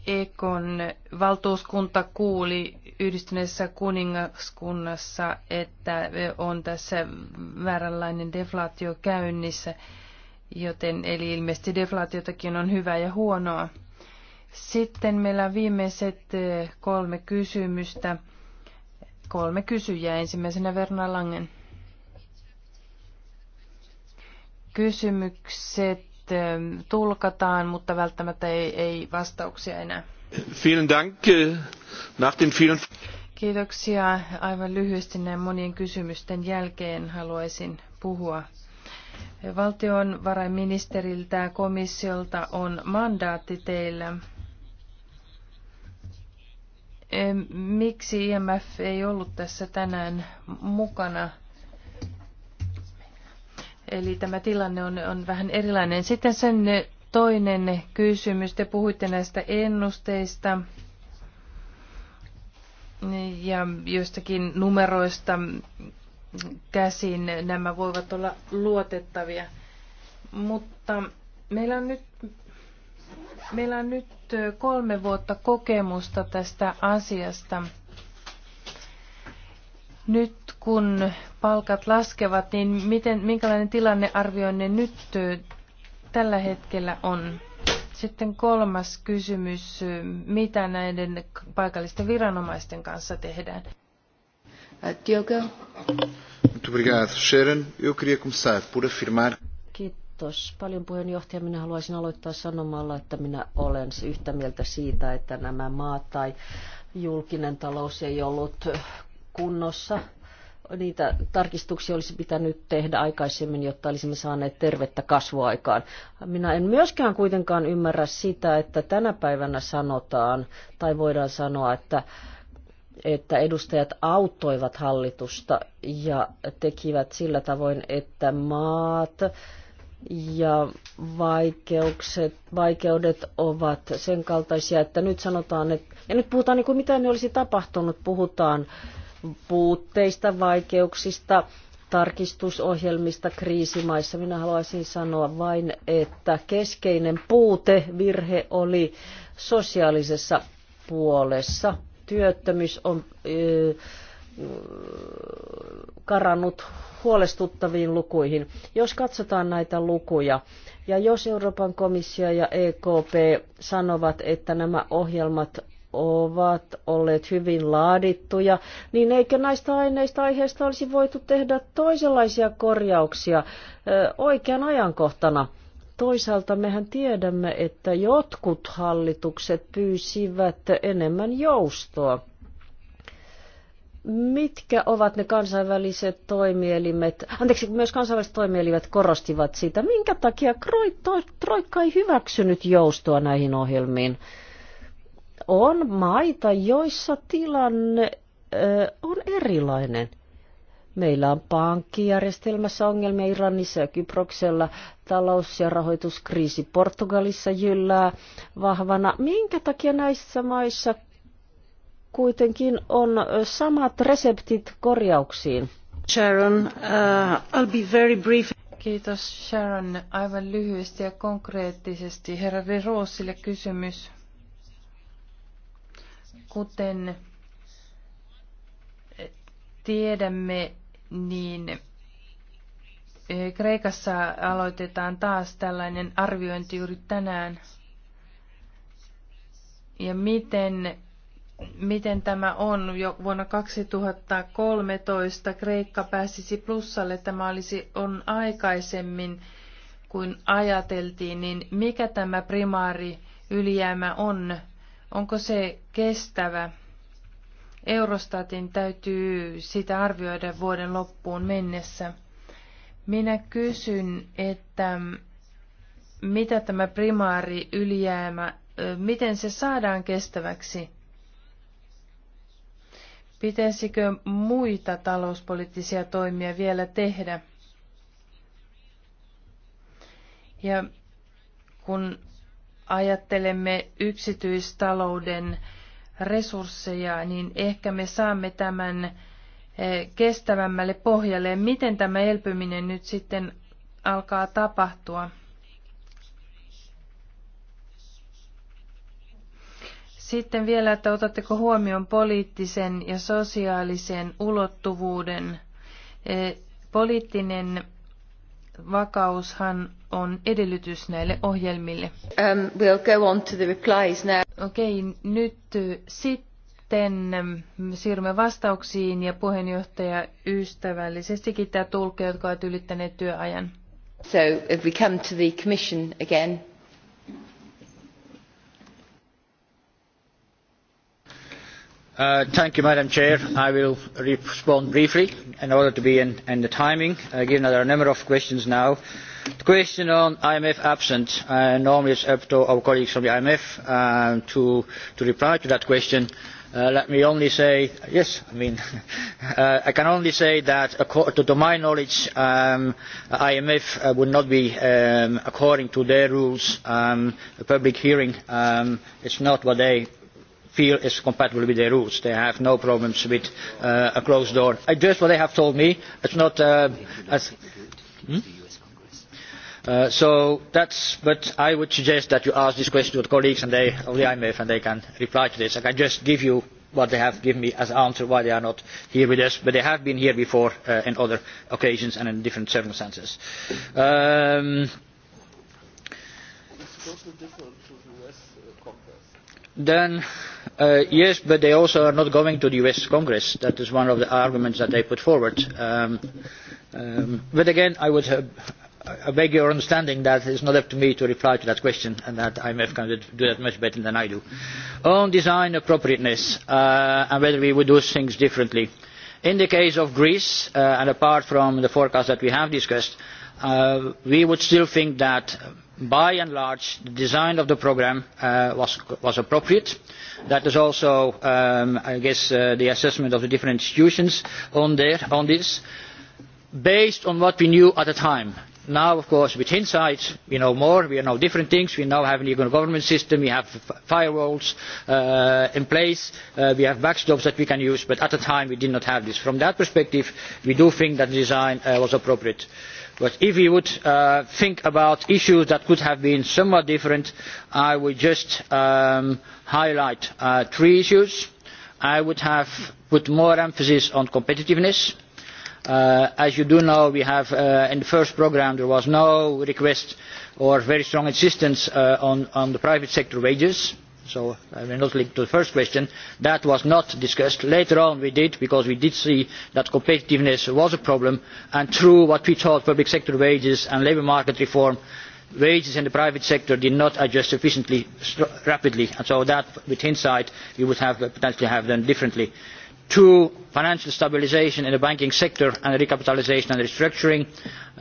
Ekon valtuuskunta kuuli yhdistyneessä kuningaskunnassa, että on tässä vääränlainen deflaatio käynnissä, joten eli ilmeisesti deflaatiotakin on hyvää ja huonoa. Sitten meillä on viimeiset e, kolme kysymystä. Kolme kysyjää. Ensimmäisenä Verna Langen. Kysymykset tulkataan, mutta välttämättä ei, ei vastauksia enää. Vielen Dank. Nach den vielen... Kiitoksia. Aivan lyhyesti näin monien kysymysten jälkeen haluaisin puhua. Valtionvarainministeriltä ja komissiolta on mandaatti teillä. Miksi IMF ei ollut tässä tänään mukana? Eli tämä tilanne on, on vähän erilainen. Sitten sen toinen kysymys. Te puhuitte näistä ennusteista ja joistakin numeroista käsin nämä voivat olla luotettavia. Mutta meillä on nyt, meillä on nyt kolme vuotta kokemusta tästä asiasta. Nyt kun palkat laskevat, niin miten, minkälainen tilanne arvioinne nyt tällä hetkellä on? Sitten kolmas kysymys, mitä näiden paikallisten viranomaisten kanssa tehdään? Eh, Diogo. Muito obrigado, Sharon. Eu queria começar por afirmar... Kiitos paljon puheenjohtaja. Minä haluaisin aloittaa sanomalla, että minä olen yhtä mieltä siitä, että nämä maat tai julkinen talous ei ollut kunnossa niitä tarkistuksia olisi pitänyt tehdä aikaisemmin, jotta olisimme saaneet tervettä kasvuaikaan. Minä en myöskään kuitenkaan ymmärrä sitä, että tänä päivänä sanotaan, tai voidaan sanoa, että että edustajat auttoivat hallitusta ja tekivät sillä tavoin, että maat ja vaikeukset, vaikeudet ovat sen kaltaisia, että nyt sanotaan, että, ja nyt puhutaan niin kuin mitä ne olisi tapahtunut, puhutaan äh, puutteista, vaikeuksista, tarkistusohjelmista kriisimaissa. Minä haluaisin sanoa vain, että keskeinen puute, virhe oli sosiaalisessa puolessa. Työttömyys on karannut huolestuttaviin lukuihin. Jos katsotaan näitä lukuja, ja jos Euroopan komissio ja EKP sanovat, että nämä ohjelmat ovat olleet hyvin laadittuja, niin eikö näistä aineista aiheista olisi voitu tehdä toisenlaisia korjauksia oikean ajankohtana? Toisaalta mehän tiedämme, että jotkut hallitukset pyysivät enemmän joustoa mitkä ovat ne kansainväliset toimielimet, anteeksi, myös kansainväliset toimielimet korostivat sitä, minkä takia Troikka ei hyväksynyt joustoa näihin ohjelmiin on maita, joissa tilanne on erilainen. Meillä on pankkijärjestelmässä ongelmia Iranissa ja Kyproksella, talous- ja rahoituskriisi Portugalissa jyllää vahvana. Minkä takia näissä maissa kuitenkin on samat reseptit korjauksiin? Sharon, uh, I'll be very brief. Kiitos Sharon. Aivan lyhyesti ja konkreettisesti. Herra Verosille kysymys. Kuten tiedämme, niin eh, Kreikassa aloitetaan taas tällainen arviointi juuri tänään. Ja miten, miten tämä on? Jo vuonna 2013 Kreikka pääsisi plussalle. Tämä olisi on aikaisemmin kuin ajateltiin. Niin mikä tämä primaari ylijäämä on? Onko se kestävä? Eurostatin täytyy sitä arvioida vuoden loppuun mennessä. Minä kysyn, että mitä tämä primaari ylijäämä, miten se saadaan kestäväksi? Pitäisikö muita talouspoliittisia toimia vielä tehdä? Ja kun ajattelemme yksityistalouden resursseja, niin ehkä me saamme tämän eh, kestävämmälle pohjalle. Miten tämä elpyminen nyt sitten alkaa tapahtua? Sitten vielä, että otatteko huomioon poliittisen ja sosiaalisen ulottuvuuden. Eh, poliittinen Vakaushan on edellytys näille ohjelmille. Um, we'll go on to the replies now. Okei, okay, nyt sitten siirrymme vastauksiin ja puheenjohtaja ystävällisesti kiittää tulkkeja, jotka ovat ylittäneet työajan. So if we come to the commission again. Uh, madam president i will respond briefly in order to be in, in the timing uh, given that there are a number of questions now. the question on imf absence uh, normally it is up to our colleagues from the imf uh, to, reply to that question. let me only say yes i, mean, (laughs) I can only say that to my knowledge the um, imf would not be um, according to their rules um, a public hearing. is not what they feel is compatible with their rules. They have no problems with uh, a closed door. I just what they have told me. It's not uh, as. Hmm? Uh, so that's, but I would suggest that you ask this question to the colleagues and they, of the IMF and they can reply to this. I can just give you what they have given me as answer why they are not here with us, but they have been here before uh, in other occasions and in different circumstances. Um, then uh, yes, but they also are not going to the US Congress. That is one of the arguments that they put forward. Um, um, but again, I would have, I beg your understanding that it is not up to me to reply to that question and that IMF can do that much better than I do. On design appropriateness uh, and whether we would do things differently. In the case of Greece, uh, and apart from the forecast that we have discussed, uh, we would still think that by and large the design of the programme uh, was, appropriate. that is also um, i guess uh, the assessment of the different institutions on, this based on what we knew at the time. now of course with hindsight we know more we know different things we now have an eu government system we have firewalls uh, in place we have backstops that we can use but at the time we did not have this. from that perspective we do think that the design was appropriate. But if you would uh, think about issues that could have been somewhat different, I would just um, highlight uh, three issues. I would have put more emphasis on competitiveness. Uh, as you do know, we have uh, in the first programme there was no request or very strong insistence uh, on, on the private sector wages so i will not link to the first question that was not discussed. later on we did because we did see that competitiveness was a problem and through what we thought public sector wages and labour market reform wages in the private sector did not adjust sufficiently rapidly and so that with hindsight we would have potentially have done differently. two financial stabilisation in the banking sector and recapitalisation and restructuring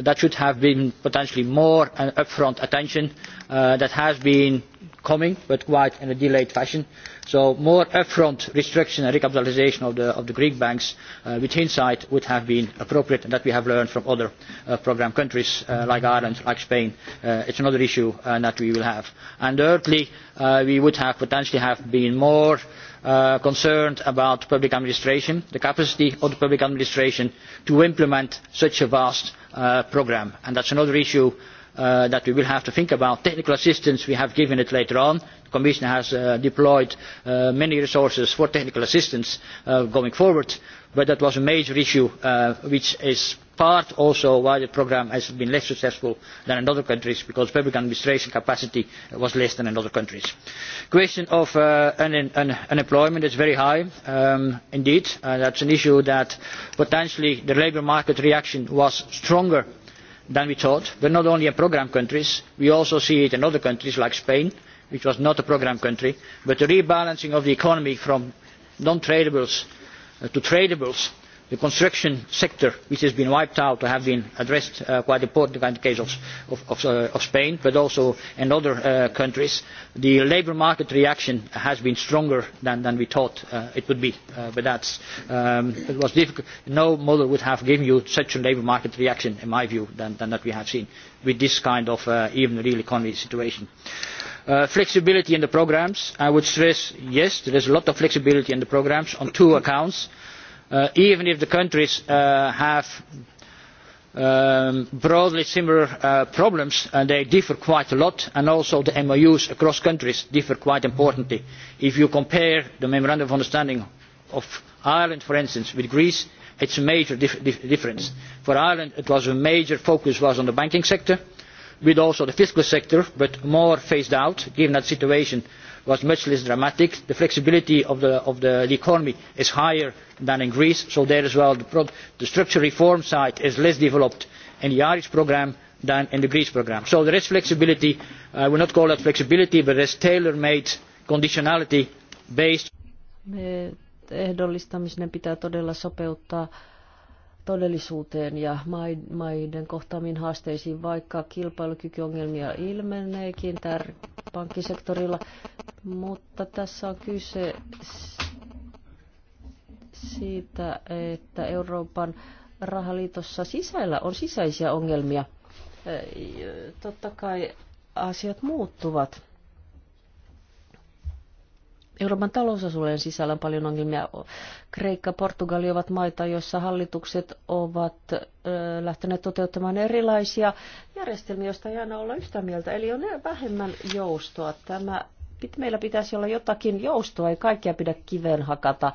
that should have been potentially more upfront attention uh, that has been coming, but quite in a delayed fashion. So more upfront restructuring and recapitalisation of the, Greek banks with uh, hindsight would have been appropriate, and that we have learned from other uh, programme countries uh, like Ireland, like Spain. Uh, it's another issue that we will have. And thirdly, we would have potentially have been more concerned about public administration the capacity of the public administration to implement such a vast programme and that is another issue Uh, that we will have to think about. Technical assistance, we have given it later on. The Commission has uh, deployed uh, many resources for technical assistance going forward, but that was a major issue which is part also why the programme has been less successful than in other countries because public administration capacity was less than in other countries. the question of unemployment is very high um, indeed. and that is an issue that potentially the labour market reaction was stronger than we thought. are not only a programme countries, we also see it in other countries like Spain, which was not a programme country. But the rebalancing of the economy from non-tradables uh, to tradables the construction sector, which has been wiped out, have been addressed uh, quite importantly in the case uh, of, Spain, but also in other uh, countries. The labour market reaction has been stronger than, we thought it would be, but that um, was difficult. No model would have given you such a labour market reaction, in my view, than, that we have seen with this kind of even real economy situation. flexibility in the programmes i would stress yes there is a lot of flexibility in the programmes on two accounts. Uh, even if the countries uh, have um, broadly similar uh, problems and they differ quite a lot and also the MOUs across countries differ quite importantly. If you compare the Memorandum of Understanding of Ireland, for instance, with Greece, it's a major difference. For Ireland, it was a major focus was on the banking sector, with also the fiscal sector, but more phased out, given that situation was much less dramatic. The flexibility of the, economy is higher than in Greece, so there as well the, structural reform side is less developed in the Irish programme than in the greek programme. So there is flexibility, I will not call it flexibility, but there is tailor-made conditionality based. Me ehdollistamisen pitää todella sopeuttaa todellisuuteen ja maiden kohtaamiin haasteisiin, vaikka kilpailukykyongelmia ilmeneekin tär- pankkisektorilla. Mutta tässä on kyse siitä, että Euroopan rahaliitossa sisällä on sisäisiä ongelmia. Totta kai asiat muuttuvat Euroopan talousalueen sisällä on paljon ongelmia. Kreikka, Portugali ovat maita, joissa hallitukset ovat lähteneet toteuttamaan erilaisia järjestelmiä, joista ei aina olla yhtä mieltä. Eli on vähemmän joustoa. Tämä, meillä pitäisi olla jotakin joustoa, ei kaikkia pidä kiveen hakata.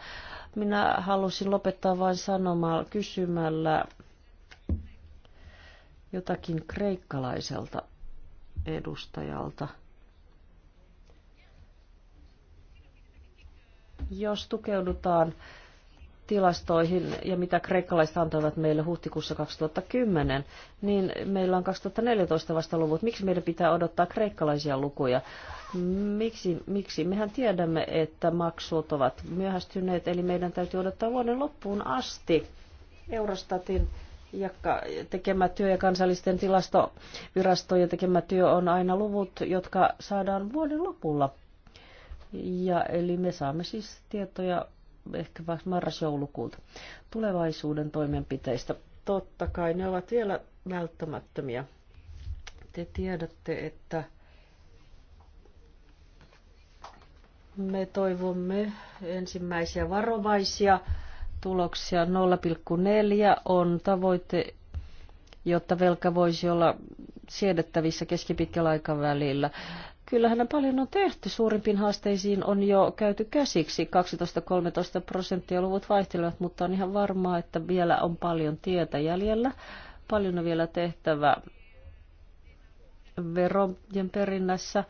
Minä halusin lopettaa vain sanomalla, kysymällä jotakin kreikkalaiselta edustajalta – Jos tukeudutaan tilastoihin ja mitä kreikkalaiset antoivat meille huhtikuussa 2010, niin meillä on 2014 vasta luvut. Miksi meidän pitää odottaa kreikkalaisia lukuja? Miksi, miksi? Mehän tiedämme, että maksut ovat myöhästyneet, eli meidän täytyy odottaa vuoden loppuun asti Eurostatin ja tekemä työ ja kansallisten tilastovirastojen tekemä työ on aina luvut, jotka saadaan vuoden lopulla. Ja eli me saamme siis tietoja ehkä vasta marras-joulukuulta tulevaisuuden toimenpiteistä. Totta kai ne ovat vielä välttämättömiä. Te tiedätte, että me toivomme ensimmäisiä varovaisia tuloksia. 0,4 on tavoite, jotta velka voisi olla siedettävissä keskipitkällä aikavälillä. Kyllähän paljon on tehty. Suurimpiin haasteisiin on jo käyty käsiksi. 12-13 prosenttia luvut vaihtelevat, mutta on ihan varmaa, että vielä on paljon tietä jäljellä. Paljon on vielä tehtävä verojen perinnässä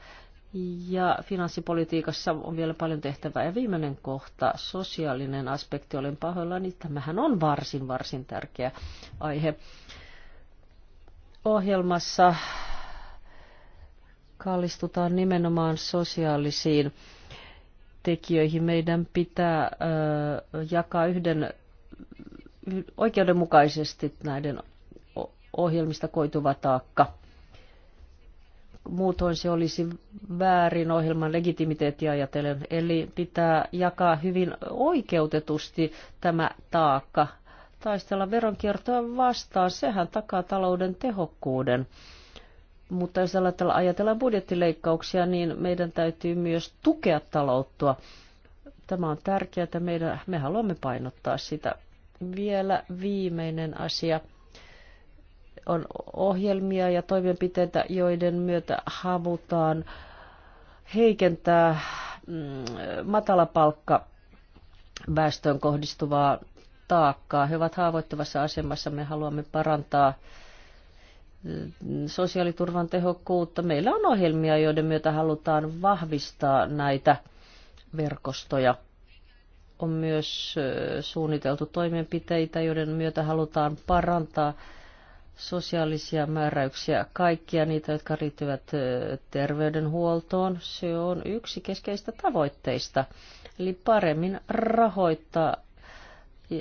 ja finanssipolitiikassa on vielä paljon tehtävää. Ja viimeinen kohta, sosiaalinen aspekti, olen pahoillani, niin tämähän on varsin, varsin tärkeä aihe. Ohjelmassa kallistutaan nimenomaan sosiaalisiin tekijöihin. Meidän pitää jakaa yhden oikeudenmukaisesti näiden ohjelmista koituva taakka. Muutoin se olisi väärin ohjelman legitimiteetti ajatellen. Eli pitää jakaa hyvin oikeutetusti tämä taakka. Taistella veronkiertoa vastaan, sehän takaa talouden tehokkuuden. Mutta jos ajatellaan budjettileikkauksia, niin meidän täytyy myös tukea taloutta. Tämä on tärkeää, että meidän, me haluamme painottaa sitä. Vielä viimeinen asia on ohjelmia ja toimenpiteitä, joiden myötä havutaan heikentää mm, matalapalkka väestöön kohdistuvaa taakkaa. He ovat haavoittuvassa asemassa. Me haluamme parantaa sosiaaliturvan tehokkuutta. Meillä on ohjelmia, joiden myötä halutaan vahvistaa näitä verkostoja. On myös suunniteltu toimenpiteitä, joiden myötä halutaan parantaa sosiaalisia määräyksiä, kaikkia niitä, jotka liittyvät terveydenhuoltoon. Se on yksi keskeistä tavoitteista, eli paremmin rahoittaa,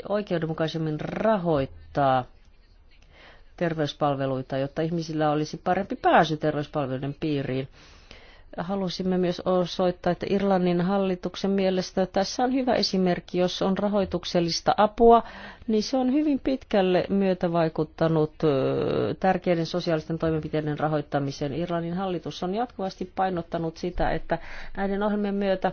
oikeudenmukaisemmin rahoittaa terveyspalveluita, jotta ihmisillä olisi parempi pääsy terveyspalveluiden piiriin. Halusimme myös osoittaa, että Irlannin hallituksen mielestä tässä on hyvä esimerkki, jos on rahoituksellista apua, niin se on hyvin pitkälle myötävaikuttanut tärkeiden sosiaalisten toimenpiteiden rahoittamiseen. Irlannin hallitus on jatkuvasti painottanut sitä, että näiden ohjelmien myötä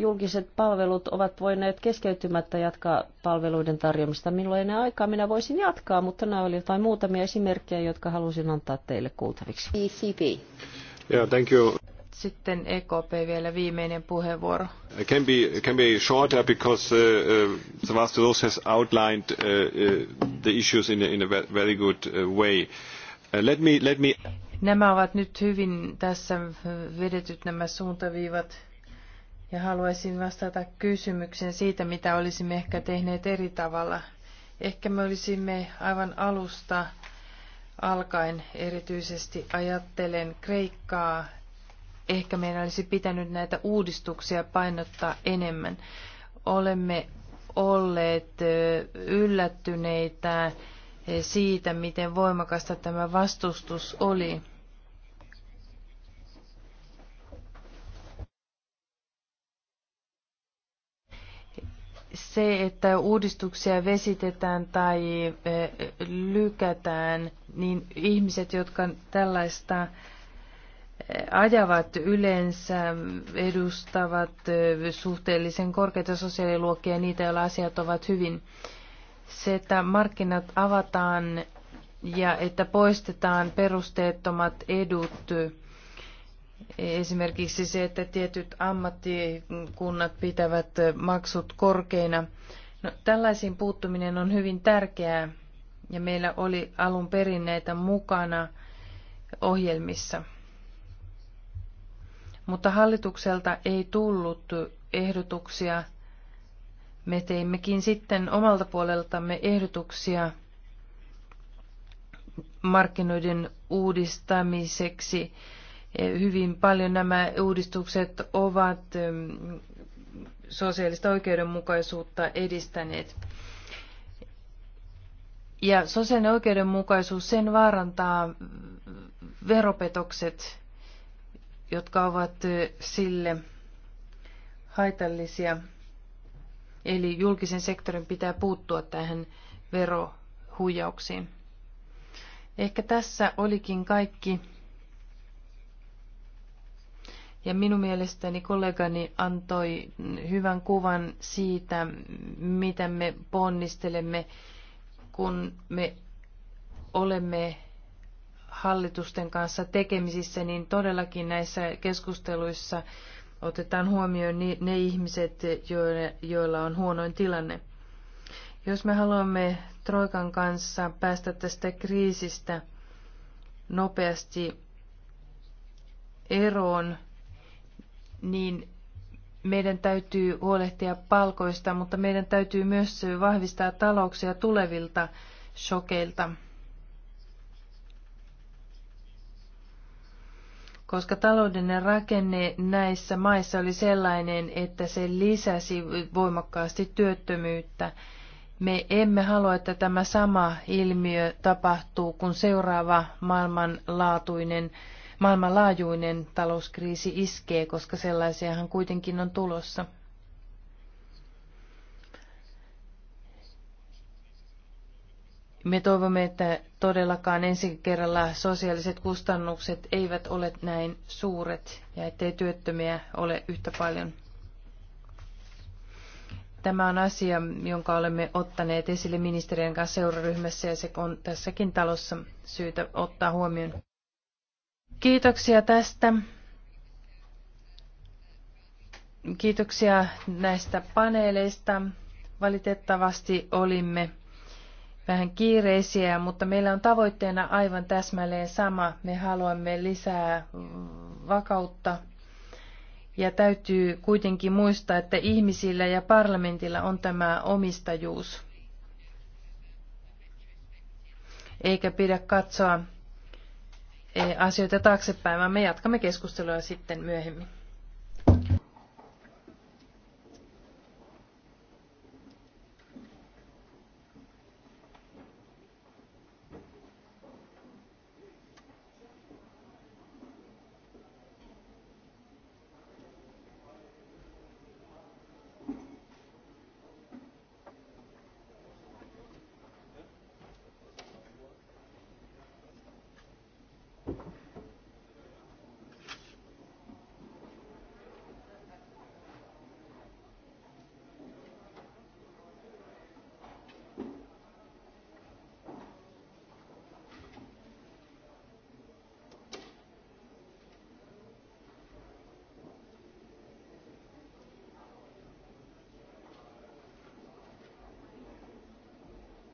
julkiset palvelut ovat voineet keskeytymättä jatkaa palveluiden tarjoamista. Milloin ei aikaa, minä voisin jatkaa, mutta nämä olivat vain muutamia esimerkkejä, jotka halusin antaa teille kuultaviksi. ECP. Yeah, thank you. Sitten EKP vielä viimeinen puheenvuoro. It can be, can be shorter because uh, uh Sebastian has outlined uh, uh, the issues in a, in a very good uh, way. Uh, let me, let me... Nämä ovat nyt hyvin tässä vedetyt nämä suuntaviivat ja haluaisin vastata kysymykseen siitä, mitä olisimme ehkä tehneet eri tavalla. Ehkä me olisimme aivan alusta alkaen erityisesti ajattelen Kreikkaa, ehkä meidän olisi pitänyt näitä uudistuksia painottaa enemmän. Olemme olleet yllättyneitä siitä, miten voimakasta tämä vastustus oli. se, että uudistuksia vesitetään tai lykätään, niin ihmiset, jotka tällaista ajavat yleensä edustavat suhteellisen korkeita sosiaaliluokkia, niitä, joilla asiat ovat hyvin. Se, että markkinat avataan ja että poistetaan perusteettomat edut Esimerkiksi se, että tietyt ammattikunnat pitävät maksut korkeina. No, tällaisiin puuttuminen on hyvin tärkeää ja meillä oli alun perin näitä mukana ohjelmissa. Mutta hallitukselta ei tullut ehdotuksia. Me teimmekin sitten omalta puoleltamme ehdotuksia markkinoiden uudistamiseksi Hyvin paljon nämä uudistukset ovat ähm, sosiaalista oikeudenmukaisuutta edistäneet. Ja sosiaalinen oikeudenmukaisuus sen vaarantaa veropetokset, jotka ovat äh, sille haitallisia. Eli julkisen sektorin pitää puuttua tähän verohuijauksiin. Ehkä tässä olikin kaikki. Ja minun mielestäni kollegani antoi hyvän kuvan siitä, mitä me ponnistelemme, kun me olemme hallitusten kanssa tekemisissä, niin todellakin näissä keskusteluissa otetaan huomioon ne ihmiset, joilla on huonoin tilanne. Jos me haluamme Troikan kanssa päästä tästä kriisistä nopeasti eroon, niin meidän täytyy huolehtia palkoista, mutta meidän täytyy myös vahvistaa talouksia tulevilta shokeilta. koska taloudellinen rakenne näissä maissa oli sellainen, että se lisäsi voimakkaasti työttömyyttä. Me emme halua, että tämä sama ilmiö tapahtuu, kun seuraava maailmanlaatuinen maailmanlaajuinen talouskriisi iskee, koska sellaisiahan kuitenkin on tulossa. Me toivomme, että todellakaan ensi kerralla sosiaaliset kustannukset eivät ole näin suuret ja ettei työttömiä ole yhtä paljon. Tämä on asia, jonka olemme ottaneet esille ministeriön kanssa seuraryhmässä ja se on tässäkin talossa syytä ottaa huomioon. Kiitoksia tästä. Kiitoksia näistä paneeleista. Valitettavasti olimme vähän kiireisiä, mutta meillä on tavoitteena aivan täsmälleen sama. Me haluamme lisää vakautta ja täytyy kuitenkin muistaa, että ihmisillä ja parlamentilla on tämä omistajuus. Eikä pidä katsoa asioita taaksepäin, vaan me jatkamme keskustelua sitten myöhemmin.